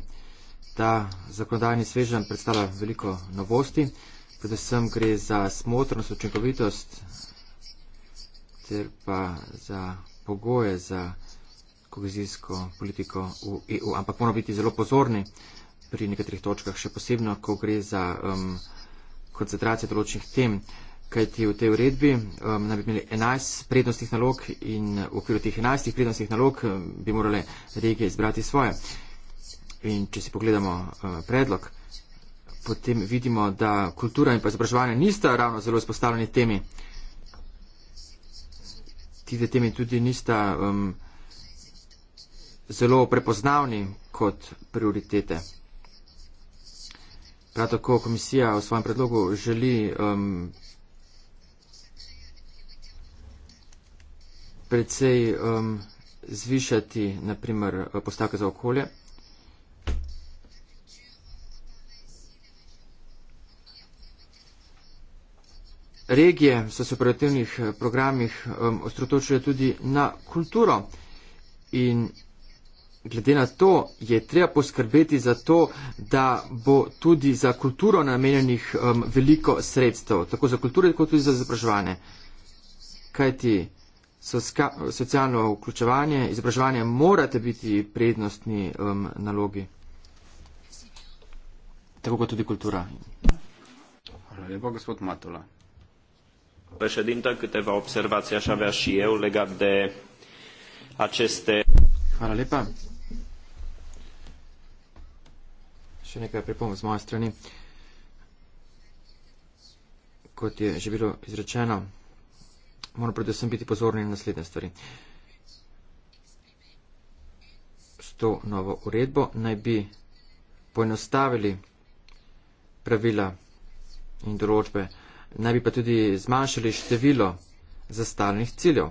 Ta zakonodajni svežen predstavlja veliko novosti, predvsem gre za smotrnost, učinkovitost ter pa za pogoje za kohezijsko politiko v EU. Ampak moramo biti zelo pozorni pri nekaterih točkah, še posebno, ko gre za um, koncentracijo določenih tem. Uh, kajti v tej uredbi um, nam bi imeli 11 prednostnih nalog in v okviru teh 11 prednostnih nalog um, bi morale regije izbrati svoje. In če si pogledamo um, predlog, potem vidimo, da kultura in pa izobraževanje nista ravno zelo izpostavljeni temi. Tide temi tudi nista um, zelo prepoznavni kot prioritete. Prav tako komisija v svojem predlogu želi um, precej um, zvišati, naprimer, uh, postavke za okolje. Regije so se v operativnih uh, programih um, ostrotočile tudi na kulturo in glede na to je treba poskrbeti za to, da bo tudi za kulturo namenjenih um, veliko sredstev, tako za kulture, kot tudi za izobraževanje. Kaj ti? socialno vključevanje, izobraževanje morate biti prednostni um, nalogi, tako kot tudi kultura. Hvala lepa, gospod Matula. Președinte, câteva observații aș avea și eu legat de aceste... Hvala lepa. Še nekaj pripom z moje strani. Kot je že bilo izrečeno, moramo predvsem biti pozorni na naslednje stvari. S to novo uredbo naj bi poenostavili pravila in določbe, naj bi pa tudi zmanjšali število zastavljenih ciljev.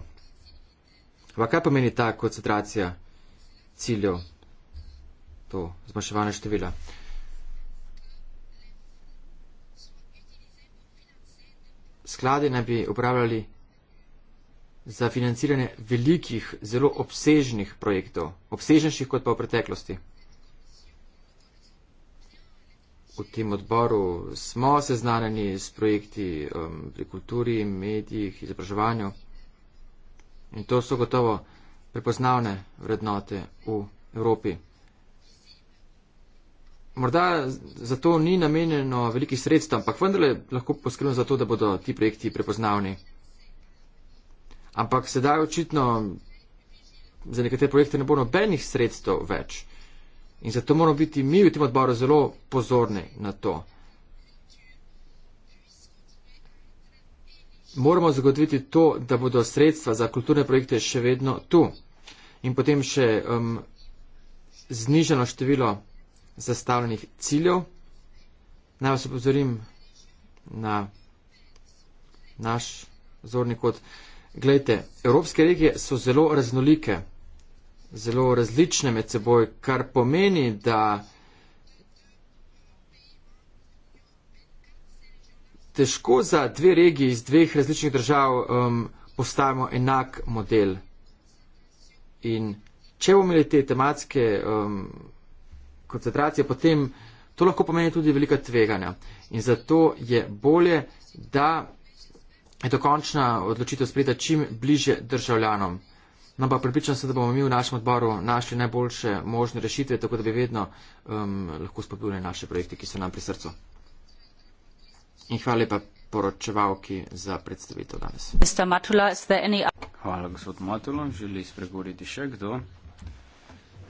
Ampak kaj pomeni ta koncentracija ciljev, to zmanjševanje števila? Skladi naj bi upravljali za financiranje velikih, zelo obsežnih projektov, obsežnejših kot pa v preteklosti. V tem odboru smo seznanjeni s projekti um, pri kulturi, medijih, izobraževanju in to so gotovo prepoznavne vrednote v Evropi. Morda zato ni namenjeno velikih sredstev, ampak vendarle lahko poskrbimo za to, da bodo ti projekti prepoznavni ampak sedaj očitno za nekatere projekte ne bo nobenih sredstev več. In zato moramo biti mi v tem odboru zelo pozorni na to. Moramo zagotoviti to, da bodo sredstva za kulturne projekte še vedno tu. In potem še um, znižano število zastavljenih ciljev. Naj vas upozorim na naš zorni kot. Glejte, evropske regije so zelo raznolike, zelo različne med seboj, kar pomeni, da težko za dve regiji iz dveh različnih držav um, postavimo enak model. In če bomo imeli te tematske um, koncentracije, potem to lahko pomeni tudi velika tveganja. In zato je bolje, da je dokončna odločitev sprejeta čim bliže državljanom. No pa pripričam se, da bomo mi v našem odboru našli najboljše možne rešitve, tako da bi vedno um, lahko spodbujali naše projekte, ki so nam pri srcu. In hvala lepa poročevalki za predstavitev danes. Matula, any... Hvala, gospod Matula. Želi spregovoriti še kdo?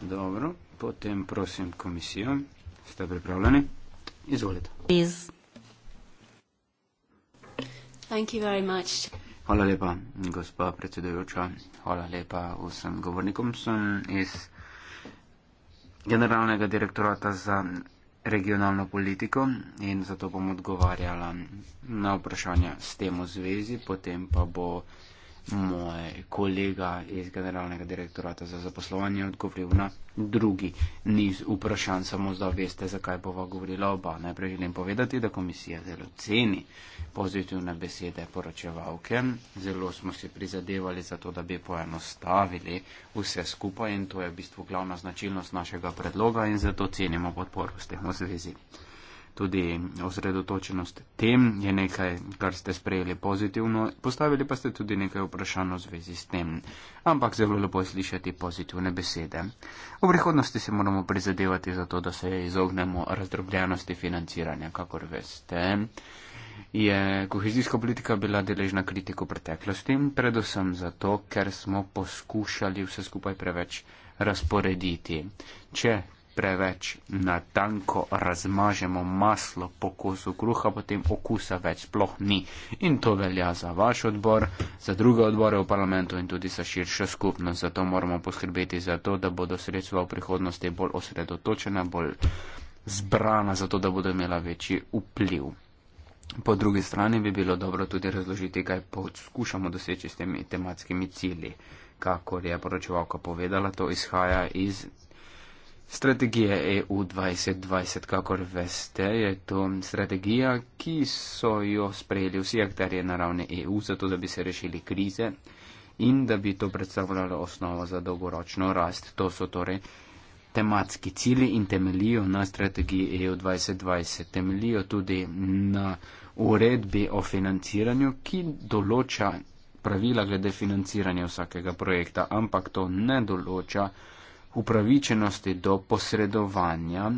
Dobro, potem prosim komisijo. Ste pripravljeni? Izvolite. Please. Hvala lepa, gospa predsedujoča. Hvala lepa vsem govornikom. Sem iz Generalnega direktorata za regionalno politiko in zato bom odgovarjala na vprašanja s tem v zvezi, potem pa bo moj kolega iz generalnega direktorata za zaposlovanje odgovoril na drugi niz vprašanj, samo da veste, zakaj bova govorila oba. Najprej želim povedati, da komisija zelo ceni pozitivne besede poročevalke. Zelo smo si prizadevali za to, da bi poenostavili vse skupaj in to je v bistvu glavna značilnost našega predloga in zato cenimo podporo s tem v zvezi tudi osredotočenost tem je nekaj, kar ste sprejeli pozitivno, postavili pa ste tudi nekaj vprašanj v zvezi s tem. Ampak zelo lepo je slišati pozitivne besede. V prihodnosti se moramo prizadevati za to, da se izognemo razdrobljenosti financiranja, kakor veste. Je kohezijska politika bila deležna kritiko v preteklosti, predvsem zato, ker smo poskušali vse skupaj preveč razporediti. Če preveč natanko razmažemo maslo po kosu kruha, potem okusa več sploh ni. In to velja za vaš odbor, za druge odbore v parlamentu in tudi za širšo skupnost. Zato moramo poskrbeti za to, da bodo sredstva v prihodnosti bolj osredotočena, bolj zbrana, zato da bodo imela večji vpliv. Po drugi strani bi bilo dobro tudi razložiti, kaj poskušamo doseči s temi tematskimi cilji. Kakor je poročevalka povedala, to izhaja iz Strategija EU 2020, kakor veste, je to strategija, ki so jo sprejeli vsi akterje na ravni EU, zato da bi se rešili krize in da bi to predstavljalo osnovo za dolgoročno rast. To so torej tematski cili in temelijo na strategiji EU 2020. Temelijo tudi na uredbi o financiranju, ki določa pravila glede financiranja vsakega projekta, ampak to ne določa upravičenosti do posredovanja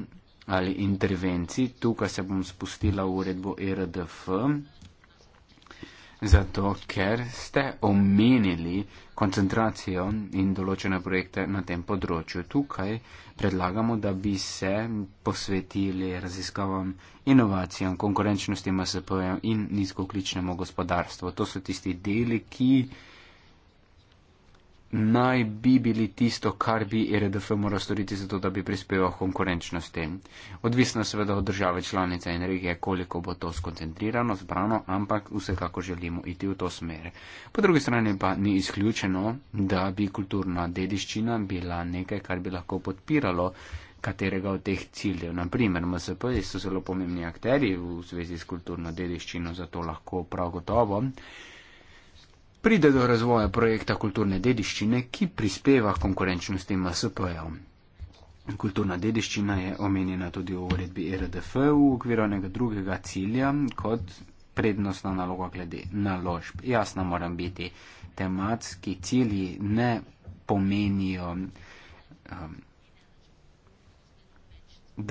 ali intervencij. Tukaj se bom spustila v uredbo e RDF, zato ker ste omenili koncentracijo in določene projekte na tem področju. Tukaj predlagamo, da bi se posvetili raziskavam, inovacijam, konkurenčnosti MSP-jem in nizkokličnemu gospodarstvu. To so tisti deli, ki naj bi bili tisto, kar bi e RDF moral storiti za to, da bi prispeval konkurenčnosti. Odvisno seveda od države članice in regije, koliko bo to skoncentrirano, zbrano, ampak vsekako želimo iti v to smer. Po drugi strani pa ni izključeno, da bi kulturna dediščina bila nekaj, kar bi lahko podpiralo katerega od teh ciljev. Naprimer, MSP so zelo pomembni akteri v zvezi s kulturno dediščino, zato lahko prav gotovo pride do razvoja projekta kulturne dediščine, ki prispeva konkurenčnosti MSP-jev. Kulturna dediščina je omenjena tudi v uredbi e RDF v okviru enega drugega cilja kot prednostna naloga glede naložb. Jasna moram biti, tematski cilji ne pomenijo, um,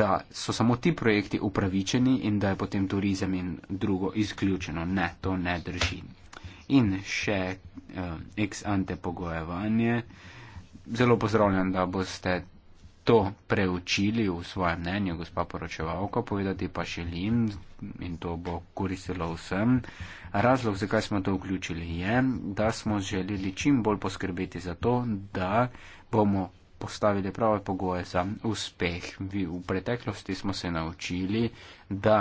da so samo ti projekti upravičeni in da je potem turizem in drugo izključeno. Ne, to ne drži in še uh, ex ante pogojevanje. Zelo pozdravljam, da boste to preučili v svojem mnenju, gospa poročevalka, povedati pa želim in to bo koristilo vsem. Razlog, zakaj smo to vključili, je, da smo želeli čim bolj poskrbeti za to, da bomo postavili prave pogoje za uspeh. V preteklosti smo se naučili, da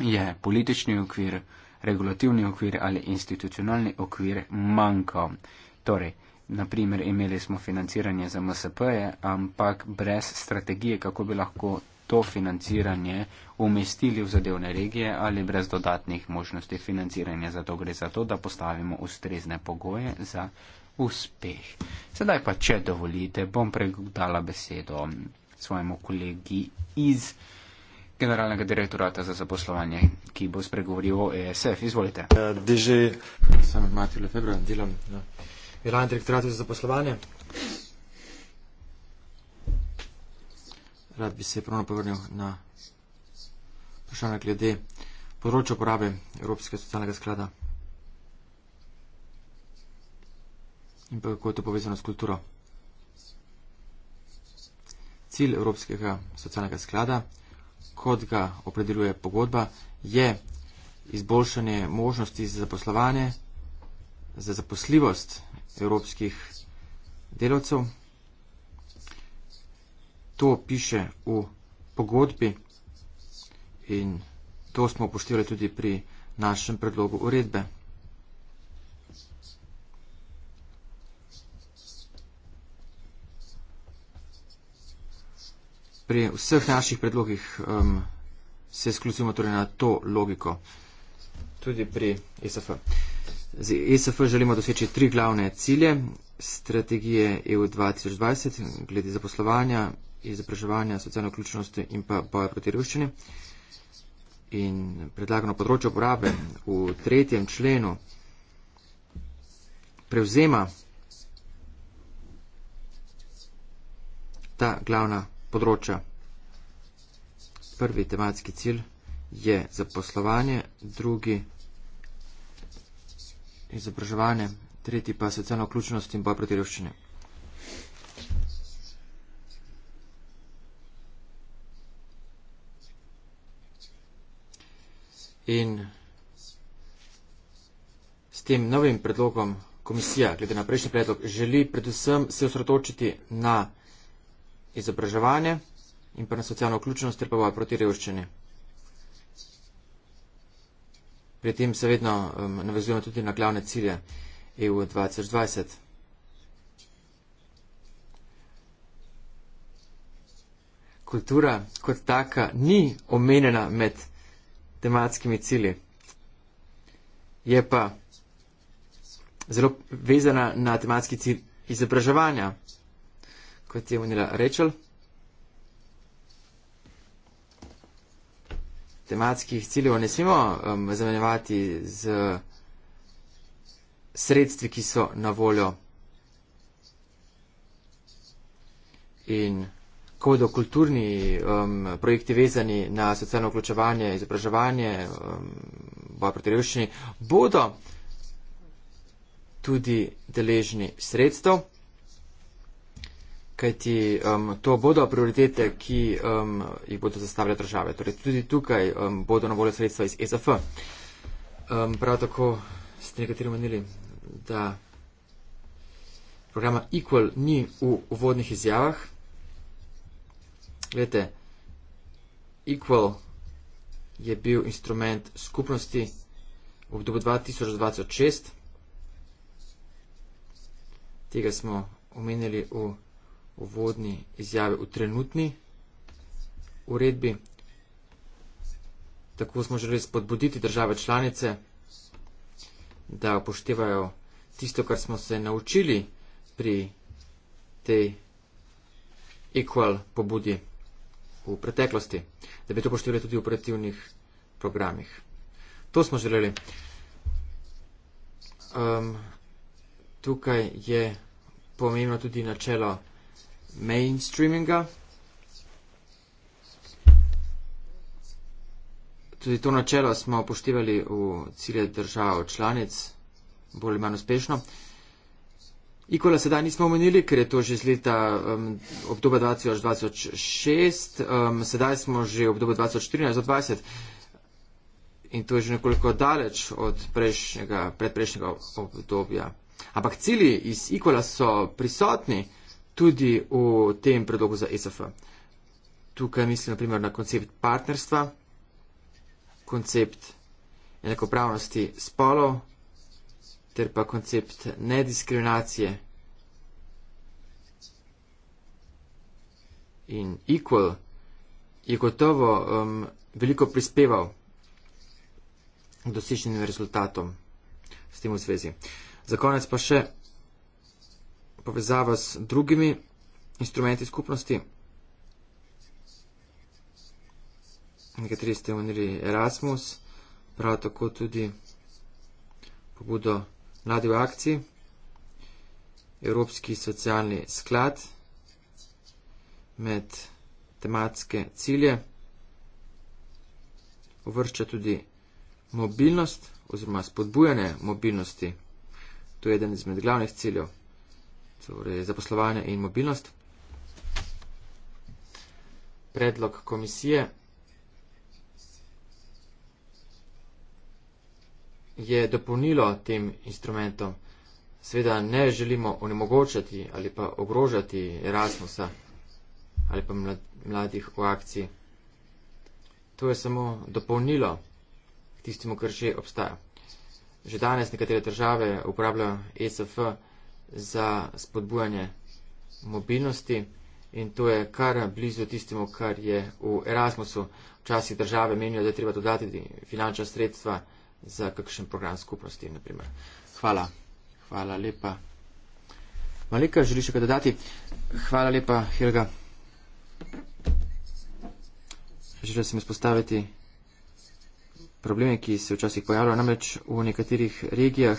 je politični ukvir regulativni okvir ali institucionalni okvir manjkal. Torej, naprimer, imeli smo financiranje za MSP-je, ampak brez strategije, kako bi lahko to financiranje umestili v zadevne regije ali brez dodatnih možnosti financiranja. Zato gre za to, da postavimo ustrezne pogoje za uspeh. Sedaj pa, če dovolite, bom predala besedo svojemu kolegi iz generalnega direktorata za zaposlovanje, ki bo spregovoril o ESF. Izvolite. Ja, Deže, sem Matil Lefebvre, delam na generalnem direktoratu za zaposlovanje. Rad bi se ponovno povrnil na vprašanje glede področja uporabe Evropskega socialnega sklada in pa kako je to povezano s kulturo. Cilj Evropskega socialnega sklada je, kot ga opredeljuje pogodba, je izboljšanje možnosti za zaposlovanje, za zaposljivost evropskih delavcev. To piše v pogodbi in to smo upoštevali tudi pri našem predlogu uredbe. pri vseh naših predlogih um, se sklusimo torej na to logiko. Tudi pri ESF. Z ESF želimo doseči tri glavne cilje strategije EU 2020 glede zaposlovanja, izobraževanja, socialne vključenosti in pa boja proti ruščini. In predlagano področje uporabe v tretjem členu prevzema ta glavna področja. Prvi tematski cilj je zaposlovanje, drugi izobraževanje, tretji pa socialna vključenost in boj proti revščini. In s tem novim predlogom komisija, glede na prejšnji predlog, želi predvsem se osredotočiti na izobraževanje in pa na socialno vključenost ter pa boj proti revščini. Pri tem se vedno um, navezujemo tudi na glavne cilje EU 2020. Kultura kot taka ni omenjena med tematskimi cilji, je pa zelo vezana na tematski cilj izobraževanja kot je omenila Rečel. Tematskih ciljev ne smemo um, zamenjevati z sredstvi, ki so na voljo. In ko bodo kulturni um, projekti vezani na socialno vključevanje, izobraževanje, um, boja proti revščini, bodo tudi deležni sredstev kajti um, to bodo prioritete, ki um, jih bodo zastavile države. Torej, tudi tukaj um, bodo na voljo sredstva iz e SF. Um, prav tako ste nekateri omenili, da programa Equal ni v uvodnih izjavah. Vete, Equal je bil instrument skupnosti v obdobju 2026. Tega smo omenili v uvodni izjavi v trenutni uredbi. Tako smo želeli spodbuditi države članice, da upoštevajo tisto, kar smo se naučili pri tej equal pobudi v preteklosti, da bi to upoštevali tudi v operativnih programih. To smo želeli. Um, tukaj je pomembno tudi načelo mainstreaminga. Tudi to načelo smo upoštevali v cilje držav članic, bolj ali manj uspešno. Ikola sedaj nismo omenili, ker je to že z leta um, obdobja 2026, um, sedaj smo že obdobja 2014-2020 in to je že nekoliko daleč od prejšnjega, predprejšnjega obdobja. Ampak cilji iz Ikola so prisotni tudi v tem predlogu za ESF. Tukaj mislim naprimer na koncept partnerstva, koncept enakopravnosti spolov ter pa koncept nediskriminacije in equal je gotovo um, veliko prispeval k dosečenim rezultatom s tem v zvezi. Za konec pa še povezava z drugimi instrumenti skupnosti. Nekateri ste omenili Erasmus, prav tako tudi pobudo Mladi v akciji, Evropski socialni sklad med tematske cilje uvršča tudi mobilnost oziroma spodbujanje mobilnosti. To je eden izmed glavnih ciljev torej zaposlovanje in mobilnost. Predlog komisije je dopolnilo tem instrumentom. Sveda ne želimo onemogočati ali pa ogrožati Erasmusa ali pa mladih v akciji. To je samo dopolnilo k tistemu, kar že obstaja. Že danes nekatere države uporabljajo ESF za spodbujanje mobilnosti in to je kar blizu tistemu, kar je v Erasmusu. Včasih države menijo, da je treba dodati finančna sredstva za kakšen program skupnosti, naprimer. Hvala. Hvala lepa. Malika, želiš še kaj dodati? Hvala lepa, Helga. Želel sem izpostaviti probleme, ki se včasih pojavljajo namreč v nekaterih regijah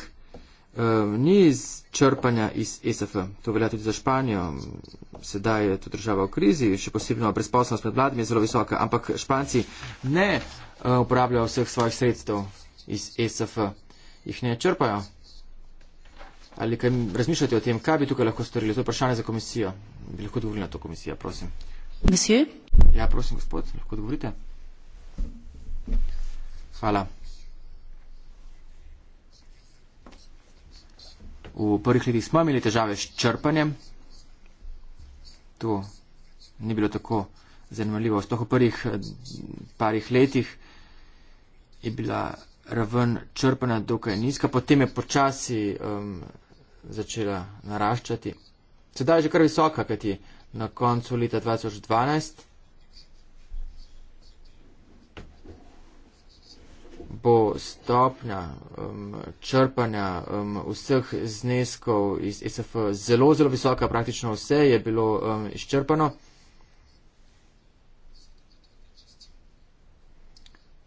ni iz črpanja iz ESF. To velja tudi za Španijo. Sedaj je to država v krizi, še posebno brezposobnost med mladimi je zelo visoka, ampak Španci ne eh, uporabljajo vseh svojih sredstev iz ESF. Jih ne črpajo. Ali kaj razmišljate o tem, kaj bi tukaj lahko storili? To je vprašanje za komisijo. Bi lahko odgovorili na to komisijo, prosim. Monsieur? Ja, prosim, gospod, lahko odgovorite. Hvala. v prvih letih smo imeli težave s črpanjem. To ni bilo tako zanimljivo. Sploh v prvih eh, parih letih je bila raven črpanja dokaj nizka, potem je počasi um, začela naraščati. Sedaj je že kar visoka, kajti na koncu leta 2012. bo stopnja um, črpanja um, vseh zneskov iz e SF zelo, zelo visoka, praktično vse je bilo um, izčrpano.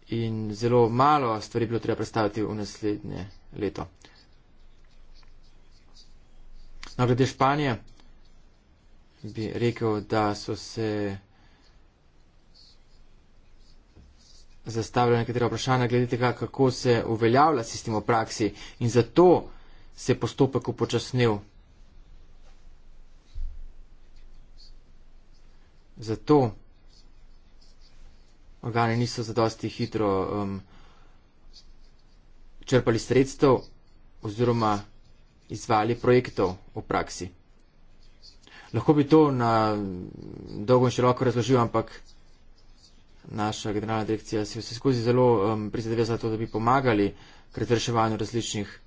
In zelo malo stvari bilo treba predstaviti v naslednje leto. Na no, glede Španije bi rekel, da so se. zastavljajo nekatera vprašanja glede tega, kako se uveljavlja sistem v praksi in zato se je postopek upočasnil. Zato organi niso zadosti hitro um, črpali sredstev oziroma izvali projektov v praksi. Lahko bi to na dolgo in široko razložil, ampak naša generalna direkcija si vse skozi zelo um, prizadeva za to, da bi pomagali pri reševanju različnih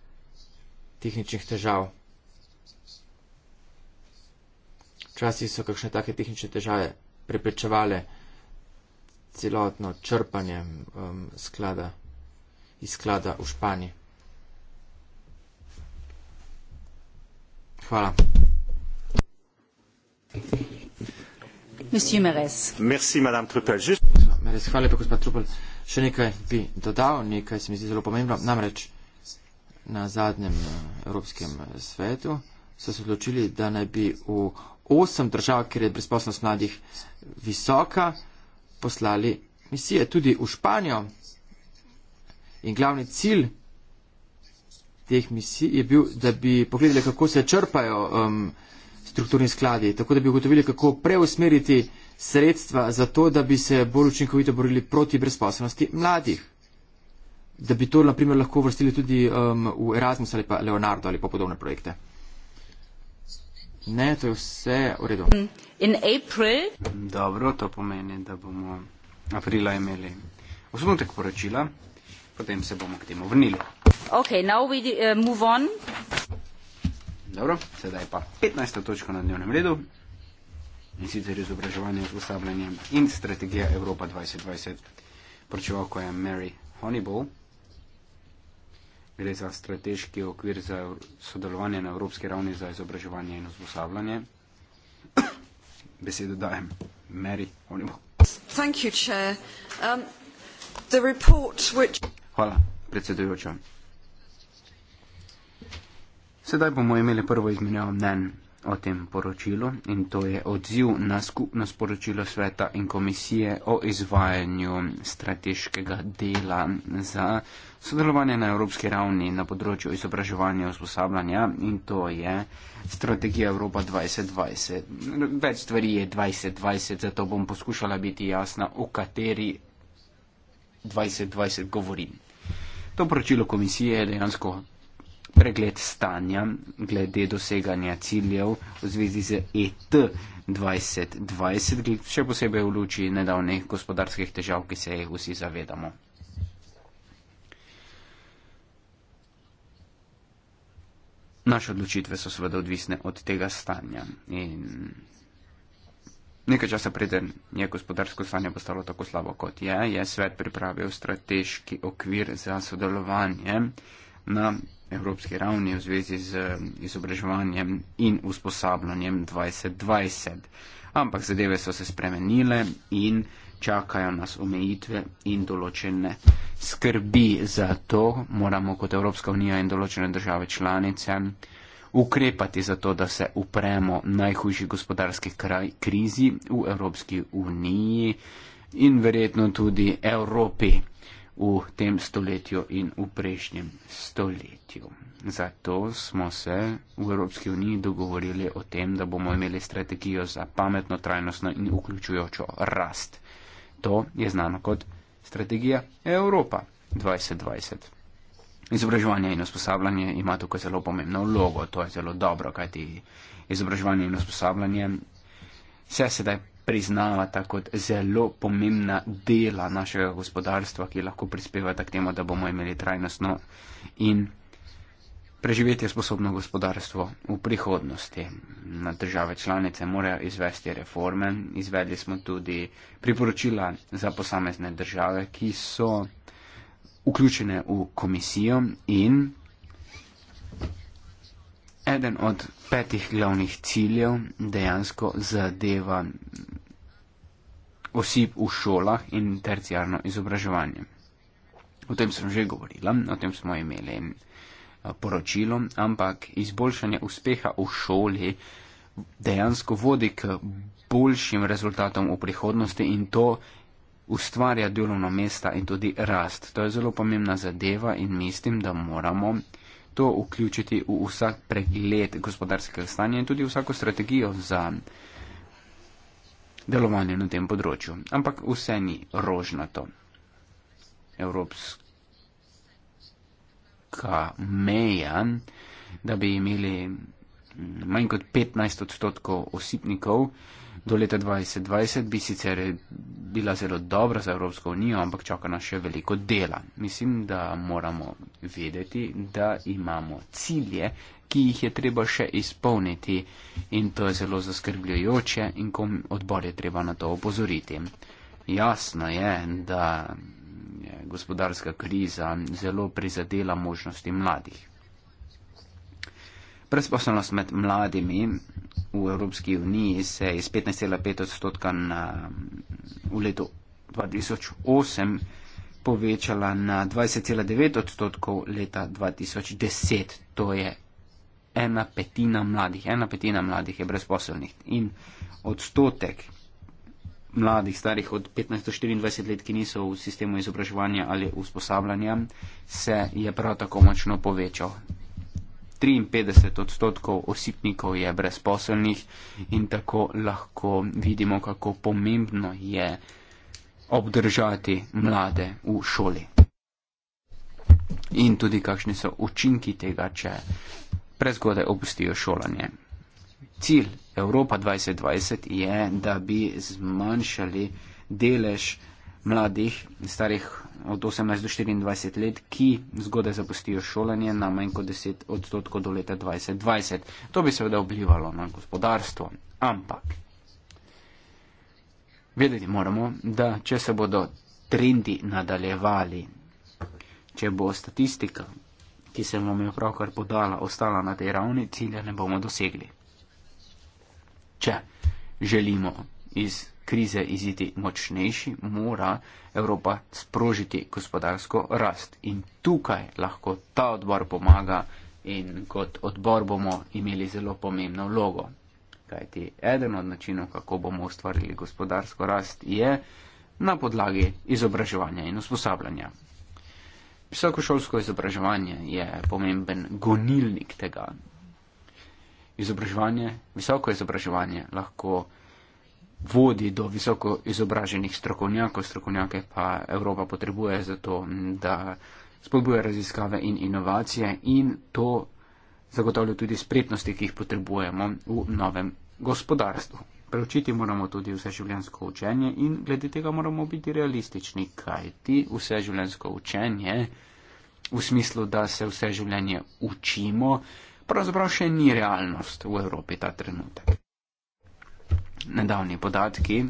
tehničnih težav. Včasih so kakšne take tehnične težave preprečevale celotno črpanje um, sklada, iz sklada v Španiji. Hvala. Monsieur Meres. Merci, Madame Truppel. Juste res hvala lepa, gospod Trupel. Še nekaj bi dodal, nekaj se mi zdi zelo pomembno. Namreč na zadnjem eh, Evropskem eh, svetu so se odločili, da naj bi v osem držav, kjer je brezposlenost mladih visoka, poslali misije tudi v Španijo. In glavni cilj teh misij je bil, da bi pogledali, kako se črpajo um, strukturni skladi, tako da bi ugotovili, kako preusmeriti sredstva za to, da bi se bolj učinkovito borili proti brezposobnosti mladih. Da bi to naprimer, lahko vrstili tudi um, v Erasmus ali pa Leonardo ali pa podobne projekte. Ne, to je vse v redu. Dobro, to pomeni, da bomo aprila imeli osnutek poročila, potem se bomo k temu vrnili. Okay, do, uh, Dobro, sedaj pa 15. točka na dnevnem redu in sicer izobraževanje z usavljanjem in strategija Evropa 2020. Pročeval, ko je Mary Honeyball, gre za strateški okvir za sodelovanje na evropski ravni za izobraževanje in usavljanje. Besedo dajem Mary Honeyball. Thank you, Chair. Um, the report which... Hvala, predsedujoča. Sedaj bomo imeli prvo izmenjavo mnen o tem poročilu in to je odziv na skupno sporočilo sveta in komisije o izvajanju strateškega dela za sodelovanje na evropski ravni na področju izobraževanja in usposabljanja in to je strategija Evropa 2020. Več stvari je 2020, zato bom poskušala biti jasna, o kateri 2020 govorim. To poročilo komisije je dejansko pregled stanja glede doseganja ciljev v zvezi z e ET 2020, še posebej v luči nedavnih gospodarskih težav, ki se jih vsi zavedamo. Naše odločitve so seveda odvisne od tega stanja. In nekaj časa preden je gospodarsko stanje postalo tako slabo, kot je, je svet pripravil strateški okvir za sodelovanje na evropski ravni v zvezi z um, izobraževanjem in usposabljanjem 2020. Ampak zadeve so se spremenile in čakajo nas omejitve in določene skrbi. Zato moramo kot Evropska unija in določene države članice ukrepati za to, da se upremo najhujši gospodarski kraj krizi v Evropski uniji in verjetno tudi Evropi v tem stoletju in v prejšnjem stoletju. Zato smo se v Evropski uniji dogovorili o tem, da bomo imeli strategijo za pametno, trajnostno in vključujočo rast. To je znano kot strategija Evropa 2020. Izobraževanje in usposabljanje ima tukaj zelo pomembno vlogo, to je zelo dobro, kajti izobraževanje in usposabljanje se sedaj priznavata kot zelo pomembna dela našega gospodarstva, ki lahko prispevata k temu, da bomo imeli trajnostno in preživetje sposobno gospodarstvo v prihodnosti. Na države članice morajo izvesti reforme. Izvedli smo tudi priporočila za posamezne države, ki so vključene v komisijo in eden od petih glavnih ciljev dejansko zadeva osib v šolah in terciarno izobraževanje. O tem sem že govorila, o tem smo imeli eh, poročilo, ampak izboljšanje uspeha v šoli dejansko vodi k boljšim rezultatom v prihodnosti in to ustvarja delovno mesta in tudi rast. To je zelo pomembna zadeva in mislim, da moramo to vključiti v vsak pregled gospodarskega stanja in tudi vsako strategijo za delovanje na tem področju. Ampak vse ni rožnato. Evropska meja, da bi imeli manj kot 15 odstotkov osipnikov, Do leta 2020 bi sicer bila zelo dobra za Evropsko unijo, ampak čaka nas še veliko dela. Mislim, da moramo vedeti, da imamo cilje, ki jih je treba še izpolniti in to je zelo zaskrbljujoče in kom odbor je treba na to opozoriti. Jasno je, da je gospodarska kriza zelo prizadela možnosti mladih. Brezposobnost med mladimi v Evropski uniji se je iz 15,5 odstotka na, v letu 2008 povečala na 20,9 odstotkov leta 2010. To je ena petina mladih, ena petina mladih je brezposobnih. In odstotek mladih starih od 15 do 24 let, ki niso v sistemu izobraževanja ali usposabljanja, se je prav tako močno povečal. 53 odstotkov osipnikov je brezposelnih in tako lahko vidimo, kako pomembno je obdržati mlade v šoli. In tudi kakšni so učinki tega, če prezgodaj opustijo šolanje. Cilj Evropa 2020 je, da bi zmanjšali delež mladih, starih od 18 do 24 let, ki zgodaj zapustijo šolanje na manj kot 10 odstotkov do leta 2020. To bi seveda vplivalo na gospodarstvo, ampak vedeti moramo, da če se bodo trendi nadaljevali, če bo statistika, ki sem vam jo pravkar podala, ostala na tej ravni, cilja ne bomo dosegli. Če želimo iz krize iziti močnejši, mora Evropa sprožiti gospodarsko rast. In tukaj lahko ta odbor pomaga in kot odbor bomo imeli zelo pomembno vlogo. Kajti eden od načinov, kako bomo ustvarili gospodarsko rast, je na podlagi izobraževanja in usposabljanja. Visokošolsko izobraževanje je pomemben gonilnik tega. Izobraževanje, visoko izobraževanje lahko vodi do visoko izobraženih strokovnjakov, strokovnjake pa Evropa potrebuje za to, da spodbuja raziskave in inovacije in to zagotavlja tudi spretnosti, ki jih potrebujemo v novem gospodarstvu. Preučiti moramo tudi vse življensko učenje in glede tega moramo biti realistični, kajti vse življensko učenje v smislu, da se vse življenje učimo, pravzaprav še ni realnost v Evropi ta trenutek nedavni podatki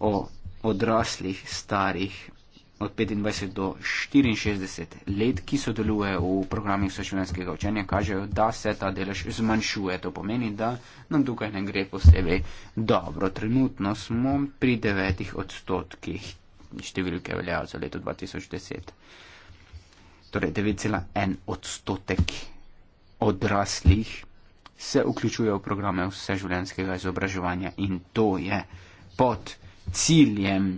o odraslih starih od 25 do 64 let, ki sodelujejo v programih soživljenjskega učenja, kažejo, da se ta delež zmanjšuje. To pomeni, da nam tukaj ne gre posebej dobro. Trenutno smo pri 9 odstotkih številke veljajo za leto 2010. Torej 9,1 odstotek odraslih se vključuje v programe vseživljenjskega izobraževanja in to je pod ciljem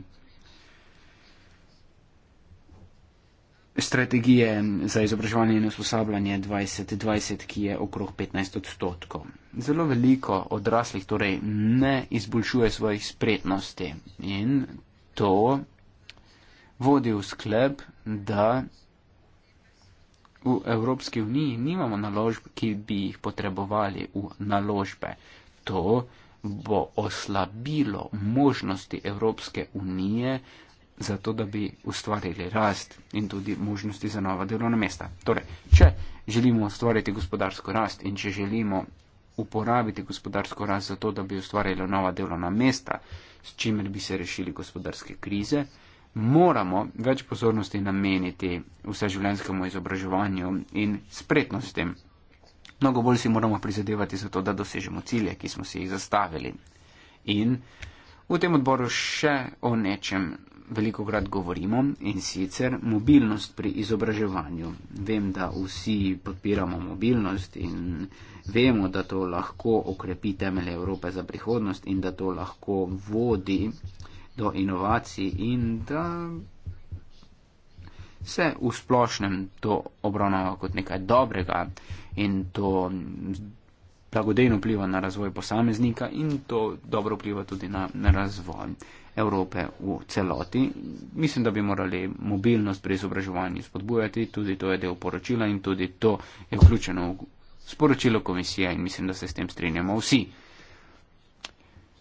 strategije za izobraževanje in usposabljanje 2020, ki je okrog 15 odstotkov. Zelo veliko odraslih torej ne izboljšuje svojih spretnosti in to vodi v sklep, da v Evropski uniji nimamo naložb, ki bi jih potrebovali v naložbe. To bo oslabilo možnosti Evropske unije zato, da bi ustvarili rast in tudi možnosti za nova delovna mesta. Torej, če želimo ustvariti gospodarsko rast in če želimo uporabiti gospodarsko rast za to, da bi ustvarili nova delovna mesta, s čimer bi se rešili gospodarske krize, moramo več pozornosti nameniti vseživljenskemu izobraževanju in spretnostim. Mnogo bolj si moramo prizadevati za to, da dosežemo cilje, ki smo si jih zastavili. In v tem odboru še o nečem veliko krat govorimo in sicer mobilnost pri izobraževanju. Vem, da vsi podpiramo mobilnost in vemo, da to lahko okrepi temelje Evrope za prihodnost in da to lahko vodi do inovacij in da se v splošnem to obravnava kot nekaj dobrega in to blagodejno vpliva na razvoj posameznika in to dobro vpliva tudi na, na razvoj Evrope v celoti. Mislim, da bi morali mobilnost pri izobraževanju spodbujati, tudi to je del poročila in tudi to je vključeno v sporočilo komisije in mislim, da se s tem strinjamo vsi.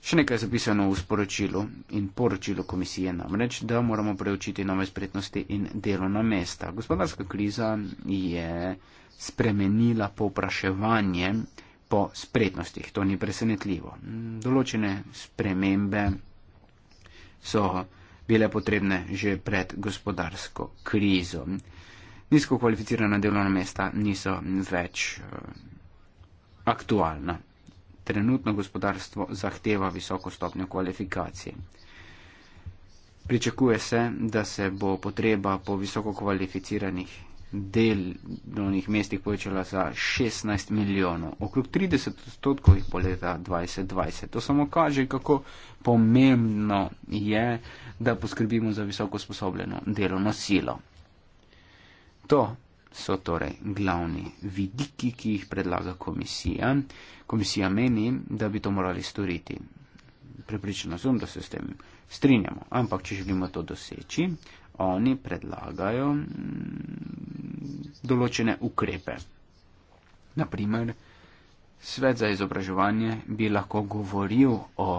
Še nekaj je zapisano v sporočilu in poročilu komisije namreč, da moramo preučiti nove spretnosti in delovna mesta. Gospodarska kriza je spremenila povpraševanje po spretnostih, to ni presenetljivo. Določene spremembe so bile potrebne že pred gospodarsko krizo. Nizko kvalificirana delovna mesta niso več eh, aktualna trenutno gospodarstvo zahteva visoko stopnjo kvalifikacije. Pričakuje se, da se bo potreba po visoko kvalificiranih delovnih mestih povečala za 16 milijonov, okrog 30 odstotkov jih po leta 2020. To samo kaže, kako pomembno je, da poskrbimo za visoko sposobljeno delovno silo. To, so torej glavni vidiki, ki jih predlaga komisija. Komisija meni, da bi to morali storiti. Pripričano sem, da se s tem strinjamo, ampak če želimo to doseči, oni predlagajo mm, določene ukrepe. Naprimer, svet za izobraževanje bi lahko govoril o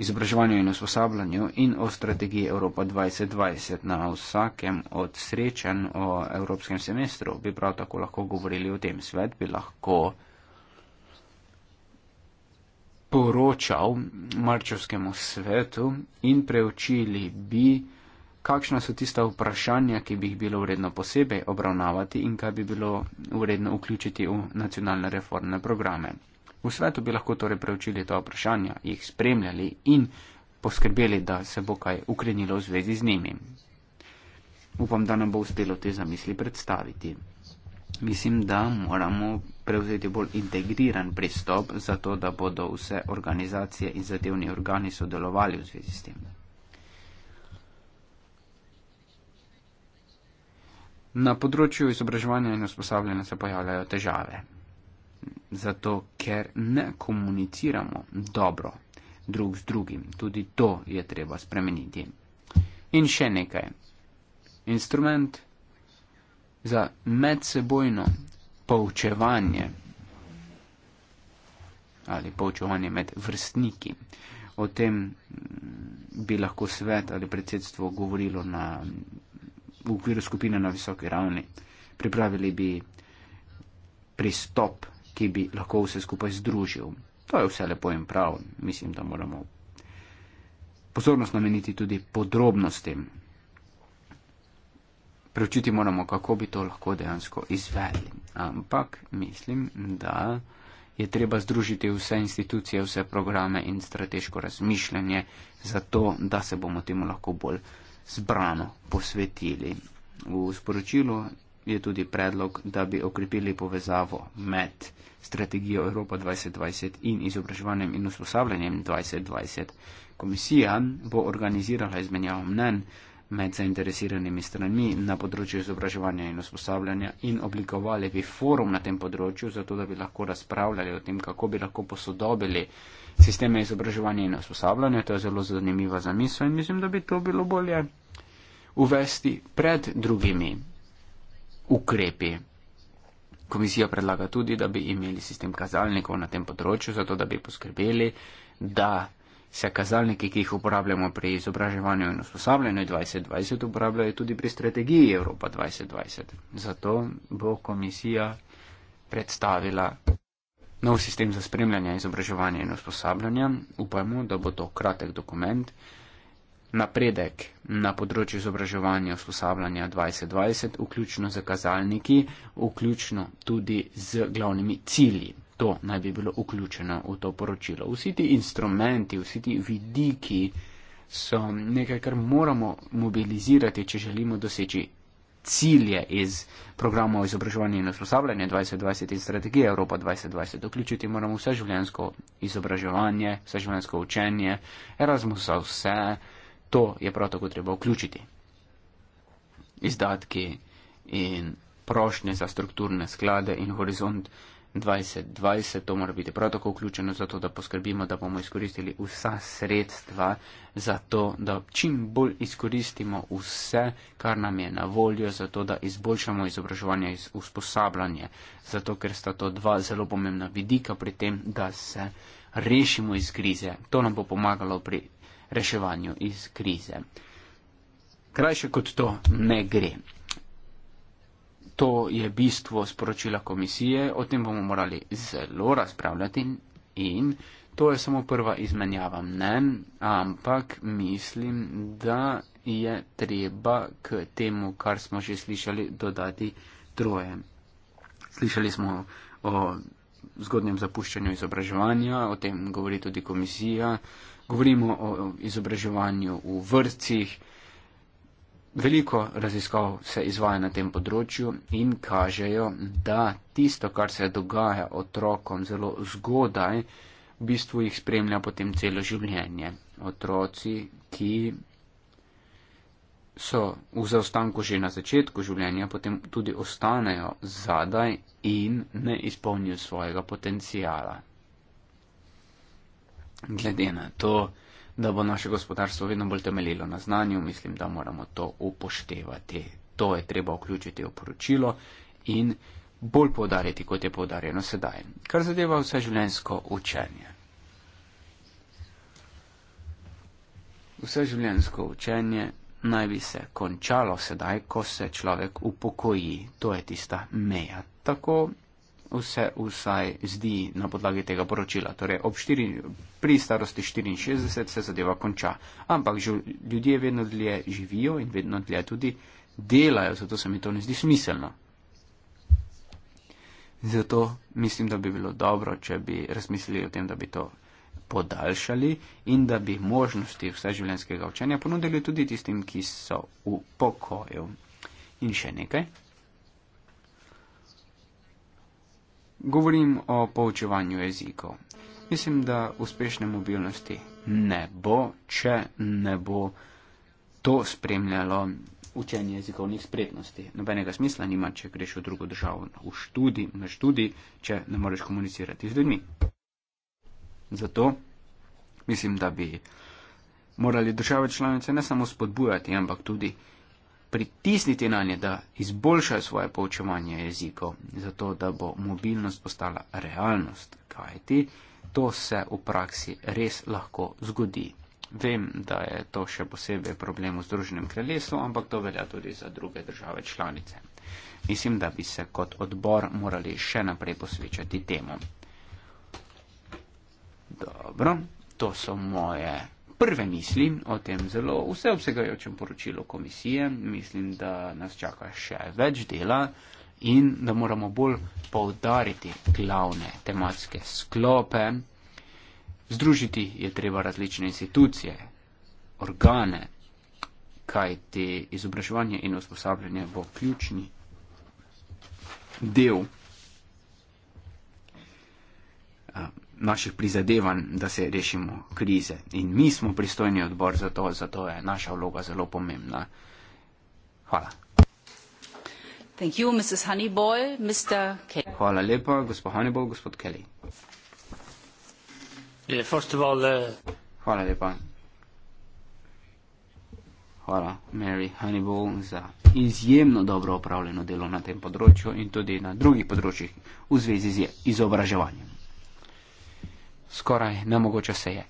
izobraževanju in usposabljanju in o strategiji Evropa 2020. Na vsakem od srečen o evropskem semestru bi prav tako lahko govorili o tem. Svet bi lahko poročal marčevskemu svetu in preučili bi, kakšna so tista vprašanja, ki bi jih bilo vredno posebej obravnavati in kaj bi bilo vredno vključiti v nacionalne reformne programe. V svetu bi lahko torej preučili ta vprašanja, jih spremljali in poskrbeli, da se bo kaj ukrenilo v zvezi z njimi. Upam, da nam bo uspelo te zamisli predstaviti. Mislim, da moramo prevzeti bolj integriran pristop, zato da bodo vse organizacije in zadevni organi sodelovali v zvezi s tem. Na področju izobraževanja in usposabljanja se pojavljajo težave zato ker ne komuniciramo dobro drug z drugim. Tudi to je treba spremeniti. In še nekaj. Instrument za medsebojno poučevanje ali poučevanje med vrstniki. O tem mm, bi lahko svet ali predsedstvo govorilo na, v okviru skupine na visoki ravni. Pripravili bi pristop ki bi lahko vse skupaj združil. To je vse lepo in prav. Mislim, da moramo pozornost nameniti tudi podrobnostim. Preučiti moramo, kako bi to lahko dejansko izvedli. Ampak mislim, da je treba združiti vse institucije, vse programe in strateško razmišljanje, zato da se bomo temu lahko bolj zbrano posvetili. V sporočilu je tudi predlog, da bi okrepili povezavo med strategijo Evropa 2020 in izobraževanjem in usposabljanjem 2020. Komisija bo organizirala izmenjavo mnen med zainteresiranimi stranmi na področju izobraževanja in usposabljanja in oblikovali bi forum na tem področju, zato da bi lahko razpravljali o tem, kako bi lahko posodobili sisteme izobraževanja in usposabljanja. To je zelo zanimiva zamisel in mislim, da bi to bilo bolje uvesti pred drugimi ukrepi. Komisija predlaga tudi, da bi imeli sistem kazalnikov na tem področju, zato da bi poskrbeli, da se kazalniki, ki jih uporabljamo pri izobraževanju in usposabljanju 2020, uporabljajo tudi pri strategiji Evropa 2020. Zato bo komisija predstavila nov sistem za spremljanje izobraževanja in usposabljanja. Upajmo, da bo to kratek dokument napredek na področju izobraževanja usposabljanja 2020, vključno z kazalniki, vključno tudi z glavnimi cilji. To naj bi bilo vključeno v to poročilo. Vsi ti instrumenti, vsi ti vidiki so nekaj, kar moramo mobilizirati, če želimo doseči cilje iz programa izobraževanja in usposabljanja 2020 in strategije Evropa 2020. Vključiti moramo vse življensko izobraževanje, vse življensko učenje, Erasmus za vse, to je prav tako treba vključiti. Izdatki in prošnje za strukturne sklade in horizont 2020, to mora biti prav tako vključeno, zato da poskrbimo, da bomo izkoristili vsa sredstva, zato da čim bolj izkoristimo vse, kar nam je na voljo, zato da izboljšamo izobraževanje in usposabljanje, zato ker sta to dva zelo pomembna vidika pri tem, da se rešimo iz krize. To nam bo pomagalo pri reševanju iz krize. Krajše kot to ne gre. To je bistvo sporočila komisije, o tem bomo morali zelo razpravljati in to je samo prva izmenjava mnen, ampak mislim, da je treba k temu, kar smo že slišali, dodati troje. Slišali smo o zgodnjem zapuščanju izobraževanja, o tem govori tudi komisija govorimo o izobraževanju v vrtcih. Veliko raziskav se izvaja na tem področju in kažejo, da tisto, kar se dogaja otrokom zelo zgodaj, v bistvu jih spremlja potem celo življenje. Otroci, ki so v zaostanku že na začetku življenja, potem tudi ostanejo zadaj in ne izpolnijo svojega potencijala glede na to, da bo naše gospodarstvo vedno bolj temeljilo na znanju, mislim, da moramo to upoštevati. To je treba vključiti v poročilo in bolj povdariti, kot je povdarjeno sedaj, kar zadeva vse življensko učenje. Vse življensko učenje naj bi se končalo sedaj, ko se človek upokoji. To je tista meja. Tako vse vsaj zdi na podlagi tega poročila. Torej, štiri, pri starosti 64 se zadeva konča. Ampak že ljudje vedno dlje živijo in vedno dlje tudi delajo, zato se mi to ne zdi smiselno. Zato mislim, da bi bilo dobro, če bi razmislili o tem, da bi to podaljšali in da bi možnosti vseživljenskega učenja ponudili tudi tistim, ki so v pokoju. In še nekaj. Govorim o poučevanju jezikov. Mislim, da uspešne mobilnosti ne bo, če ne bo to spremljalo učenje jezikovnih spretnosti. Nobenega smisla nima, če greš v drugo državo v študij, na študij, če ne moreš komunicirati z ljudmi. Zato mislim, da bi morali države članice ne samo spodbujati, ampak tudi pritisniti na nje, da izboljšajo svoje poučevanje jezikov, zato da bo mobilnost postala realnost. Kaj ti, to se v praksi res lahko zgodi. Vem, da je to še posebej problem v Združenem kraljestvu, ampak to velja tudi za druge države članice. Mislim, da bi se kot odbor morali še naprej posvečati temu. Dobro, to so moje prve misli o tem zelo vseobsegajočem poročilu komisije. Mislim, da nas čaka še več dela in da moramo bolj poudariti glavne tematske sklope. Združiti je treba različne institucije, organe, kajti izobraževanje in usposabljanje bo ključni del. naših prizadevanj, da se rešimo krize. In mi smo pristojni odbor za to, zato je naša vloga zelo pomembna. Hvala. You, Honeyboy, Hvala lepa, gospod Honeyboy, gospod Kelly. Yeah, all, uh... Hvala lepa. Hvala, Mary Honeyball, za izjemno dobro opravljeno delo na tem področju in tudi na drugih področjih v zvezi z izobraževanjem skoraj nemogoče se je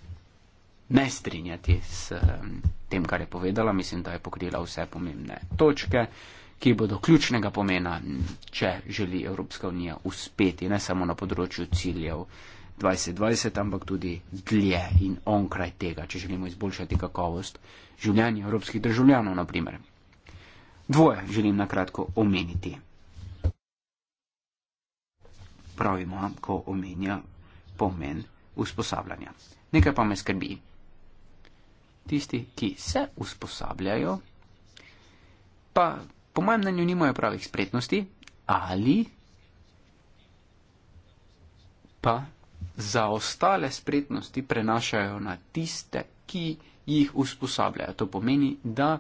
ne strinjati s um, tem, kar je povedala. Mislim, da je pokrila vse pomembne točke, ki bodo ključnega pomena, če želi Evropska unija uspeti ne samo na področju ciljev 2020, ampak tudi dlje in onkraj tega, če želimo izboljšati kakovost življenja evropskih državljanov, naprimer. Dvoje želim na kratko omeniti. Pravimo, ko omenja pomen usposabljanja. Nekaj pa me skrbi. Tisti, ki se usposabljajo, pa po mojem mnenju nimajo pravih spretnosti ali pa za ostale spretnosti prenašajo na tiste, ki jih usposabljajo. To pomeni, da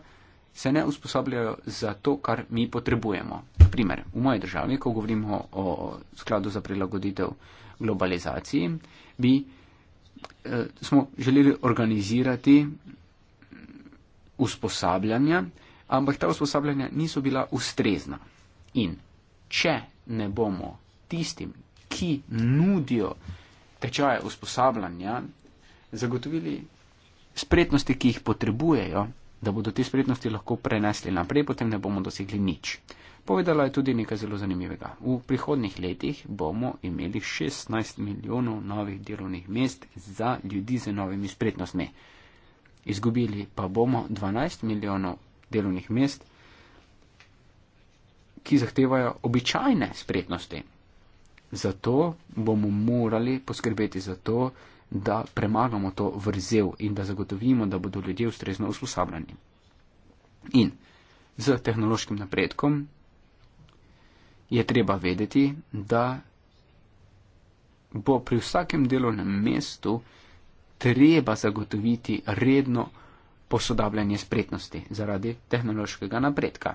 se ne usposabljajo za to, kar mi potrebujemo. Primer, v moji državi, ko govorimo o skladu za prilagoditev globalizaciji, bi, eh, smo želeli organizirati usposabljanja, ampak ta usposabljanja niso bila ustrezna. In če ne bomo tistim, ki nudijo tečaje usposabljanja, zagotovili spretnosti, ki jih potrebujejo, da bodo te spretnosti lahko prenesli naprej, potem ne bomo dosegli nič. Povedala je tudi nekaj zelo zanimivega. V prihodnih letih bomo imeli 16 milijonov novih delovnih mest za ljudi z novimi spretnostmi. Izgubili pa bomo 12 milijonov delovnih mest, ki zahtevajo običajne spretnosti. Zato bomo morali poskrbeti za to, da premagamo to vrzel in da zagotovimo, da bodo ljudje ustrezno usposabljani. In z tehnološkim napredkom je treba vedeti, da bo pri vsakem delovnem mestu treba zagotoviti redno posodabljanje spretnosti zaradi tehnološkega napredka.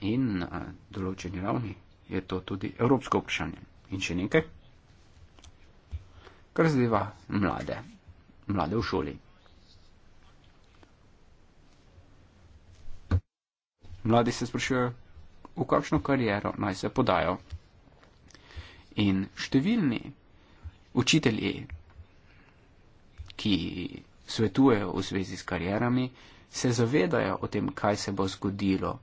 In na določeni ravni je to tudi evropsko vprašanje. In še nekaj, kar zadeva mlade, mlade v šoli. Mladi se sprašujejo, v kakšno kariero naj se podajo. In številni učitelji, ki svetujejo v zvezi s karierami, se zavedajo o tem, kaj se bo zgodilo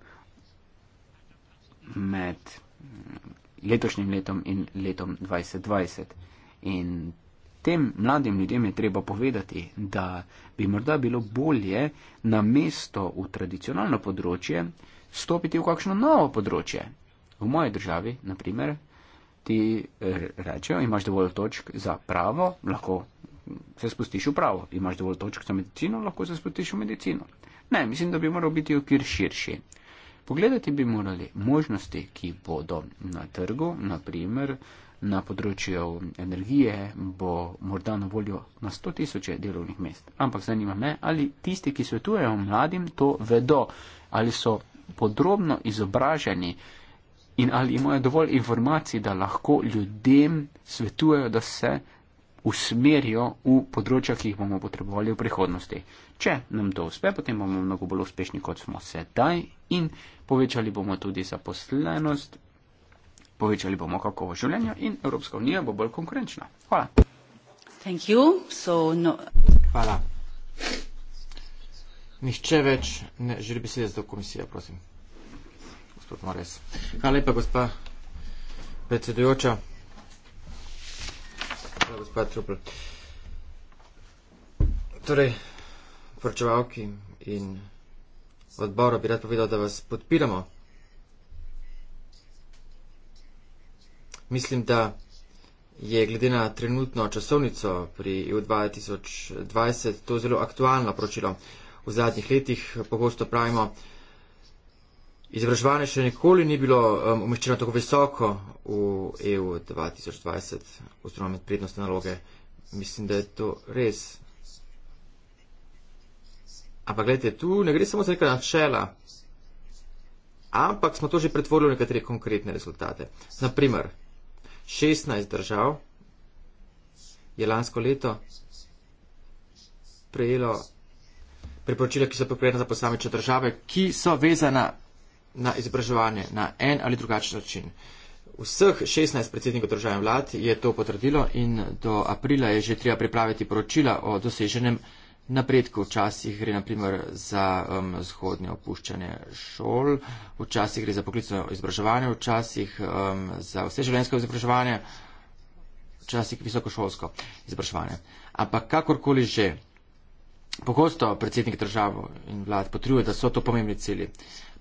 med mm, letošnjim letom in letom 2020. In tem mladim ljudem je treba povedati, da bi morda bilo bolje na mesto v tradicionalno področje, stopiti v kakšno novo področje. V moji državi, na primer, ti rečejo, imaš dovolj točk za pravo, lahko se spustiš v pravo, imaš dovolj točk za medicino, lahko se spustiš v medicino. Ne, mislim, da bi moral biti okvir širši. Pogledati bi morali možnosti, ki bodo na trgu, naprimer na področju energije, bo morda na voljo na 100 tisoče delovnih mest. Ampak zanima me, ali tisti, ki svetujejo mladim, to vedo, ali so podrobno izobraženi in ali imajo dovolj informacij, da lahko ljudem svetujejo, da se usmerijo v področja, ki jih bomo potrebovali v prihodnosti. Če nam to uspe, potem bomo mnogo bolj uspešni, kot smo sedaj in povečali bomo tudi zaposlenost, povečali bomo kakovo življenja in Evropska unija bo bolj konkurenčna. Hvala. Thank you. So no. Hvala. Nihče več ne želi besede za to komisijo, prosim. Gospod Mores. Hvala lepa, gospa predsedujoča. Hvala, gospa Trupl. Torej, poročevalki in odboru bi rad povedal, da vas podpiramo. Mislim, da je glede na trenutno časovnico pri EU 2020 to zelo aktualno poročilo v zadnjih letih eh, pogosto pravimo, izobraževanje še nikoli ni bilo umeščeno tako visoko v EU 2020, oziroma med prednostne naloge. Mislim, da je to res. Ampak gledajte, tu ne gre samo za neka načela, ampak smo to že pretvorili v nekatere konkretne rezultate. Naprimer, 16 držav je lansko leto prejelo priporočila, ki so pripredna za posamečne države, ki so vezana na izobraževanje na en ali drugačen način. Vseh 16 predsednikov držav in vlad je to potrdilo in do aprila je že treba pripraviti poročila o doseženem napredku. Včasih gre naprimer za um, zhodnje opuščanje šol, včasih gre za poklicno izobraževanje, včasih um, za vse življenjsko izobraževanje, včasih visokošolsko izobraževanje. Ampak kakorkoli že, Pogosto predsednik državo in vlad potrjuje, da so to pomembni cilji.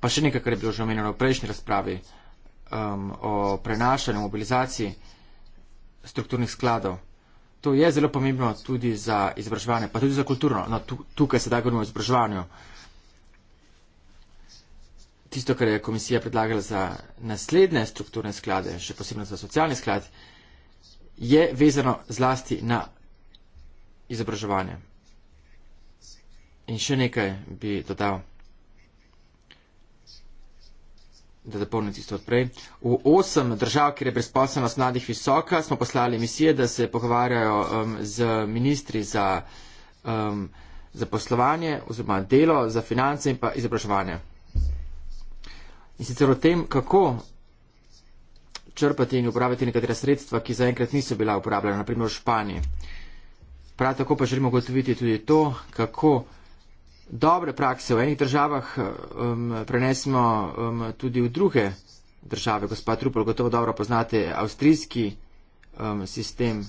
Pa še nekaj, kar je bilo že omenjeno v prejšnji razpravi um, o prenašanju, mobilizaciji strukturnih skladov. To je zelo pomembno tudi za izobraževanje, pa tudi za kulturno. No, tu, tukaj se da govorimo o izobraževanju. Tisto, kar je komisija predlagala za naslednje strukturne sklade, še posebej za socialni sklad, je vezano zlasti na izobraževanje. In še nekaj bi dodal, da dopolnim tisto odprej. V osem držav, kjer je brezposobnost mladih visoka, smo poslali misije, da se pogovarjajo um, z ministri za, um, za poslovanje oziroma delo, za finance in pa izobraževanje. In sicer o tem, kako črpati in uporabljati nekatera sredstva, ki zaenkrat niso bila uporabljena, naprimer v Španiji. Prav tako pa želimo gotoviti tudi to, kako dobre prakse v enih državah eh, um, prenesemo um, tudi v druge države. Gospod Trupel, gotovo dobro poznate avstrijski um, sistem,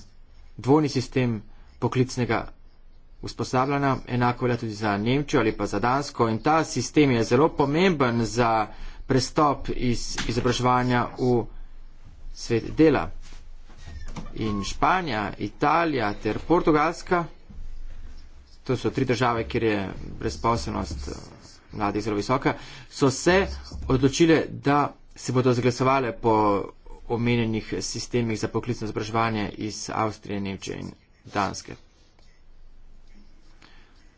dvojni sistem poklicnega usposabljanja, enako velja tudi za Nemčijo ali pa za Dansko. In ta sistem je zelo pomemben za prestop iz izobraževanja v svet dela. In Španija, Italija ter Portugalska to so tri države, kjer je brezposobnost eh, mladih zelo visoka, so se odločile, da se bodo zaglasovale po omenjenih sistemih za poklicno izobraževanje iz Avstrije, Nemčije in Danske.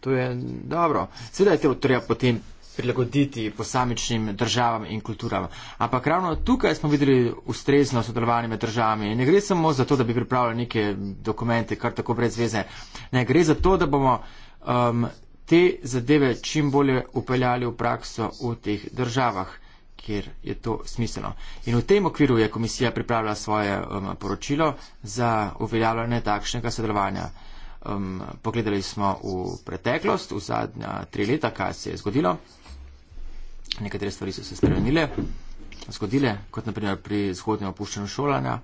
To je dobro. Sveda je treba potem prilagoditi posamičnim državam in kulturam. Ampak ravno tukaj smo videli ustrezno sodelovanje med državami. Ne gre samo za to, da bi pripravili neke dokumente, kar tako brez veze. Ne gre za to, da bomo um, te zadeve čim bolje upeljali v prakso v teh državah, kjer je to smiselno. In v tem okviru je komisija pripravila svoje um, poročilo za uveljavljanje takšnega sodelovanja. Um, pogledali smo v preteklost, v zadnja tri leta, kaj se je zgodilo nekatere stvari so se spremenile, zgodile, kot naprimer pri zgodnjem opuščanju šolanja.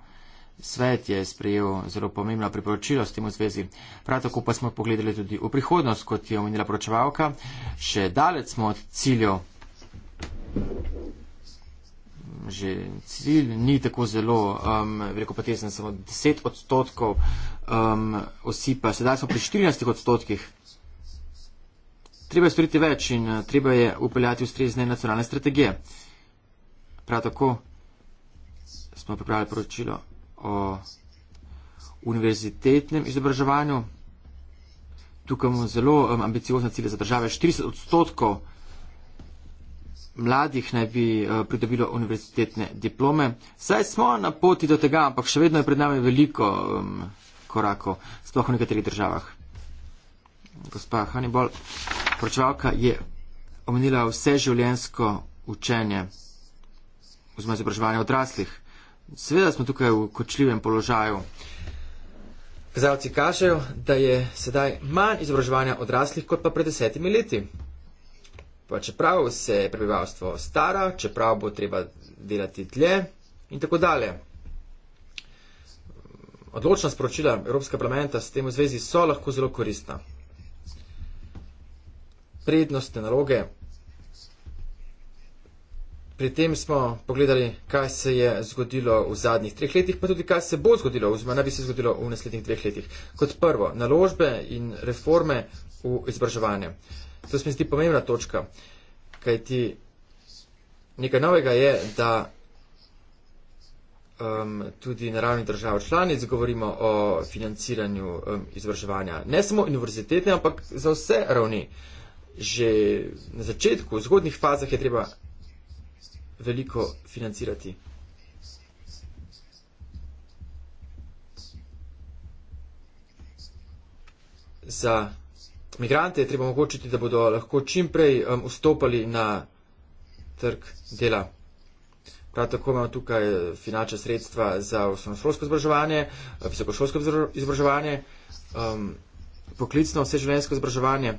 Svet je sprejel zelo pomembno priporočilo s tem v zvezi. Prav tako pa smo pogledali tudi v prihodnost, kot je omenila poročevalka. Še daleč smo od ciljev. Že cilj ni tako zelo, um, reko pa tesen, samo 10 odstotkov um, osipa. Sedaj smo pri 14 odstotkih. Treba je storiti več in eh, treba je upeljati ustrezne nacionalne strategije. Prav tako smo pripravili poročilo o univerzitetnem izobraževanju. Tukaj imamo zelo ambiciozne cilje za države. 40 odstotkov mladih naj bi eh, pridobilo univerzitetne diplome. Saj smo na poti do tega, ampak še vedno je pred nami veliko um, korakov, sploh v nekaterih državah. Gospa Hannibal. Pročevalka je omenila vse življensko učenje oziroma izobraževanje odraslih. Seveda smo tukaj v kočljivem položaju. Kazalci kažejo, da je sedaj manj izobraževanja odraslih kot pa pred desetimi leti. Pa čeprav se je prebivalstvo stara, čeprav bo treba delati tle in tako dalje. Odločna sporočila Evropskega parlamenta s tem v zvezi so lahko zelo koristna prednostne naloge. Pri tem smo pogledali, kaj se je zgodilo v zadnjih treh letih, pa tudi kaj se bo zgodilo, oziroma naj bi se zgodilo v naslednjih treh letih. Kot prvo, naložbe in reforme v izobraževanje. To se mi zdi pomembna točka, kajti nekaj novega je, da um, tudi na ravni držav članic govorimo o financiranju um, izobraževanja. Ne samo univerzitetne, ampak za vse ravni. Uh, že na začetku, v zgodnih fazah je treba veliko financirati. Za migrante je treba omogočiti, da bodo lahko čim prej um, vstopali na trg dela. Prav tako imamo tukaj eh, finančne sredstva za osnovnošolsko izobraževanje, eh, visokošolsko izobraževanje, um, poklicno vseživljenjsko izobraževanje.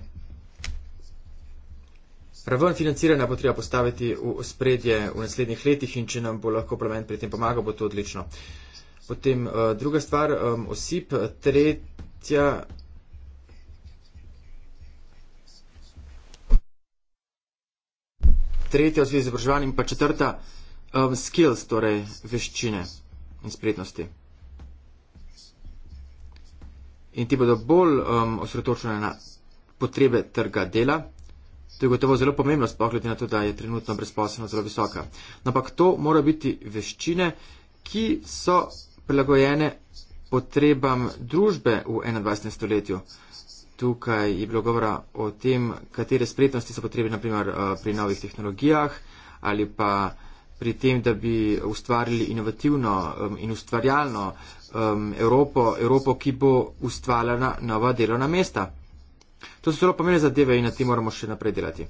Raven financiranja bo treba postaviti v spredje v naslednjih letih in če nam bo lahko parlament pri tem pomagal, bo to odlično. Potem uh, druga stvar, um, osip, tretja. Tretja v zvezi z obraževanjem, pa četrta, um, skills, torej veščine in spretnosti. In ti bodo bolj um, osredotočene na potrebe trga dela. To je gotovo zelo pomembno, sploh glede na to, da je trenutno brezposobnost zelo visoka. Ampak to mora biti veščine, ki so prilagojene potrebam družbe v 21. stoletju. Tukaj je bilo govora o tem, katere spretnosti so potrebne, naprimer eh, pri novih tehnologijah ali pa pri tem, da bi ustvarili inovativno in ustvarjalno Evropo, Evropo ki bo ustvarjala nova delovna mesta. To so zelo pomene zadeve in na ti moramo še naprej delati.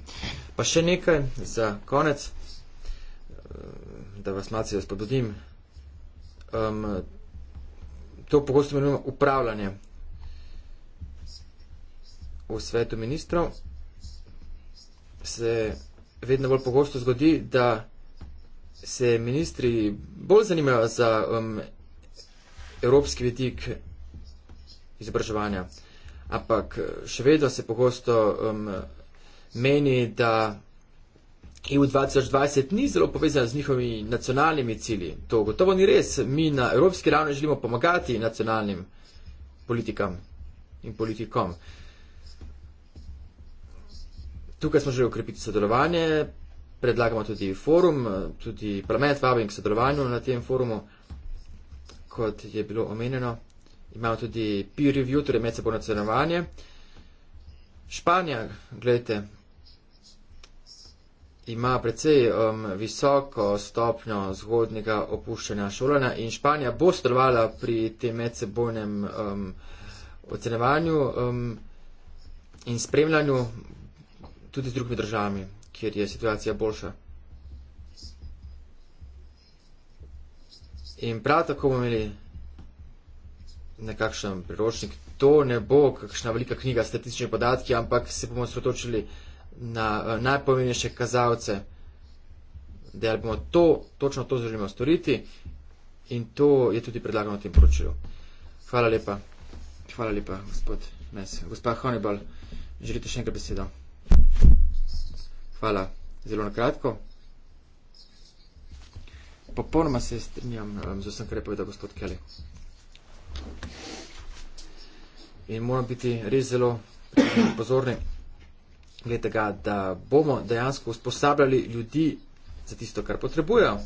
Pa še nekaj za konec, eh, da vas malce spodbudim. Um, to pogosto imenujemo upravljanje v svetu ministrov. Se vedno bolj pogosto zgodi, da se ministri bolj zanimajo za um, evropski vidik izobraževanja ampak eh, še vedno se pogosto um, meni, da EU 2020 ni zelo povezana z njihovimi nacionalnimi cilji. To gotovo ni res. Mi na evropski ravni želimo pomagati nacionalnim politikam in politikom. Tukaj smo želeli ukrepiti sodelovanje, predlagamo tudi forum, eh, tudi parlament vabim k sodelovanju na tem forumu, kot je bilo omenjeno imajo tudi peer review, torej medsebojno ocenjevanje. Španija, gledajte, ima precej um, visoko stopnjo zgodnega opuščanja šolanja in Španija bo sodelovala pri tem medsebojnem um, ocenjevanju um, in spremljanju tudi z drugimi državami, kjer je situacija boljša. In prav tako bomo imeli nekakšen priročnik. To ne bo kakšna velika knjiga statističnih podatkov, ampak se bomo sredotočili na eh, najpomembnejše kazalce, da ali bomo to, točno to želimo storiti in to je tudi predlagano v tem poročilu. Hvala lepa. Hvala lepa, gospod Mes. Gospa Honibal, želite še enkrat besedo? Hvala. Zelo na kratko. Popolnoma se strinjam eh, z vsem, kar je povedal gospod Kelly. In moram biti res zelo pozorni, tega, da bomo dejansko usposabljali ljudi za tisto, kar potrebujejo.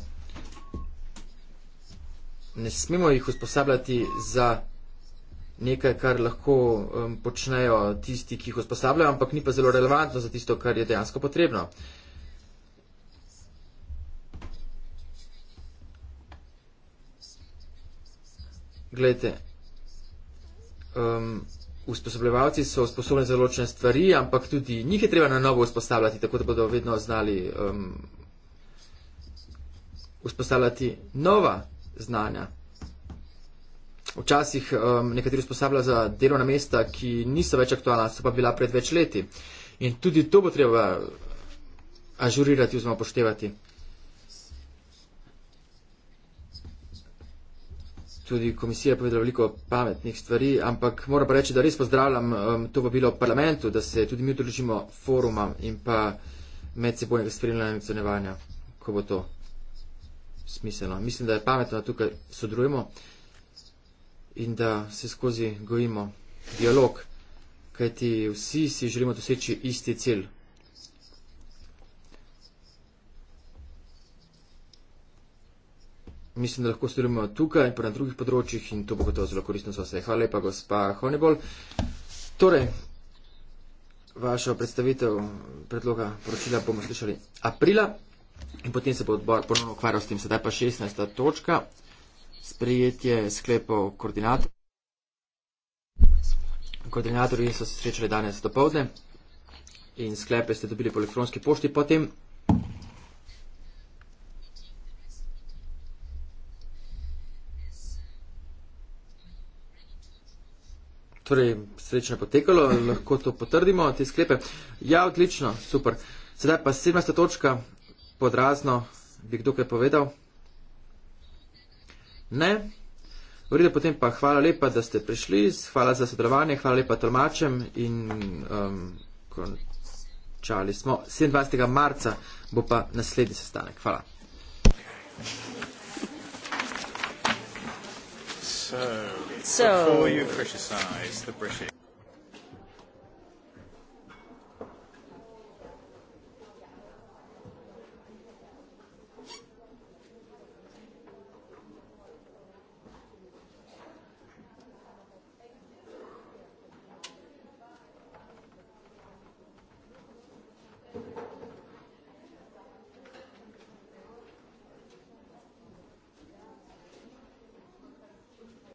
Ne smemo jih usposabljati za nekaj, kar lahko um, počnejo tisti, ki jih usposabljajo, ampak ni pa zelo relevantno za tisto, kar je dejansko potrebno. Uh, Glejte, um, usposobljavci so sposobni za ločene stvari, ampak tudi njih je treba na novo vzpostavljati, tako da bodo vedno znali um, vzpostavljati nova znanja. Včasih um, nekateri usposabljajo za delovna mesta, ki niso več aktualna, so pa bila pred več leti. In tudi to bo treba ažurirati oziroma upoštevati. tudi komisija povedala veliko pametnih stvari, ampak moram pa reči, da res pozdravljam um, to vabilo v parlamentu, da se tudi mi odločimo foruma in pa medsebojnega spremljanja in ocenevanja, ko bo to smiselno. Mislim, da je pametno, da tukaj sodelujemo in da se skozi gojimo dialog, kajti vsi si želimo doseči isti cilj. mislim, da lahko sodelujemo tukaj in pa na drugih področjih in to bo gotovo zelo koristno za vse. Hvala lepa, gospa Honebol. Torej, vašo predstavitev predloga poročila bomo slišali aprila in potem se bo odbor ponovno ukvarjal s tem. Sedaj pa 16. točka, sprejetje sklepov koordinatorjev. Koordinatorji so se srečali danes do povdne in sklepe ste dobili po elektronski pošti, potem torej, srečno potekalo, lahko to potrdimo, te sklepe. Ja, odlično, super. Sedaj pa 17. točka, podrazno, bi kdo kaj povedal? Ne. Vrede potem pa hvala lepa, da ste prišli, hvala za sodelovanje, hvala lepa tolmačem in um, končali smo. 27. marca bo pa naslednji sestanek. Hvala. So. So. Before you criticize the British.